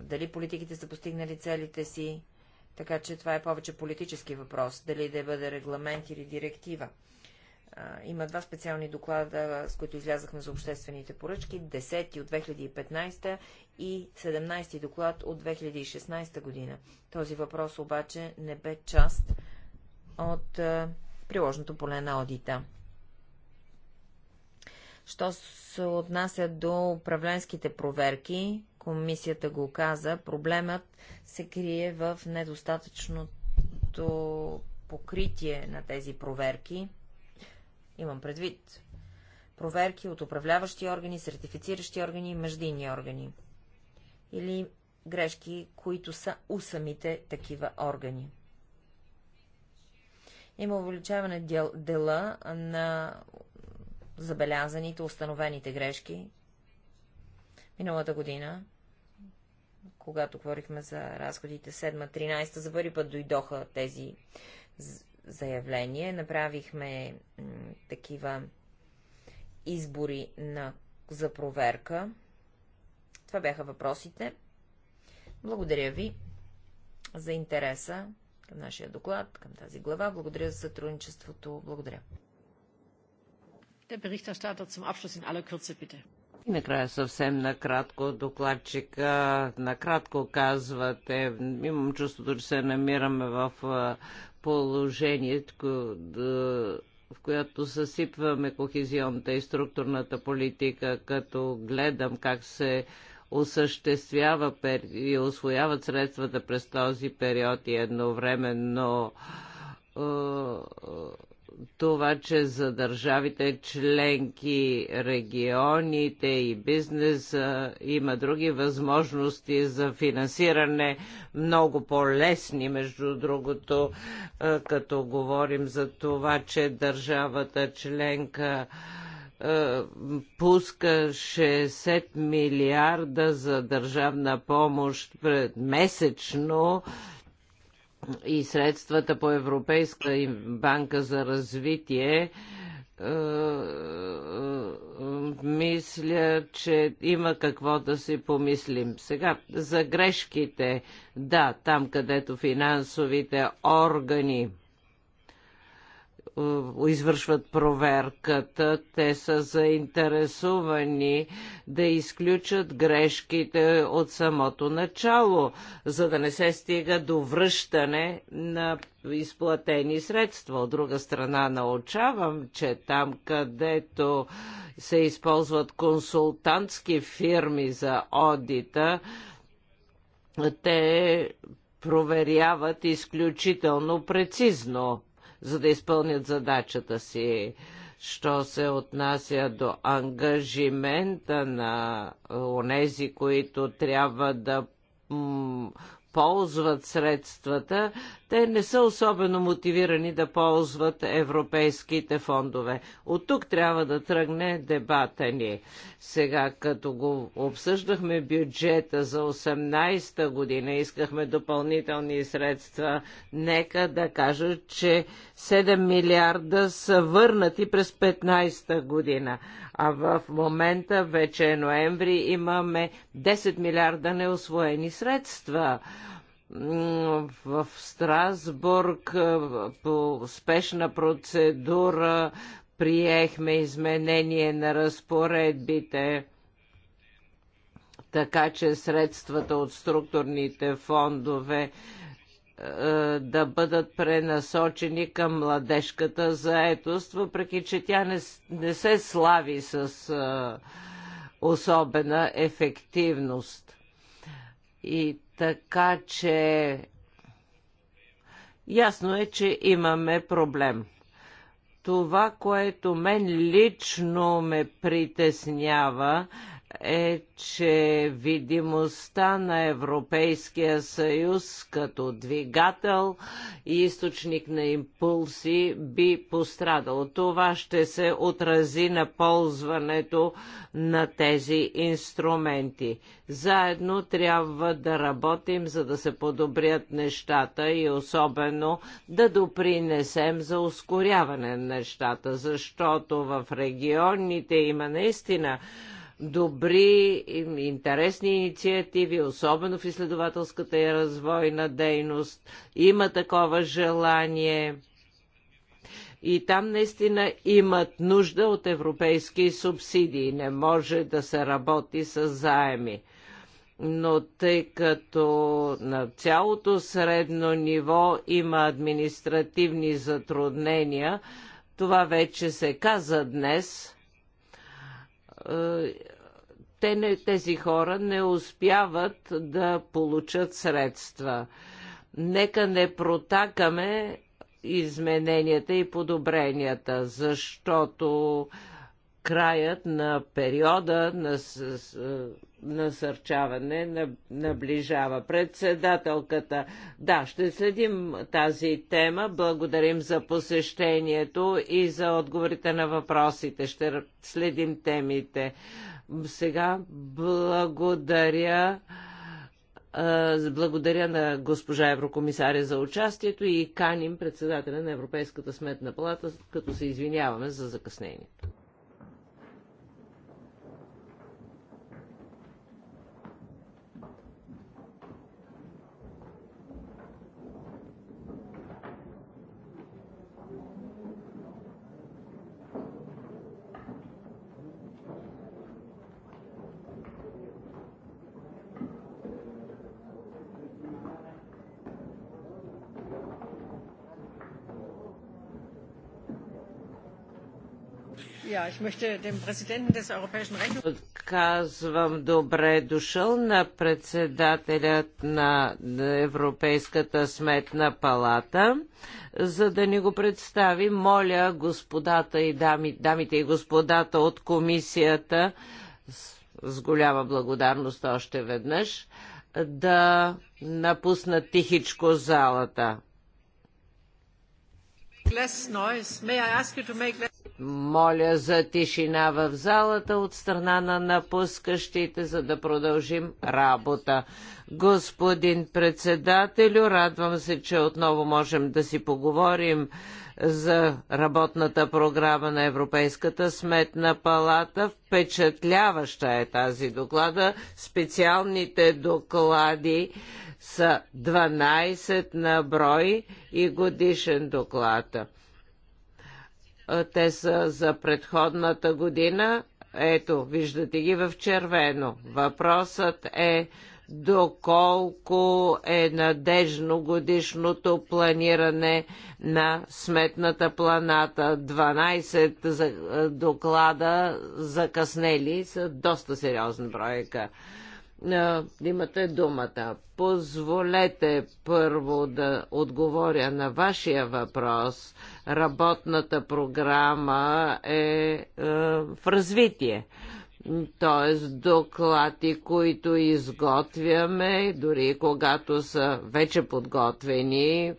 дали политиките са постигнали целите си, така че това е повече политически въпрос, дали да бъде регламент или директива. има два специални доклада, с които излязахме за обществените поръчки. Десети от 2015 и 17-ти доклад от 2016 година. Този въпрос обаче не бе част от е, приложното поле на аудита. Що се отнася до управленските проверки, комисията го каза, проблемът се крие в недостатъчното покритие на тези проверки. Имам предвид проверки от управляващи органи, сертифициращи органи и междинни органи или грешки, които са у самите такива органи. Има увеличаване дел, дела на забелязаните, установените грешки. Миналата година, когато говорихме за разходите 7-13, за първи път дойдоха тези заявления. Направихме такива избори на, за проверка това бяха въпросите. Благодаря ви за интереса към нашия доклад, към тази глава. Благодаря за сътрудничеството. Благодаря. И накрая съвсем накратко, докладчика, накратко казвате, имам чувството, че се намираме в положението, в която съсипваме кохезионната и структурната политика, като гледам как се осъществява и освояват средствата през този период и едновременно е, е, това, че за държавите членки, регионите и бизнес има други възможности за финансиране, много по-лесни, между другото, като говорим за това, че държавата членка пуска 60 милиарда за държавна помощ месечно и средствата по Европейска банка за развитие, е, е, е, мисля, че има какво да си помислим. Сега, за грешките, да, там където финансовите органи е, извършват проверката. Те са заинтересувани да изключат грешките от самото начало, за да не се стига до връщане на изплатени средства. От друга страна научавам, че там, където се използват консултантски фирми за одита, те проверяват изключително прецизно за да изпълнят задачата си. Що се отнася до ангажимента на онези, които трябва да ползват средствата, те не са особено мотивирани да ползват европейските фондове. От тук трябва да тръгне дебата ни. Сега, като го обсъждахме бюджета за 18-та година, искахме допълнителни средства, нека да кажа, че 7 милиарда са върнати през 15-та година а в момента вече е ноември имаме 10 милиарда неосвоени средства в Страсбург е, по спешна процедура приехме изменение на разпоредбите, така че средствата от структурните фондове е, да бъдат пренасочени към младежката заетост, въпреки че тя не, не се слави с е, особена ефективност. И така, че ясно е, че имаме проблем. Това, което мен лично ме притеснява, е, че видимостта на Европейския съюз като двигател и източник на импулси би пострадал. Това ще се отрази на ползването на тези инструменти. Заедно трябва да работим, за да се подобрят нещата и особено да допринесем за ускоряване на нещата, защото в регионите има наистина добри, интересни инициативи, особено в изследователската и развойна дейност. Има такова желание. И там наистина имат нужда от европейски субсидии. Не може да се работи с заеми но тъй като на цялото средно ниво има административни затруднения, това вече се каза днес, те не, тези хора не успяват да получат средства. Нека не протакаме измененията и подобренията, защото краят на периода на насърчаване наближава. Председателката, да, ще следим тази тема. Благодарим за посещението и за отговорите на въпросите. Ще следим темите. Сега благодаря благодаря на госпожа Еврокомисаря за участието и каним председателя на Европейската сметна палата, като се извиняваме за закъснението. Yeah, Казвам добре дошъл на председателят на Европейската сметна палата, за да ни го представи. Моля господата и дами, дамите и господата от комисията, с, с голяма благодарност още веднъж, да напуснат тихичко залата. Less noise. May I ask you to make less... Моля за тишина в залата от страна на напускащите, за да продължим работа. Господин председателю, радвам се, че отново можем да си поговорим за работната програма на Европейската сметна палата. Впечатляваща е тази доклада. Специалните доклади са 12 на брой и годишен доклад. Е, те са за предходната година. Ето, виждате ги в червено. Въпросът е доколко е надежно годишното планиране на сметната планата. 12 е, доклада закъснели са доста сериозна бройка имате думата. Позволете първо да отговоря на вашия въпрос. Работната програма е, е в развитие т.е. доклади, които изготвяме, дори когато са вече подготвени, е,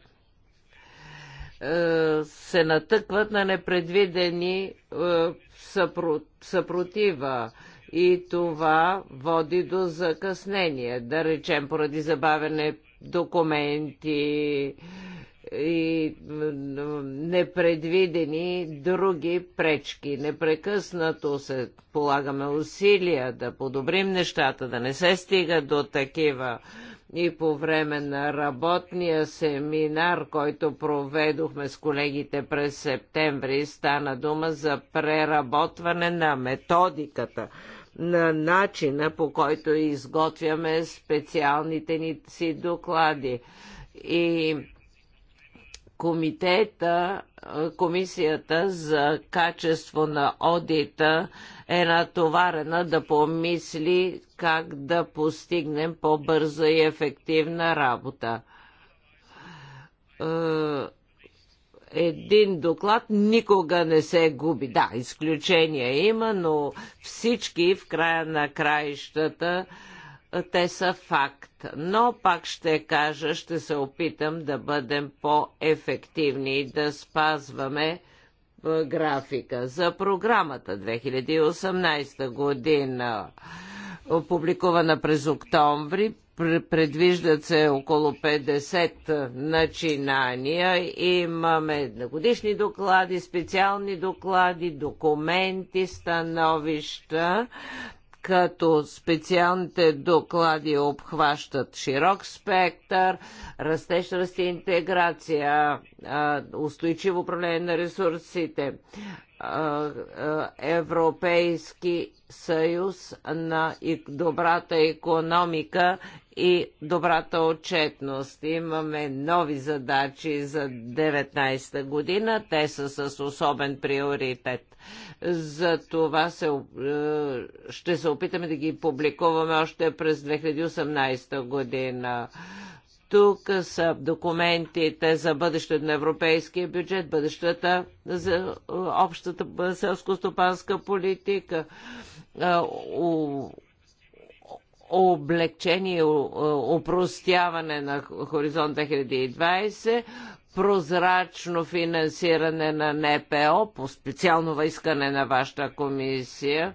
се натъкват на непредвидени е, съпротива и това води до закъснение, да речем поради забавяне документи и непредвидени други пречки. Непрекъснато се полагаме усилия да подобрим нещата, да не се стига до такива и по време на работния семинар, който проведохме с колегите през септември, стана дума за преработване на методиката на начина по който изготвяме специалните ни си доклади. И комитета, комисията за качество на одита е натоварена да помисли как да постигнем по-бърза и ефективна работа е, един доклад никога не се губи. Да, изключения има, но всички в края на краищата те са факт. Но пак ще кажа, ще се опитам да бъдем по-ефективни и да спазваме графика. За програмата 2018 година, опубликувана през октомври, Предвиждат се около 50 начинания. Имаме годишни доклади, специални доклади, документи, становища като специалните доклади обхващат широк спектър, растеж, расти интеграция, устойчиво управление на ресурсите, е, е, Европейски съюз на добрата економика и добрата отчетност. Имаме нови задачи за 19-та година. Те са с особен приоритет. За това се, е, ще се опитаме да ги публикуваме още през 2018 година. Тук са документите за бъдещето на европейския бюджет, бъдещата за общата селско-стопанска политика, облегчение, упростяване на Хоризонт 2020, прозрачно финансиране на НПО по специално искане на вашата комисия,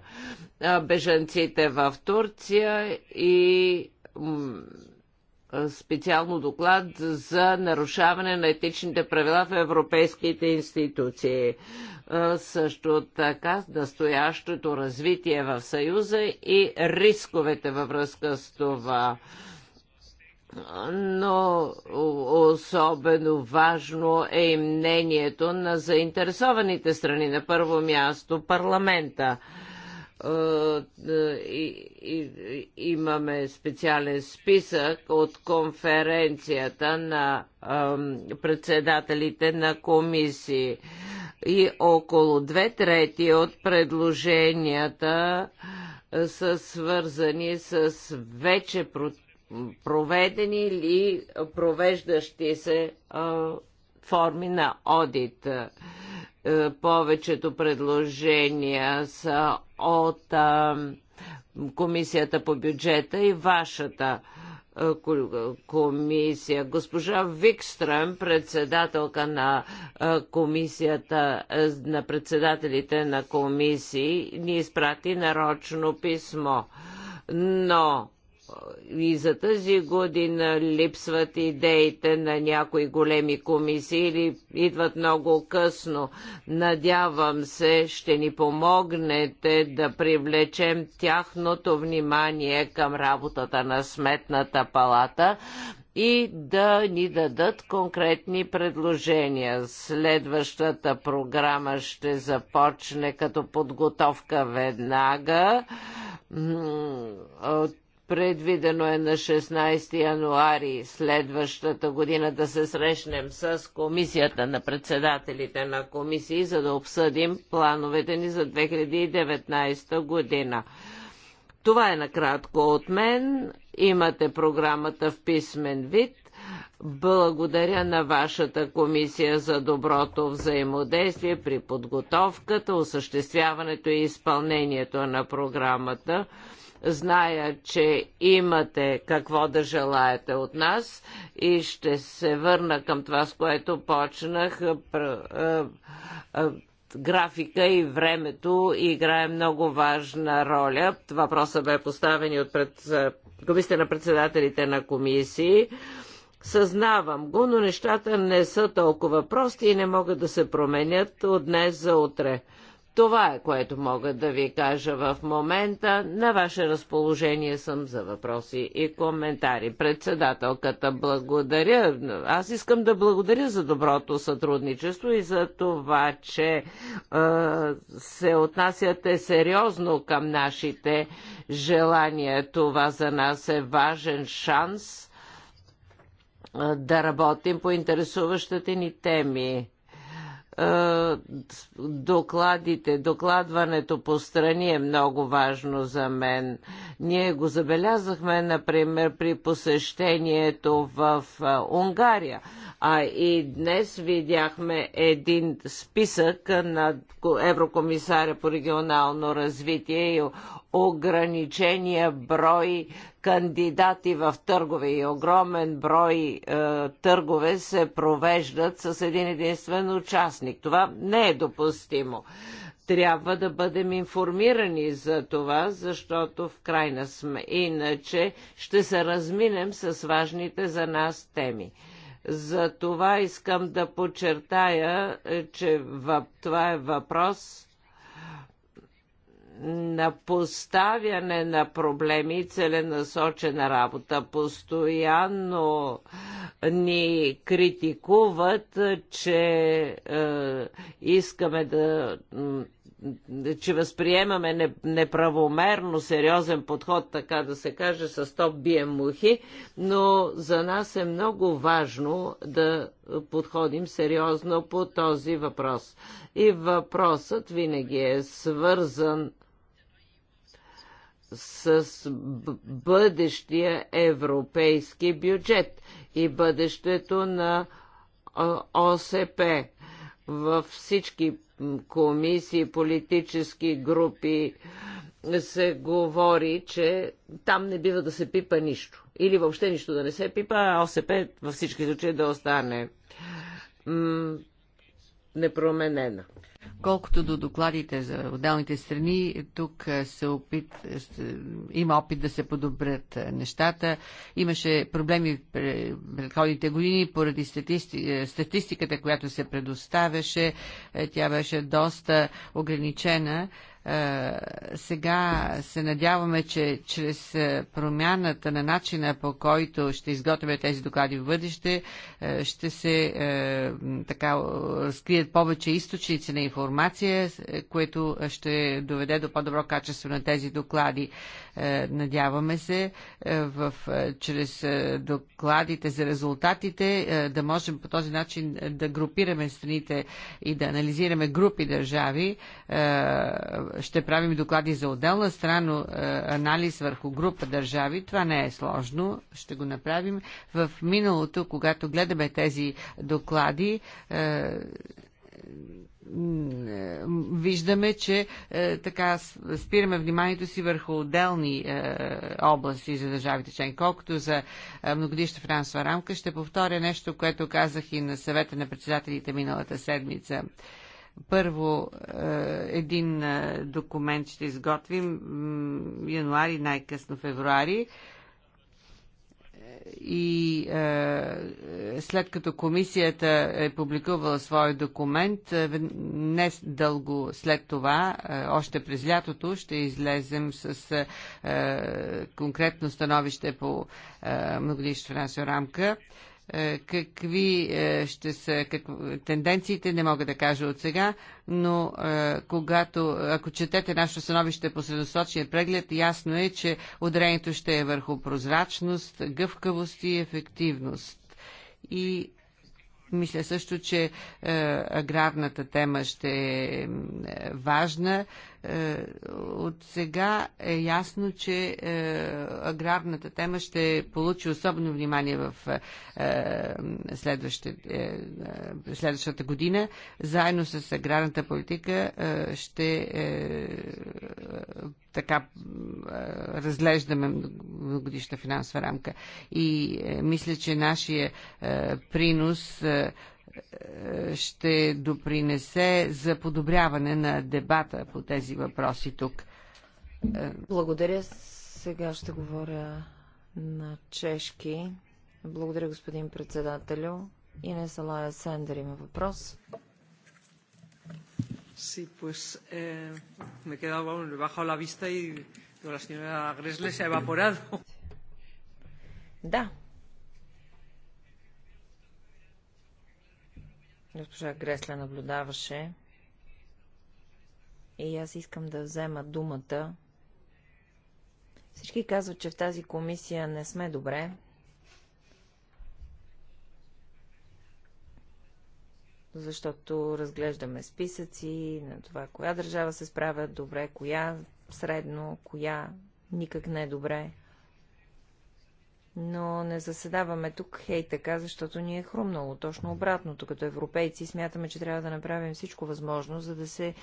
бежанците в Турция и специално доклад за нарушаване на етичните правила в европейските институции. Също така настоящото развитие в Съюза и рисковете във връзка с това но особено важно е и мнението на заинтересованите страни. На първо място парламента. Е, е, имаме специален списък от конференцията на председателите на комисии. И около две трети от предложенията е, са свързани с вече проведени или провеждащи се форми на одит. Е, повечето предложения са от Комисията по бюджета и вашата е, комисия. Госпожа Викстрем, председателка на е, комисията, на председателите на комисии, ни изпрати нарочно писмо. Но и за тази година липсват идеите на някои големи комисии или идват много късно. Надявам се, ще ни помогнете да привлечем тяхното внимание към работата на Сметната палата и да ни дадат конкретни предложения. Следващата програма ще започне като подготовка веднага Предвидено е на 16 януари следващата година да се срещнем с комисията на председателите на комисии, за да обсъдим плановете ни за 2019 година. Това е накратко от мен. Имате програмата в писмен вид. Благодаря на вашата комисия за доброто взаимодействие при подготовката, осъществяването и изпълнението на програмата. Зная, че имате какво да желаете от нас и ще се върна към това, с което почнах графика и времето играе много важна роля. Въпросът бе поставен от пред... комисията на председателите на комисии. Съзнавам го, но нещата не са толкова прости и не могат да се променят от днес за утре. Това е, което мога да ви кажа в момента. На ваше разположение съм за въпроси и коментари. Председателката, благодаря. Аз искам да благодаря за доброто сътрудничество и за това, че е, се отнасяте сериозно към нашите желания. Това за нас е важен шанс е, да работим по интересуващите ни теми е, докладите, докладването по страни е много важно за мен. Ние го забелязахме, например, при посещението в е, Унгария. А и днес видяхме един списък на Еврокомисаря по регионално развитие и ограничения брой кандидати в търгове и огромен брой е, търгове се провеждат с един единствен участник. Това не е допустимо трябва да бъдем информирани за това, защото в крайна сме, иначе ще се разминем с важните за нас теми. За това искам да подчертая, е, че въп, това е въпрос на поставяне на проблеми и целенасочена работа. Постоянно ни критикуват, че е, искаме да че възприемаме неправомерно сериозен подход, така да се каже, с топ бием мухи, но за нас е много важно да подходим сериозно по този въпрос. И въпросът винаги е свързан с бъдещия европейски бюджет и бъдещето на ОСП във всички комисии, политически групи се говори, че там не бива да се пипа нищо. Или въобще нищо да не се пипа, а ОСП във всички случаи да остане непроменена. Колкото до докладите за отделните страни, тук се опит, има опит да се подобрят нещата. Имаше проблеми в предходните години поради статисти, е, статистиката, която се предоставяше. Е, тя беше доста ограничена е, сега се надяваме, че чрез е, промяната на начина по който ще изготвяме тези доклади в бъдеще, е, ще се така скрият повече източници на информация, което ще доведе до по-добро качество на тези доклади. Надяваме се в, чрез докладите за резултатите да можем по този начин да групираме страните и да анализираме групи държави ще правим доклади за отделна страна, е, анализ върху група държави. Това не е сложно, ще го направим. В миналото, когато гледаме тези доклади, е, виждаме, че е, така спираме вниманието си върху отделни области за държавите член. Колкото за многодища многодишна рамка, ще повторя нещо, което казах и на съвета на председателите миналата седмица. Първо, е, един е, документ ще изготвим януари, най-късно февруари е, и е, след като комисията е публикувала своя документ, не дълго след това, е, още през лятото, ще излезем с е, конкретно становище по е, многогодишната финансова рамка. Е, е, какви е, ще са как, тенденциите, не мога да кажа от сега, но е, когато, ако четете нашето становище по средосрочния преглед, ясно е, че ударението ще е върху прозрачност, гъвкавост и ефективност. И мисля също, че е, аграрната тема ще е, е важна. Е, от сега е ясно, че е, аграрната тема ще получи особено внимание в е, е следващата, е, е, следващата година. Заедно с аграрната политика е, ще е, така е, разглеждаме годишна финансова рамка. И е, мисля, че нашия е, принос е, ще допринесе за подобряване на дебата по тези въпроси тук. Благодаря. Сега ще говоря на чешки. Благодаря, господин председателю. И не Салая Сендер има въпрос. Sí, pues eh, me quedaba, bueno, le bajo la vista y la señora se ha evaporado. Да. Госпожа Гресле наблюдаваше и аз искам да взема думата. Всички казват, че в тази комисия не сме добре. защото разглеждаме списъци на това, коя държава се справя добре, коя средно, коя никак не е добре. Но не заседаваме тук хей така, защото ни е хрумнало. Точно обратното, като европейци смятаме, че трябва да направим всичко възможно, за да се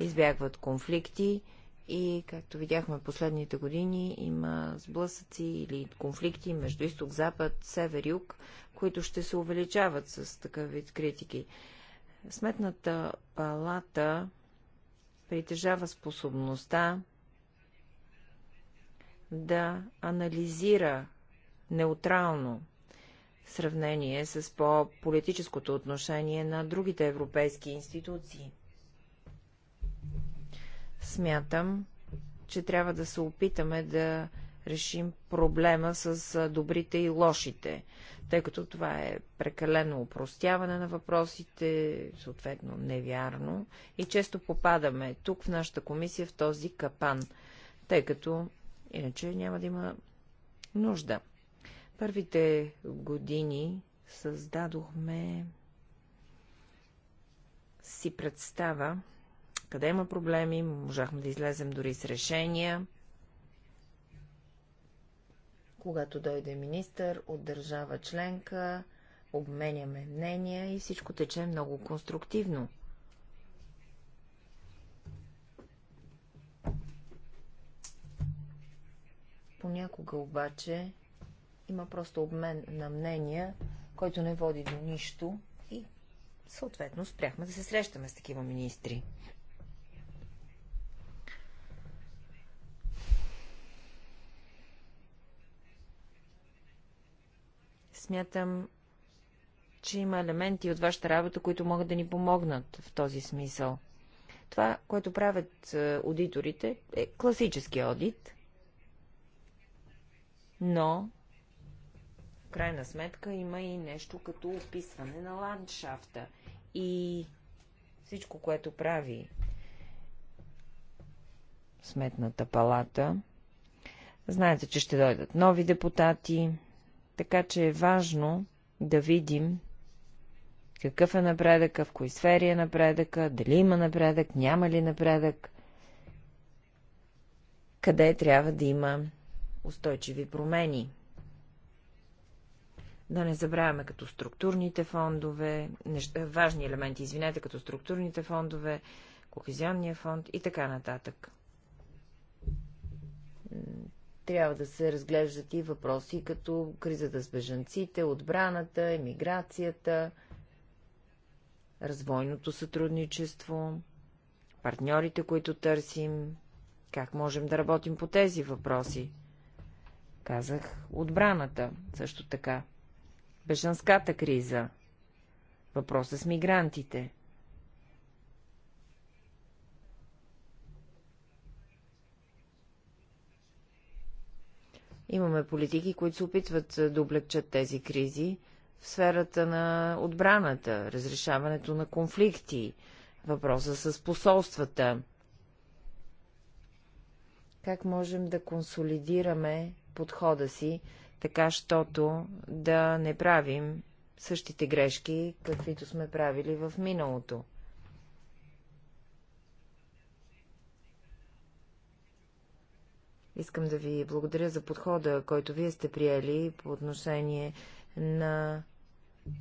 избягват конфликти и, както видяхме последните години, има сблъсъци или конфликти между изток, запад, север, юг, които ще се увеличават с такъв вид критики. Сметната палата притежава способността да анализира неутрално в сравнение с по-политическото отношение на другите европейски институции. Смятам, че трябва да се опитаме да решим проблема с добрите и лошите, тъй като това е прекалено упростяване на въпросите, съответно невярно, и често попадаме тук в нашата комисия в този капан, тъй като иначе няма да има нужда. Първите години създадохме си представа, къде има проблеми, можахме да излезем дори с решения, когато дойде министър от държава членка, обменяме мнения и всичко тече много конструктивно. Понякога обаче има просто обмен на мнения, който не води до нищо и съответно спряхме да се срещаме с такива министри. Смятам, че има елементи от вашата работа, които могат да ни помогнат в този смисъл. Това, което правят е, аудиторите, е класически аудит, но в крайна сметка има и нещо като описване на ландшафта и всичко, което прави Сметната палата. Знаете, че ще дойдат нови депутати, така че е важно да видим какъв е напредъка, в кои сфери е напредъка, дали има напредък, няма ли напредък, къде трябва да има устойчиви промени. Да не забравяме като структурните фондове, неща, е, важни елементи, извинете, като структурните фондове, Кохезионния фонд и така нататък трябва да се разглеждат и въпроси като кризата с бежанците, отбраната, емиграцията, развойното сътрудничество, партньорите, които търсим, как можем да работим по тези въпроси. Казах отбраната също така. Бежанската криза. въпросът с мигрантите. Имаме политики, които се опитват да облегчат тези кризи в сферата на отбраната, разрешаването на конфликти, въпроса с посолствата. Как можем да консолидираме подхода си, така, щото да не правим същите грешки, каквито сме правили в миналото? Искам да ви благодаря за подхода, който вие сте приели по отношение на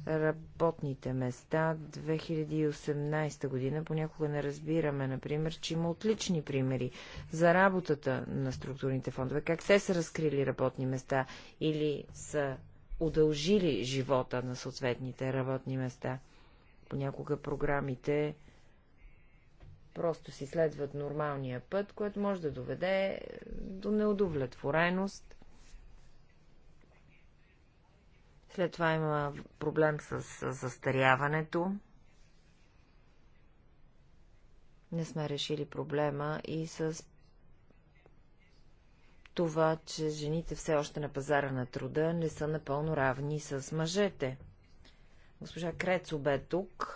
работните места 2018 година. Понякога не разбираме, например, че има отлични примери за работата на структурните фондове, как те са разкрили работни места или са удължили живота на съответните работни места. Понякога програмите просто си следват нормалния път, което може да доведе е, до неудовлетвореност. След това има проблем с застаряването. Не сме решили проблема и с това, че жените все още на пазара на труда не са напълно равни с мъжете. Госпожа Крецобе тук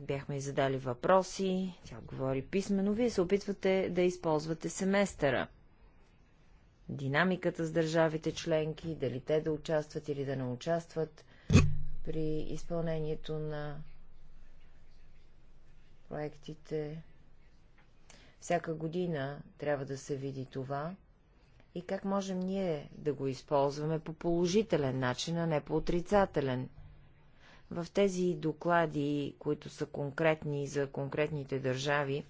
бяхме и задали въпроси, тя отговори писменно. Вие се опитвате да използвате семестъра. Динамиката с държавите членки, дали те да участват или да не участват при изпълнението на проектите. Всяка година трябва да се види това и как можем ние да го използваме по положителен начин, а не по отрицателен. В тези доклади, които са конкретни за конкретните държави,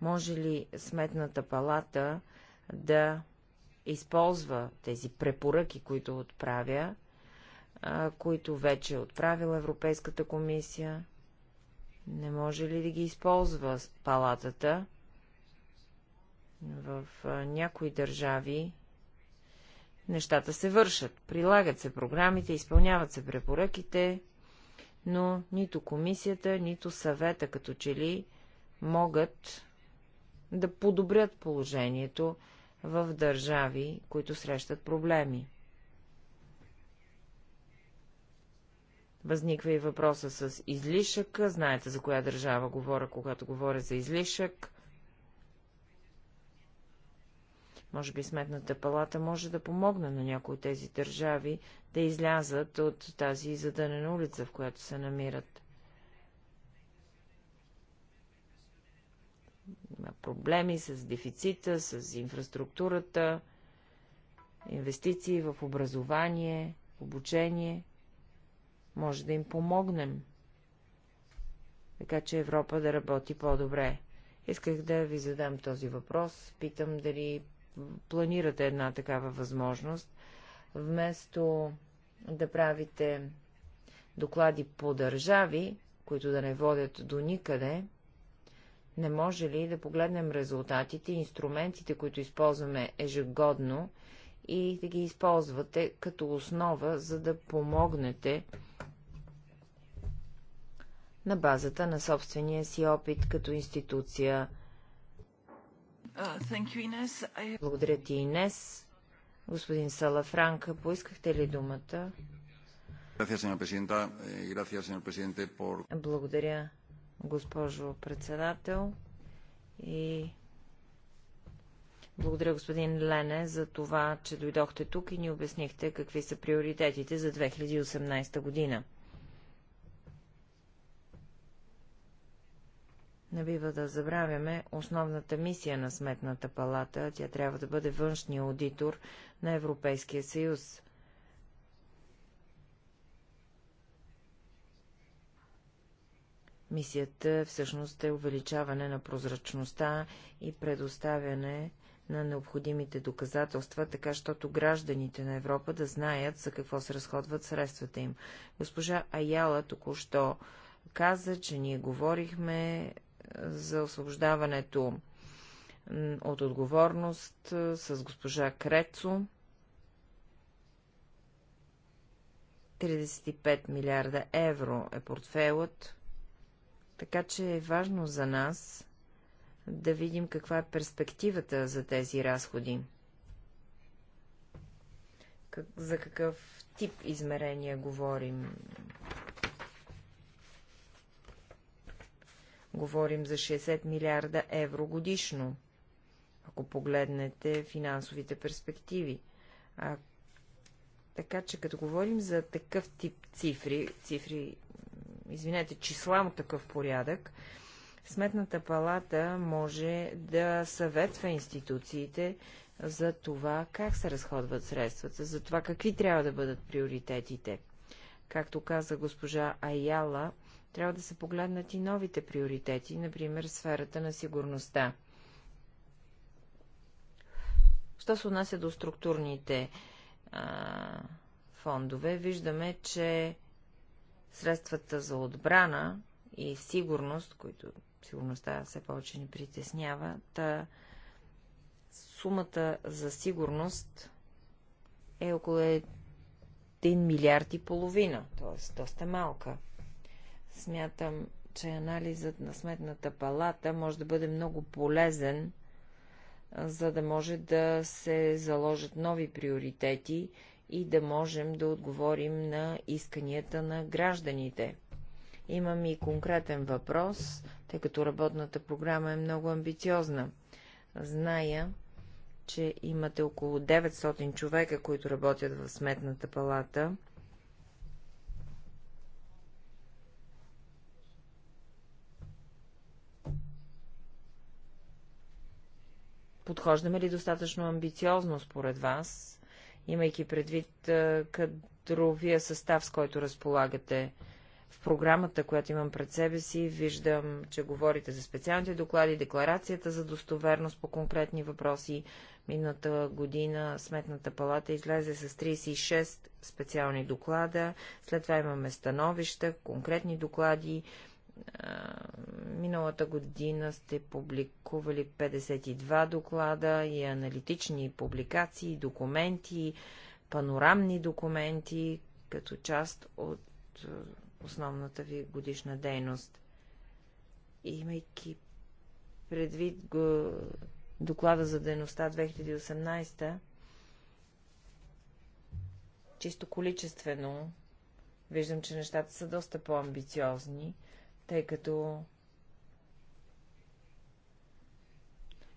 може ли Сметната палата да използва тези препоръки, които отправя, които вече е отправила Европейската комисия? Не може ли да ги използва палатата? В някои държави нещата се вършат, прилагат се програмите, изпълняват се препоръките, но нито комисията, нито съвета като че ли могат да подобрят положението в държави, които срещат проблеми. Възниква и въпроса с излишък. Знаете за коя държава говоря, когато говоря за излишък. Може би Сметната палата може да помогне на някои от тези държави да излязат от тази задънена улица, в която се намират. Има проблеми с дефицита, с инфраструктурата, инвестиции в образование, обучение. Може да им помогнем, така че Европа да работи по-добре. Исках да ви задам този въпрос. Питам дали планирате една такава възможност, вместо да правите доклади по държави, които да не водят до никъде, не може ли да погледнем резултатите, инструментите, които използваме ежегодно и да ги използвате като основа, за да помогнете на базата на собствения си опит като институция, Uh, благодаря ти, Инес. Господин Салафранка, поискахте ли думата? Eh, благодаря, госпожо председател. И благодаря, господин Лене, за това, че дойдохте тук и ни обяснихте какви са приоритетите за 2018 година. Не бива да забравяме основната мисия на Сметната палата. Тя трябва да бъде външния аудитор на Европейския съюз. Мисията всъщност е увеличаване на прозрачността и предоставяне на необходимите доказателства, така щото гражданите на Европа да знаят за какво се разходват средствата им. Госпожа Аяла току-що каза, че ние говорихме за освобождаването от отговорност с госпожа Крецо. 35 милиарда евро е портфелът, така че е важно за нас да видим каква е перспективата за тези разходи. Как, за какъв тип измерения говорим? Говорим за 60 милиарда евро годишно, ако погледнете финансовите перспективи. А, така че, като говорим за такъв тип цифри, цифри, извинете, числа такъв порядък, Сметната палата може да съветва институциите за това, как се разходват средствата, за това, какви трябва да бъдат приоритетите. Както каза госпожа Аяла, трябва да се погледнат и новите приоритети, например сферата на сигурността. Що се отнася до структурните а, фондове, виждаме, че средствата за отбрана и сигурност, които сигурността все повече ни притеснява, та сумата за сигурност е около 1 милиард и половина, т.е. доста малка. Смятам, че анализът на сметната палата може да бъде много полезен, за да може да се заложат нови приоритети и да можем да отговорим на исканията на гражданите. Имам и конкретен въпрос, тъй като работната програма е много амбициозна. Зная, че имате около 900 човека, които работят в Сметната палата Подхождаме ли достатъчно амбициозно според вас, имайки предвид кадровия състав, с който разполагате? В програмата, която имам пред себе си, виждам, че говорите за специалните доклади, декларацията за достоверност по конкретни въпроси. Мината година Сметната палата излезе с 36 специални доклада, след това имаме становища, конкретни доклади, миналата година сте публикували 52 доклада и аналитични публикации, документи, панорамни документи, като част от основната ви годишна дейност. имайки предвид го, доклада за дейността 2018, чисто количествено, виждам, че нещата са доста по-амбициозни – тъй като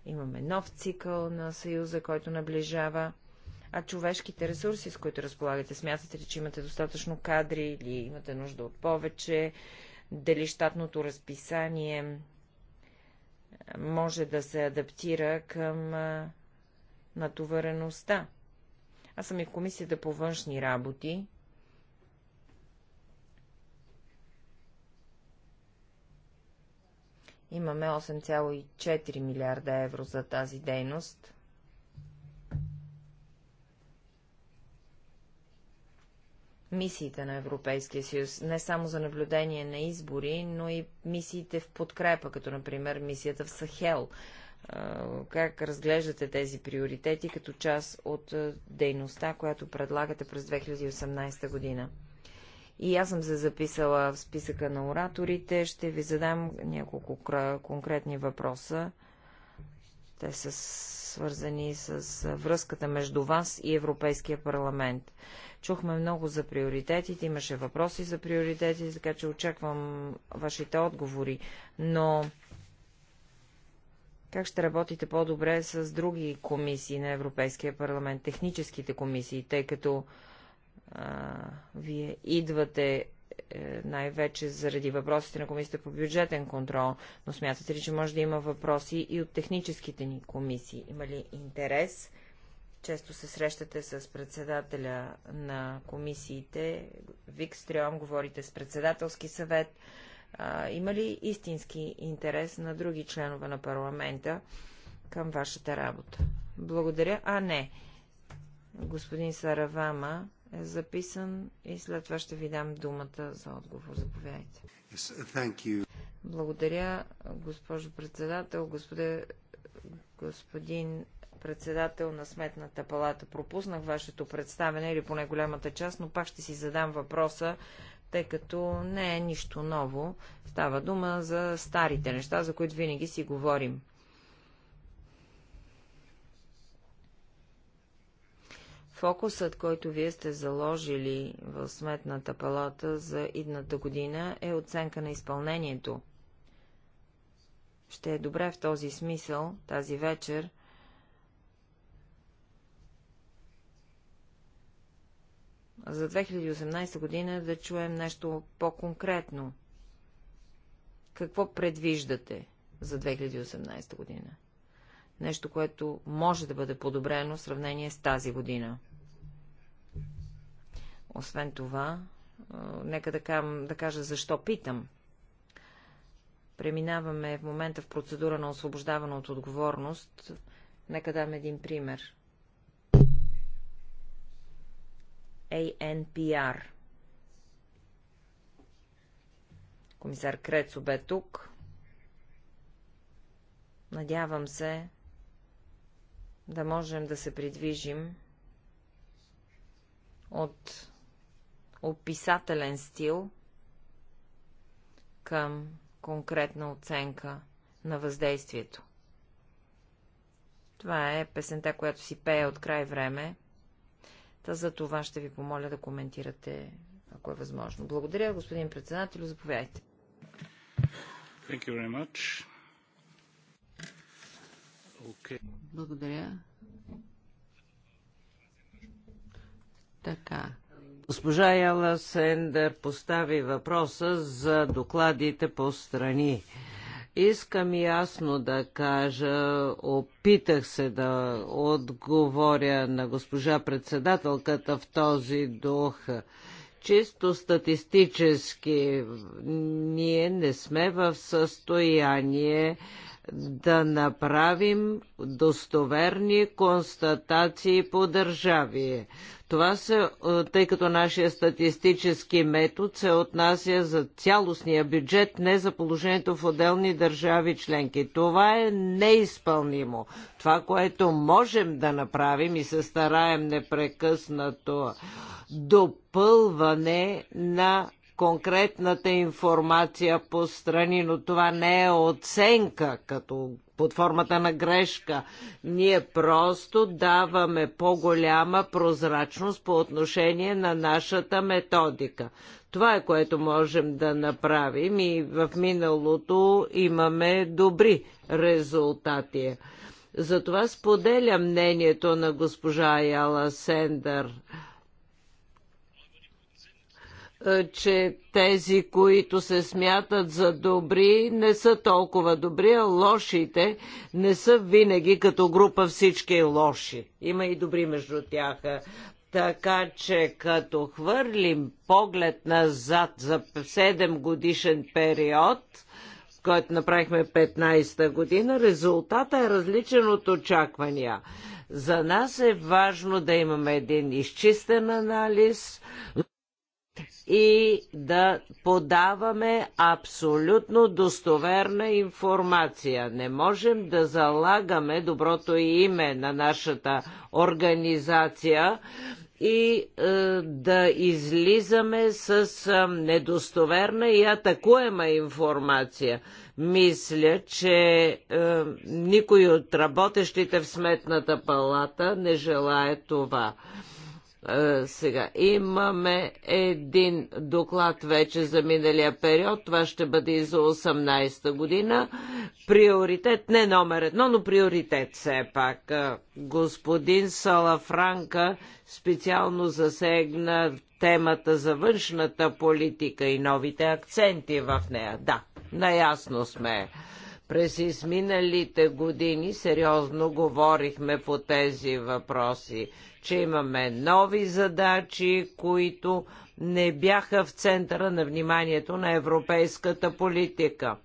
имаме нов цикъл на Съюза, който наближава. А човешките ресурси, с които разполагате, смятате ли, че имате достатъчно кадри или имате нужда от повече? Дали щатното разписание може да се адаптира към натовареността? Аз съм и в комисията по външни работи Имаме 8,4 милиарда евро за тази дейност. Мисиите на Европейския съюз, не само за наблюдение на избори, но и мисиите в подкрепа, като например мисията в Сахел. Как разглеждате тези приоритети като част от дейността, която предлагате през 2018 година? И аз съм се записала в списъка на ораторите. Ще ви задам няколко конкретни въпроса. Те са свързани с връзката между вас и Европейския парламент. Чухме много за приоритетите, имаше въпроси за приоритетите, така че очаквам вашите отговори. Но как ще работите по-добре с други комисии на Европейския парламент, техническите комисии, тъй като а, вие идвате е, най-вече заради въпросите на комисията по бюджетен контрол, но смятате ли, че може да има въпроси и от техническите ни комисии? Има ли интерес? Често се срещате с председателя на комисиите, Вик Стрион, говорите с председателски съвет. А, има ли истински интерес на други членове на парламента към вашата работа? Благодаря. А, не. Господин Саравама е записан и след това ще ви дам думата за отговор. Заповядайте. Yes, Благодаря, госпожо председател, господе, господин председател на Сметната палата. Пропуснах вашето представене или поне голямата част, но пак ще си задам въпроса, тъй като не е нищо ново. Става дума за старите неща, за които винаги си говорим. Фокусът, който вие сте заложили в Сметната палата за идната година е оценка на изпълнението. Ще е добре в този смисъл тази вечер за 2018 година да чуем нещо по-конкретно. Какво предвиждате за 2018 година? Нещо, което може да бъде подобрено в сравнение с тази година. Освен това, нека да, кам, да кажа защо питам. Преминаваме в момента в процедура на освобождаване от отговорност. Нека дам един пример. ANPR. Комисар Крецо бе тук. Надявам се да можем да се придвижим от описателен стил към конкретна оценка на въздействието. Това е песента, която си пее от край време. Та за това ще ви помоля да коментирате, ако е възможно. Благодаря, господин председател, Заповядайте. Thank you very much. Okay. Благодаря. Така. Госпожа Яла Сендер постави въпроса за докладите по страни. Искам ясно да кажа, опитах се да отговоря на госпожа председателката в този дух. Чисто статистически ние не сме в състояние да направим достоверни констатации по държави. Това се, тъй като нашия статистически метод се отнася за цялостния бюджет, не за положението в отделни държави членки. Това е неизпълнимо. Това, което можем да направим и се стараем непрекъснато допълване на конкретната информация по страни, но това не е оценка като под формата на грешка. Ние просто даваме по-голяма прозрачност по отношение на нашата методика. Това е което можем да направим и в миналото имаме добри резултати. Затова споделя мнението на госпожа Яла Сендър. Е, че тези, които се смятат за добри, не са толкова добри, а лошите не са винаги като група всички лоши. Има и добри между тях. Така че като хвърлим поглед назад за 7 годишен период, който направихме 15-та година, резултата е различен от очаквания. За нас е важно да имаме един изчистен анализ, и да подаваме абсолютно достоверна информация. Не можем да залагаме доброто име на нашата организация и е, да излизаме с е, недостоверна и атакуема информация. Мисля, че е, никой от работещите в Сметната палата не желая това. Е, сега имаме един доклад вече за миналия период. Това ще бъде и за 18-та година. Приоритет, не номер едно, но приоритет все пак. Е, господин Салафранка специално засегна темата за външната политика и новите акценти в нея. Да, наясно сме. През изминалите години сериозно говорихме по тези въпроси, че имаме нови задачи, които не бяха в центъра на вниманието на европейската политика.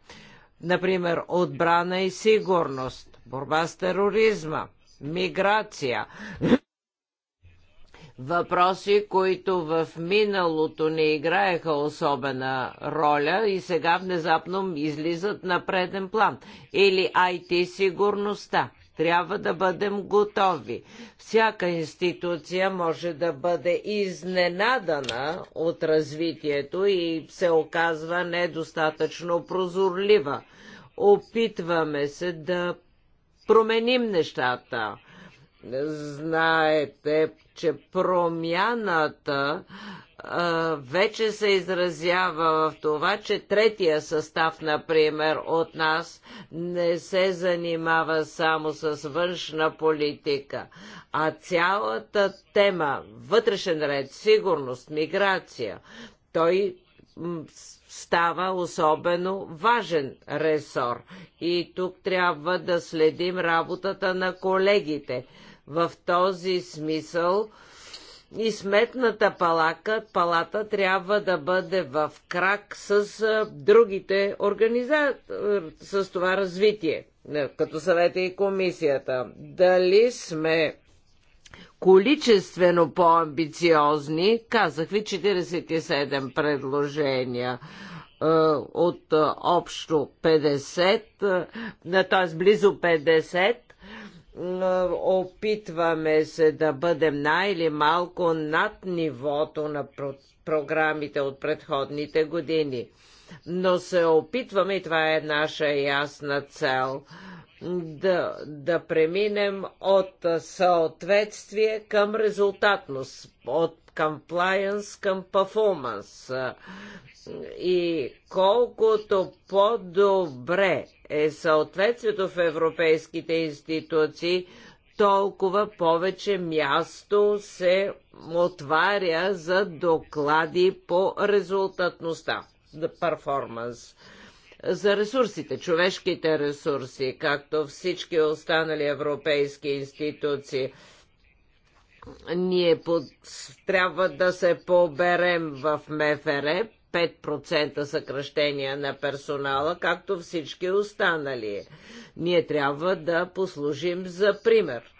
Например, отбрана и сигурност, борба с тероризма, миграция Въпроси, които в миналото не играеха особена роля и сега внезапно излизат на преден план. Или IT сигурността. Трябва да бъдем готови. Всяка институция може да бъде изненадана от развитието и се оказва недостатъчно прозорлива. Опитваме се да променим нещата Знаете, че промяната вече се изразява в това, че третия състав, например, от нас не се занимава само с външна политика, а цялата тема вътрешен ред, сигурност, миграция, той става особено важен ресор. И тук трябва да следим работата на колегите в този смисъл и сметната палака, палата трябва да бъде в крак с а, другите организации, с това развитие, като съвета и комисията. Дали сме количествено по-амбициозни, казах ви 47 предложения от общо 50, т.е. близо 50, опитваме се да бъдем най-или малко над нивото на програмите от предходните години. Но се опитваме, и това е наша ясна цел, да, да преминем от съответствие към резултатност, от compliance към performance. И колкото по-добре е съответствието в европейските институции, толкова повече място се отваря за доклади по резултатността, за перформанс за ресурсите, човешките ресурси, както всички останали европейски институции ние под... трябва да се поберем в МФР, 5% съкръщения на персонала, както всички останали. Ние трябва да послужим за пример.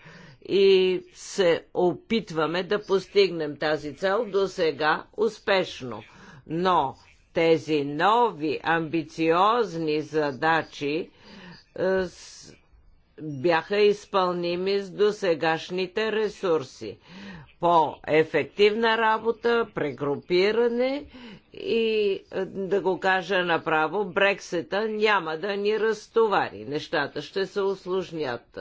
И се опитваме да постигнем тази цел до сега успешно. Но тези нови амбициозни задачи е, бяха изпълними с досегашните ресурси. По-ефективна работа, прегрупиране и е, да го кажа направо, Брексита няма да ни разтовари. Нещата ще се осложнят.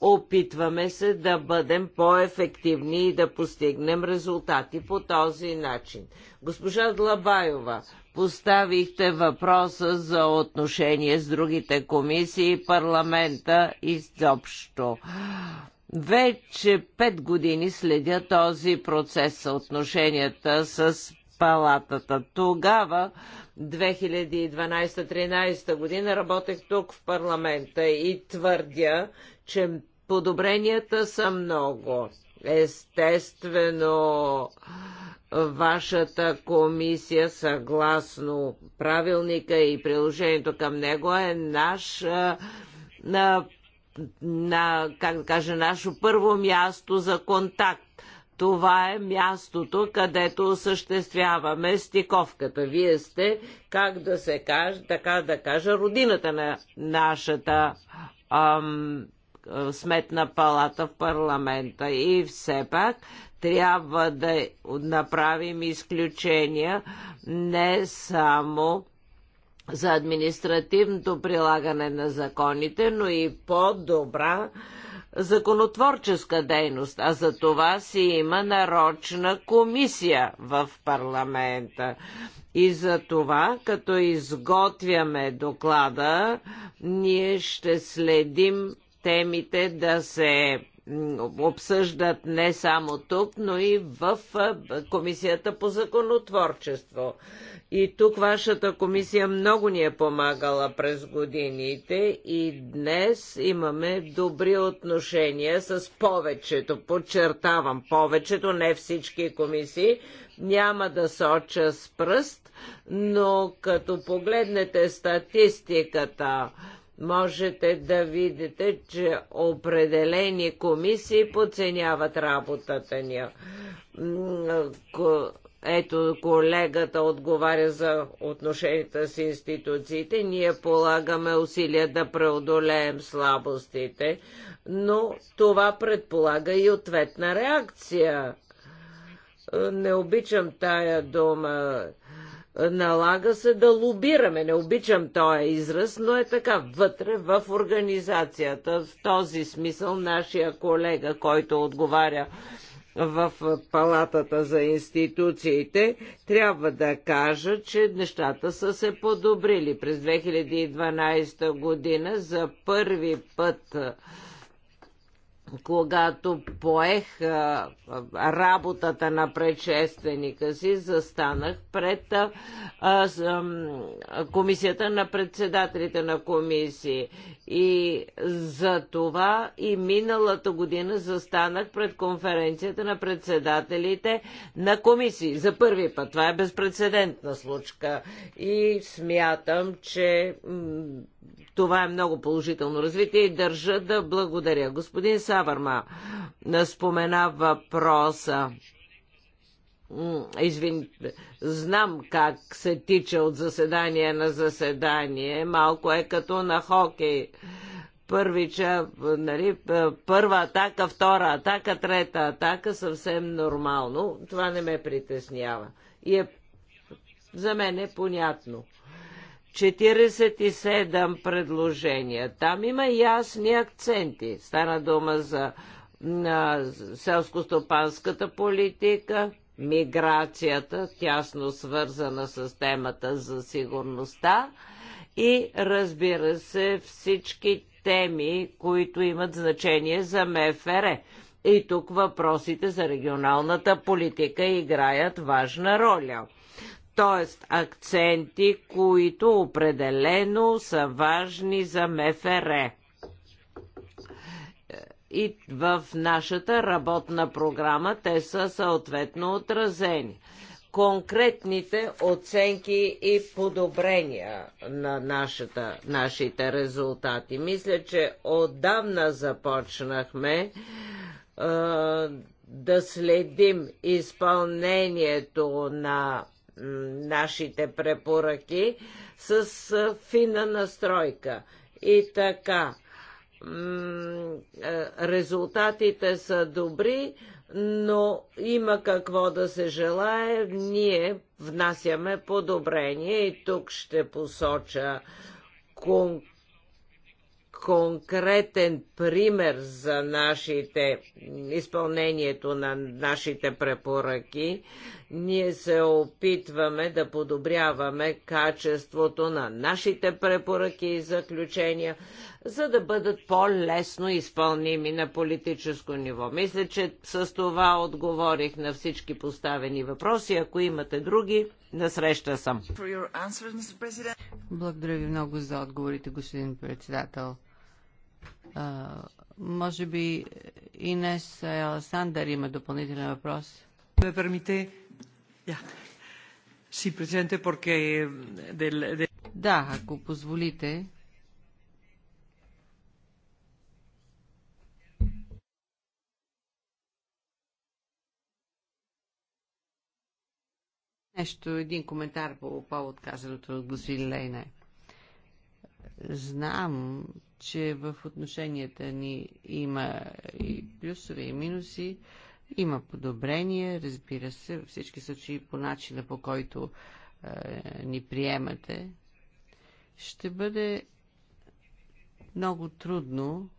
Опитваме се да бъдем по-ефективни и да постигнем резултати по този начин. Госпожа Длабаева, поставихте въпроса за отношение с другите комисии, парламента изобщо. Вече пет години следя този процес съотношенията с палатата. Тогава, 2012-13 година, работех тук в парламента и твърдя, че подобренията са много. Естествено, вашата комисия, съгласно правилника и приложението към него, е наш на, на как да кажа, нашето първо място за контакт. Това е мястото, където осъществяваме стиковката. Вие сте, как да се каже, така да кажа, родината на нашата ам, е, сметна палата в парламента. И все пак трябва да направим изключения не само за административното прилагане на законите, но и по-добра законотворческа дейност, а за това си има нарочна комисия в парламента. И за това, като изготвяме доклада, ние ще следим темите да се обсъждат не само тук, но и в Комисията по законотворчество. И тук вашата комисия много ни е помагала през годините и днес имаме добри отношения с повечето, подчертавам, повечето, не всички комисии. Няма да соча с пръст, но като погледнете статистиката, можете да видите, че определени комисии подценяват работата ни. Ето колегата отговаря за отношенията с институциите. Ние полагаме усилия да преодолеем слабостите, но това предполага и ответна реакция. Е, не обичам тая дума Налага се да лобираме. Не обичам този израз, но е така вътре в организацията. В този смисъл нашия колега, който отговаря в палатата за институциите, трябва да кажа, че нещата са се подобрили. През 2012 година за първи път когато поех а, работата на предшественика си, застанах пред а, а, комисията на председателите на комисии. И за това и миналата година застанах пред конференцията на председателите на комисии. За първи път. Това е безпредседентна случка. И смятам, че това е много положително развитие и държа да благодаря. Господин Саварма спомена въпроса. Извин, знам как се тича от заседание на заседание. Малко е като на хокей първича, нали, първа атака, втора атака, трета атака, съвсем нормално. Това не ме притеснява. И е, за мен е понятно. 47 предложения. Там има ясни акценти. Стана дума за селско-стопанската политика, миграцията, тясно свързана с темата за сигурността и разбира се всички теми, които имат значение за МФР. И тук въпросите за регионалната политика играят важна роля. Т.е. акценти, които определено са важни за МФР. И в нашата работна програма те са съответно отразени конкретните оценки и подобрения на нашата, нашите резултати. Мисля, че отдавна започнахме е, да следим изпълнението на нашите препоръки с фина настройка. И така, резултатите са добри, но има какво да се желае. Ние внасяме подобрение и тук ще посоча конкурс конкретен пример за нашите, изпълнението на нашите препоръки, ние се опитваме да подобряваме качеството на нашите препоръки и заключения, за да бъдат по-лесно изпълними на политическо ниво. Мисля, че с това отговорих на всички поставени въпроси. Ако имате други, насреща съм. Благодаря ви много за отговорите, господин председател може би Инес Алсандър има допълнителен въпрос. Ме пермите... Си, президенте, porque... Eh, да, ако позволите. Нещо, един коментар по повод казаното от господин Лейне. Знам, че в отношенията ни има и плюсове, и минуси. Има подобрения, разбира се, във всички случаи по начина по който е, ни приемате. Ще бъде много трудно,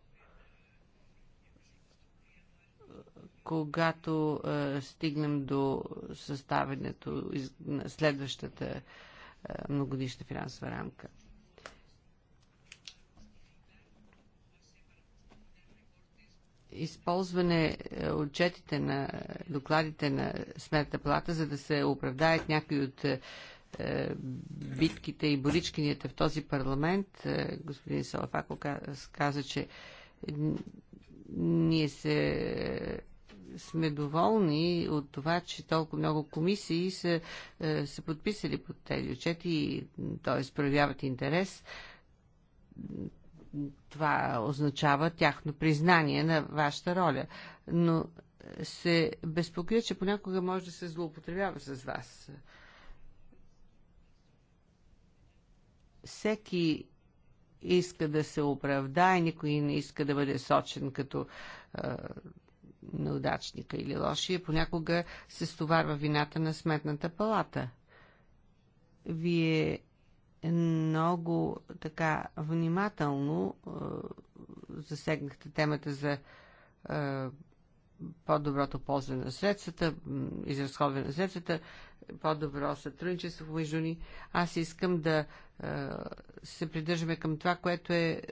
когато е, стигнем до съставянето на следващата е, многодишна финансова рамка. използване е, отчетите на докладите на Сметната палата, за да се оправдаят някои от е, е, битките и боричкинията в този парламент. Господин Салафако каза, че ние се сме доволни от това, че толкова много комисии са, са подписали под тези отчети, т.е. проявяват интерес това означава тяхно признание на вашата роля. Но се безпокоя, че понякога може да се злоупотребява с вас. Всеки иска да се оправдае, никой не иска да бъде сочен като е, неудачника или лошия. Понякога се стоварва вината на сметната палата. Вие много така внимателно е, засегнахте темата за е, по-доброто ползване на средствата, изразходване на средствата, по-добро сътрудничество между ни. Аз искам да е, се придържаме към това, което е, е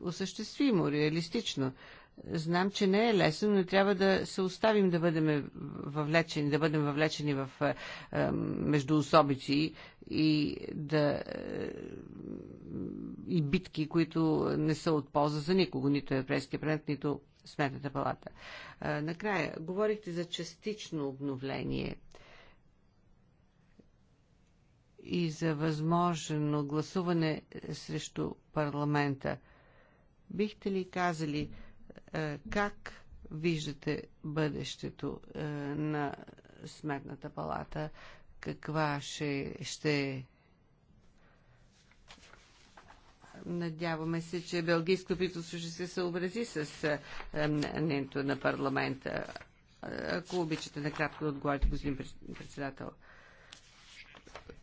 осъществимо, реалистично. Знам, че не е лесно, но трябва да се оставим да бъдем въвлечени, да бъдем въвлечени в е, е, междуособици и, да, е, и битки, които не са от полза за никого, нито Европейския парламент, нито Сметната палата. накрая, говорихте за частично обновление и за възможно гласуване срещу парламента. Бихте ли казали, е, как виждате бъдещето е, на Сметната палата? Каква ще, ще Надяваме се, че Белгийско правителство ще се съобрази с е, мнението на парламента. Ако обичате, накратко да отговорите, господин председател.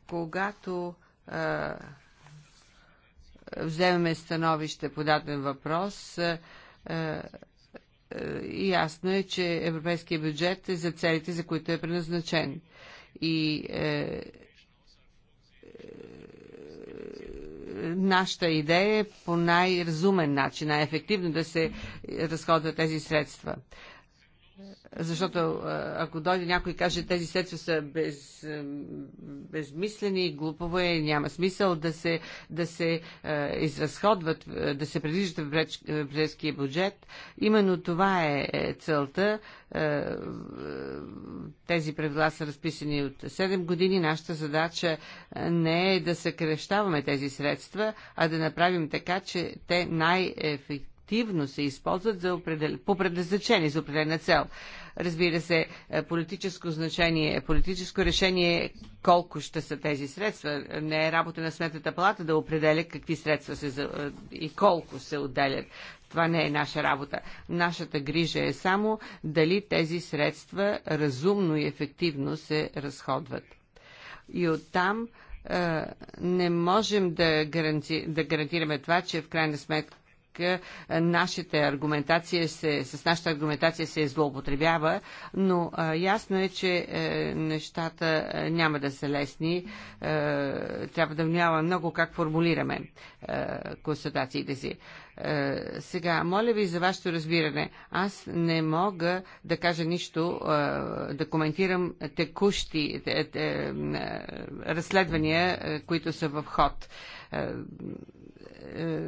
Когато а, становище по даден въпрос, а, е, е, ясно е, че европейския бюджет е за целите, за които е предназначен. И е, е нашата идея е по най-разумен начин, най-ефективно да се разходват тези средства. Защото ако дойде някой и каже, тези средства са без, безмислени, глупаво е, няма смисъл да се, да се е, изразходват, да се предвиждат в еврейския бюджет. Именно това е, е целта. тези правила са разписани от 7 години. Нашата задача не е да съкрещаваме тези средства, а да направим така, че те най-ефективно активно се използват за определ... по предназначение за определена цел. Разбира се, е, политическо значение, политическо решение е колко ще са тези средства. Не е работа на Сметната палата да определя какви средства се за... Е, и колко се отделят. Това не е наша работа. Нашата грижа е само дали тези средства разумно и ефективно се разходват. И оттам не можем да, гаранти, да гарантираме това, че в крайна сметка нашата аргументация се, с нашата аргументация се злоупотребява, но а, ясно е, че е, нещата е, няма да са лесни. Е, трябва да внимаваме много как формулираме е, констатациите си. Е, сега, моля ви за вашето разбиране. Аз не мога да кажа нищо, е, да коментирам текущи е, е, е разследвания, е, които са в ход е,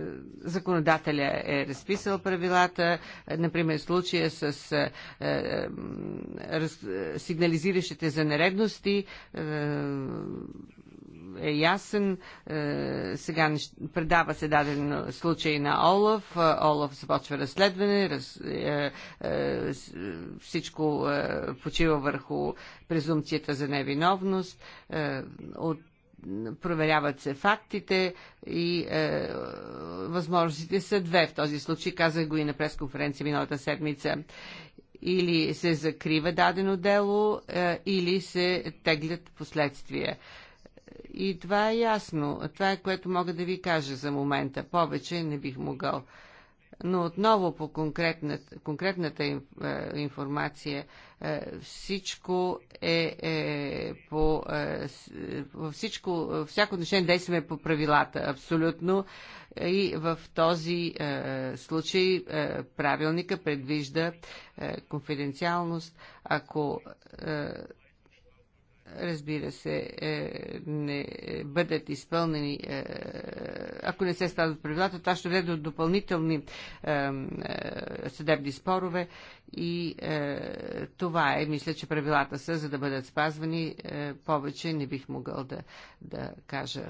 законодателя е разписал правилата, е, например случая с е, е раз, сигнализиращите за нередности е, е ясен. Е, сега предава се даден случай на Олаф. Олаф започва разследване. Раз, е, е, всичко е, почива върху презумцията за невиновност. Е, от проверяват се фактите и е, възможностите са две. В този случай казах го и на пресконференция миналата седмица. Или се закрива дадено дело, е, или се теглят последствия. И това е ясно. Това е което мога да ви кажа за момента. Повече не бих могъл но отново по конкретната, конкретната е, информация е, всичко е, е по е, е, всичко, всяко отношение действаме по правилата, абсолютно и в този е, случай е, правилника предвижда е, конфиденциалност, ако е, разбира се, е, не бъдат изпълнени, е, ако не се спазват правилата, това ще доведе до допълнителни е, съдебни спорове и това е, мисля, че правилата са, за да бъдат спазвани. Повече не бих могъл да, да кажа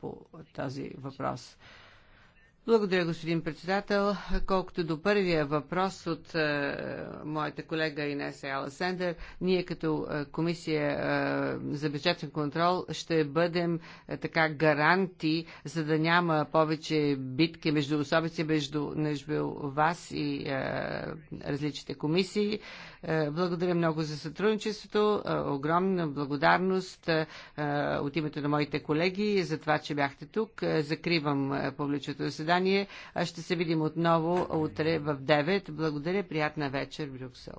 по този въпрос. Благодаря, господин председател. Колкото до първия въпрос от е, моята колега Инеса Аласендър, ние като е, комисия е, за бюджетен контрол ще бъдем е, така гаранти, за да няма повече битки между особици, между, между вас и е, различните комисии. Е, е, благодаря много за сътрудничеството. Е, огромна благодарност е, от името на моите колеги за това, че бяхте тук. Закривам публичното заседание. Ще се видим отново утре в 9. Благодаря. Приятна вечер, Брюксел.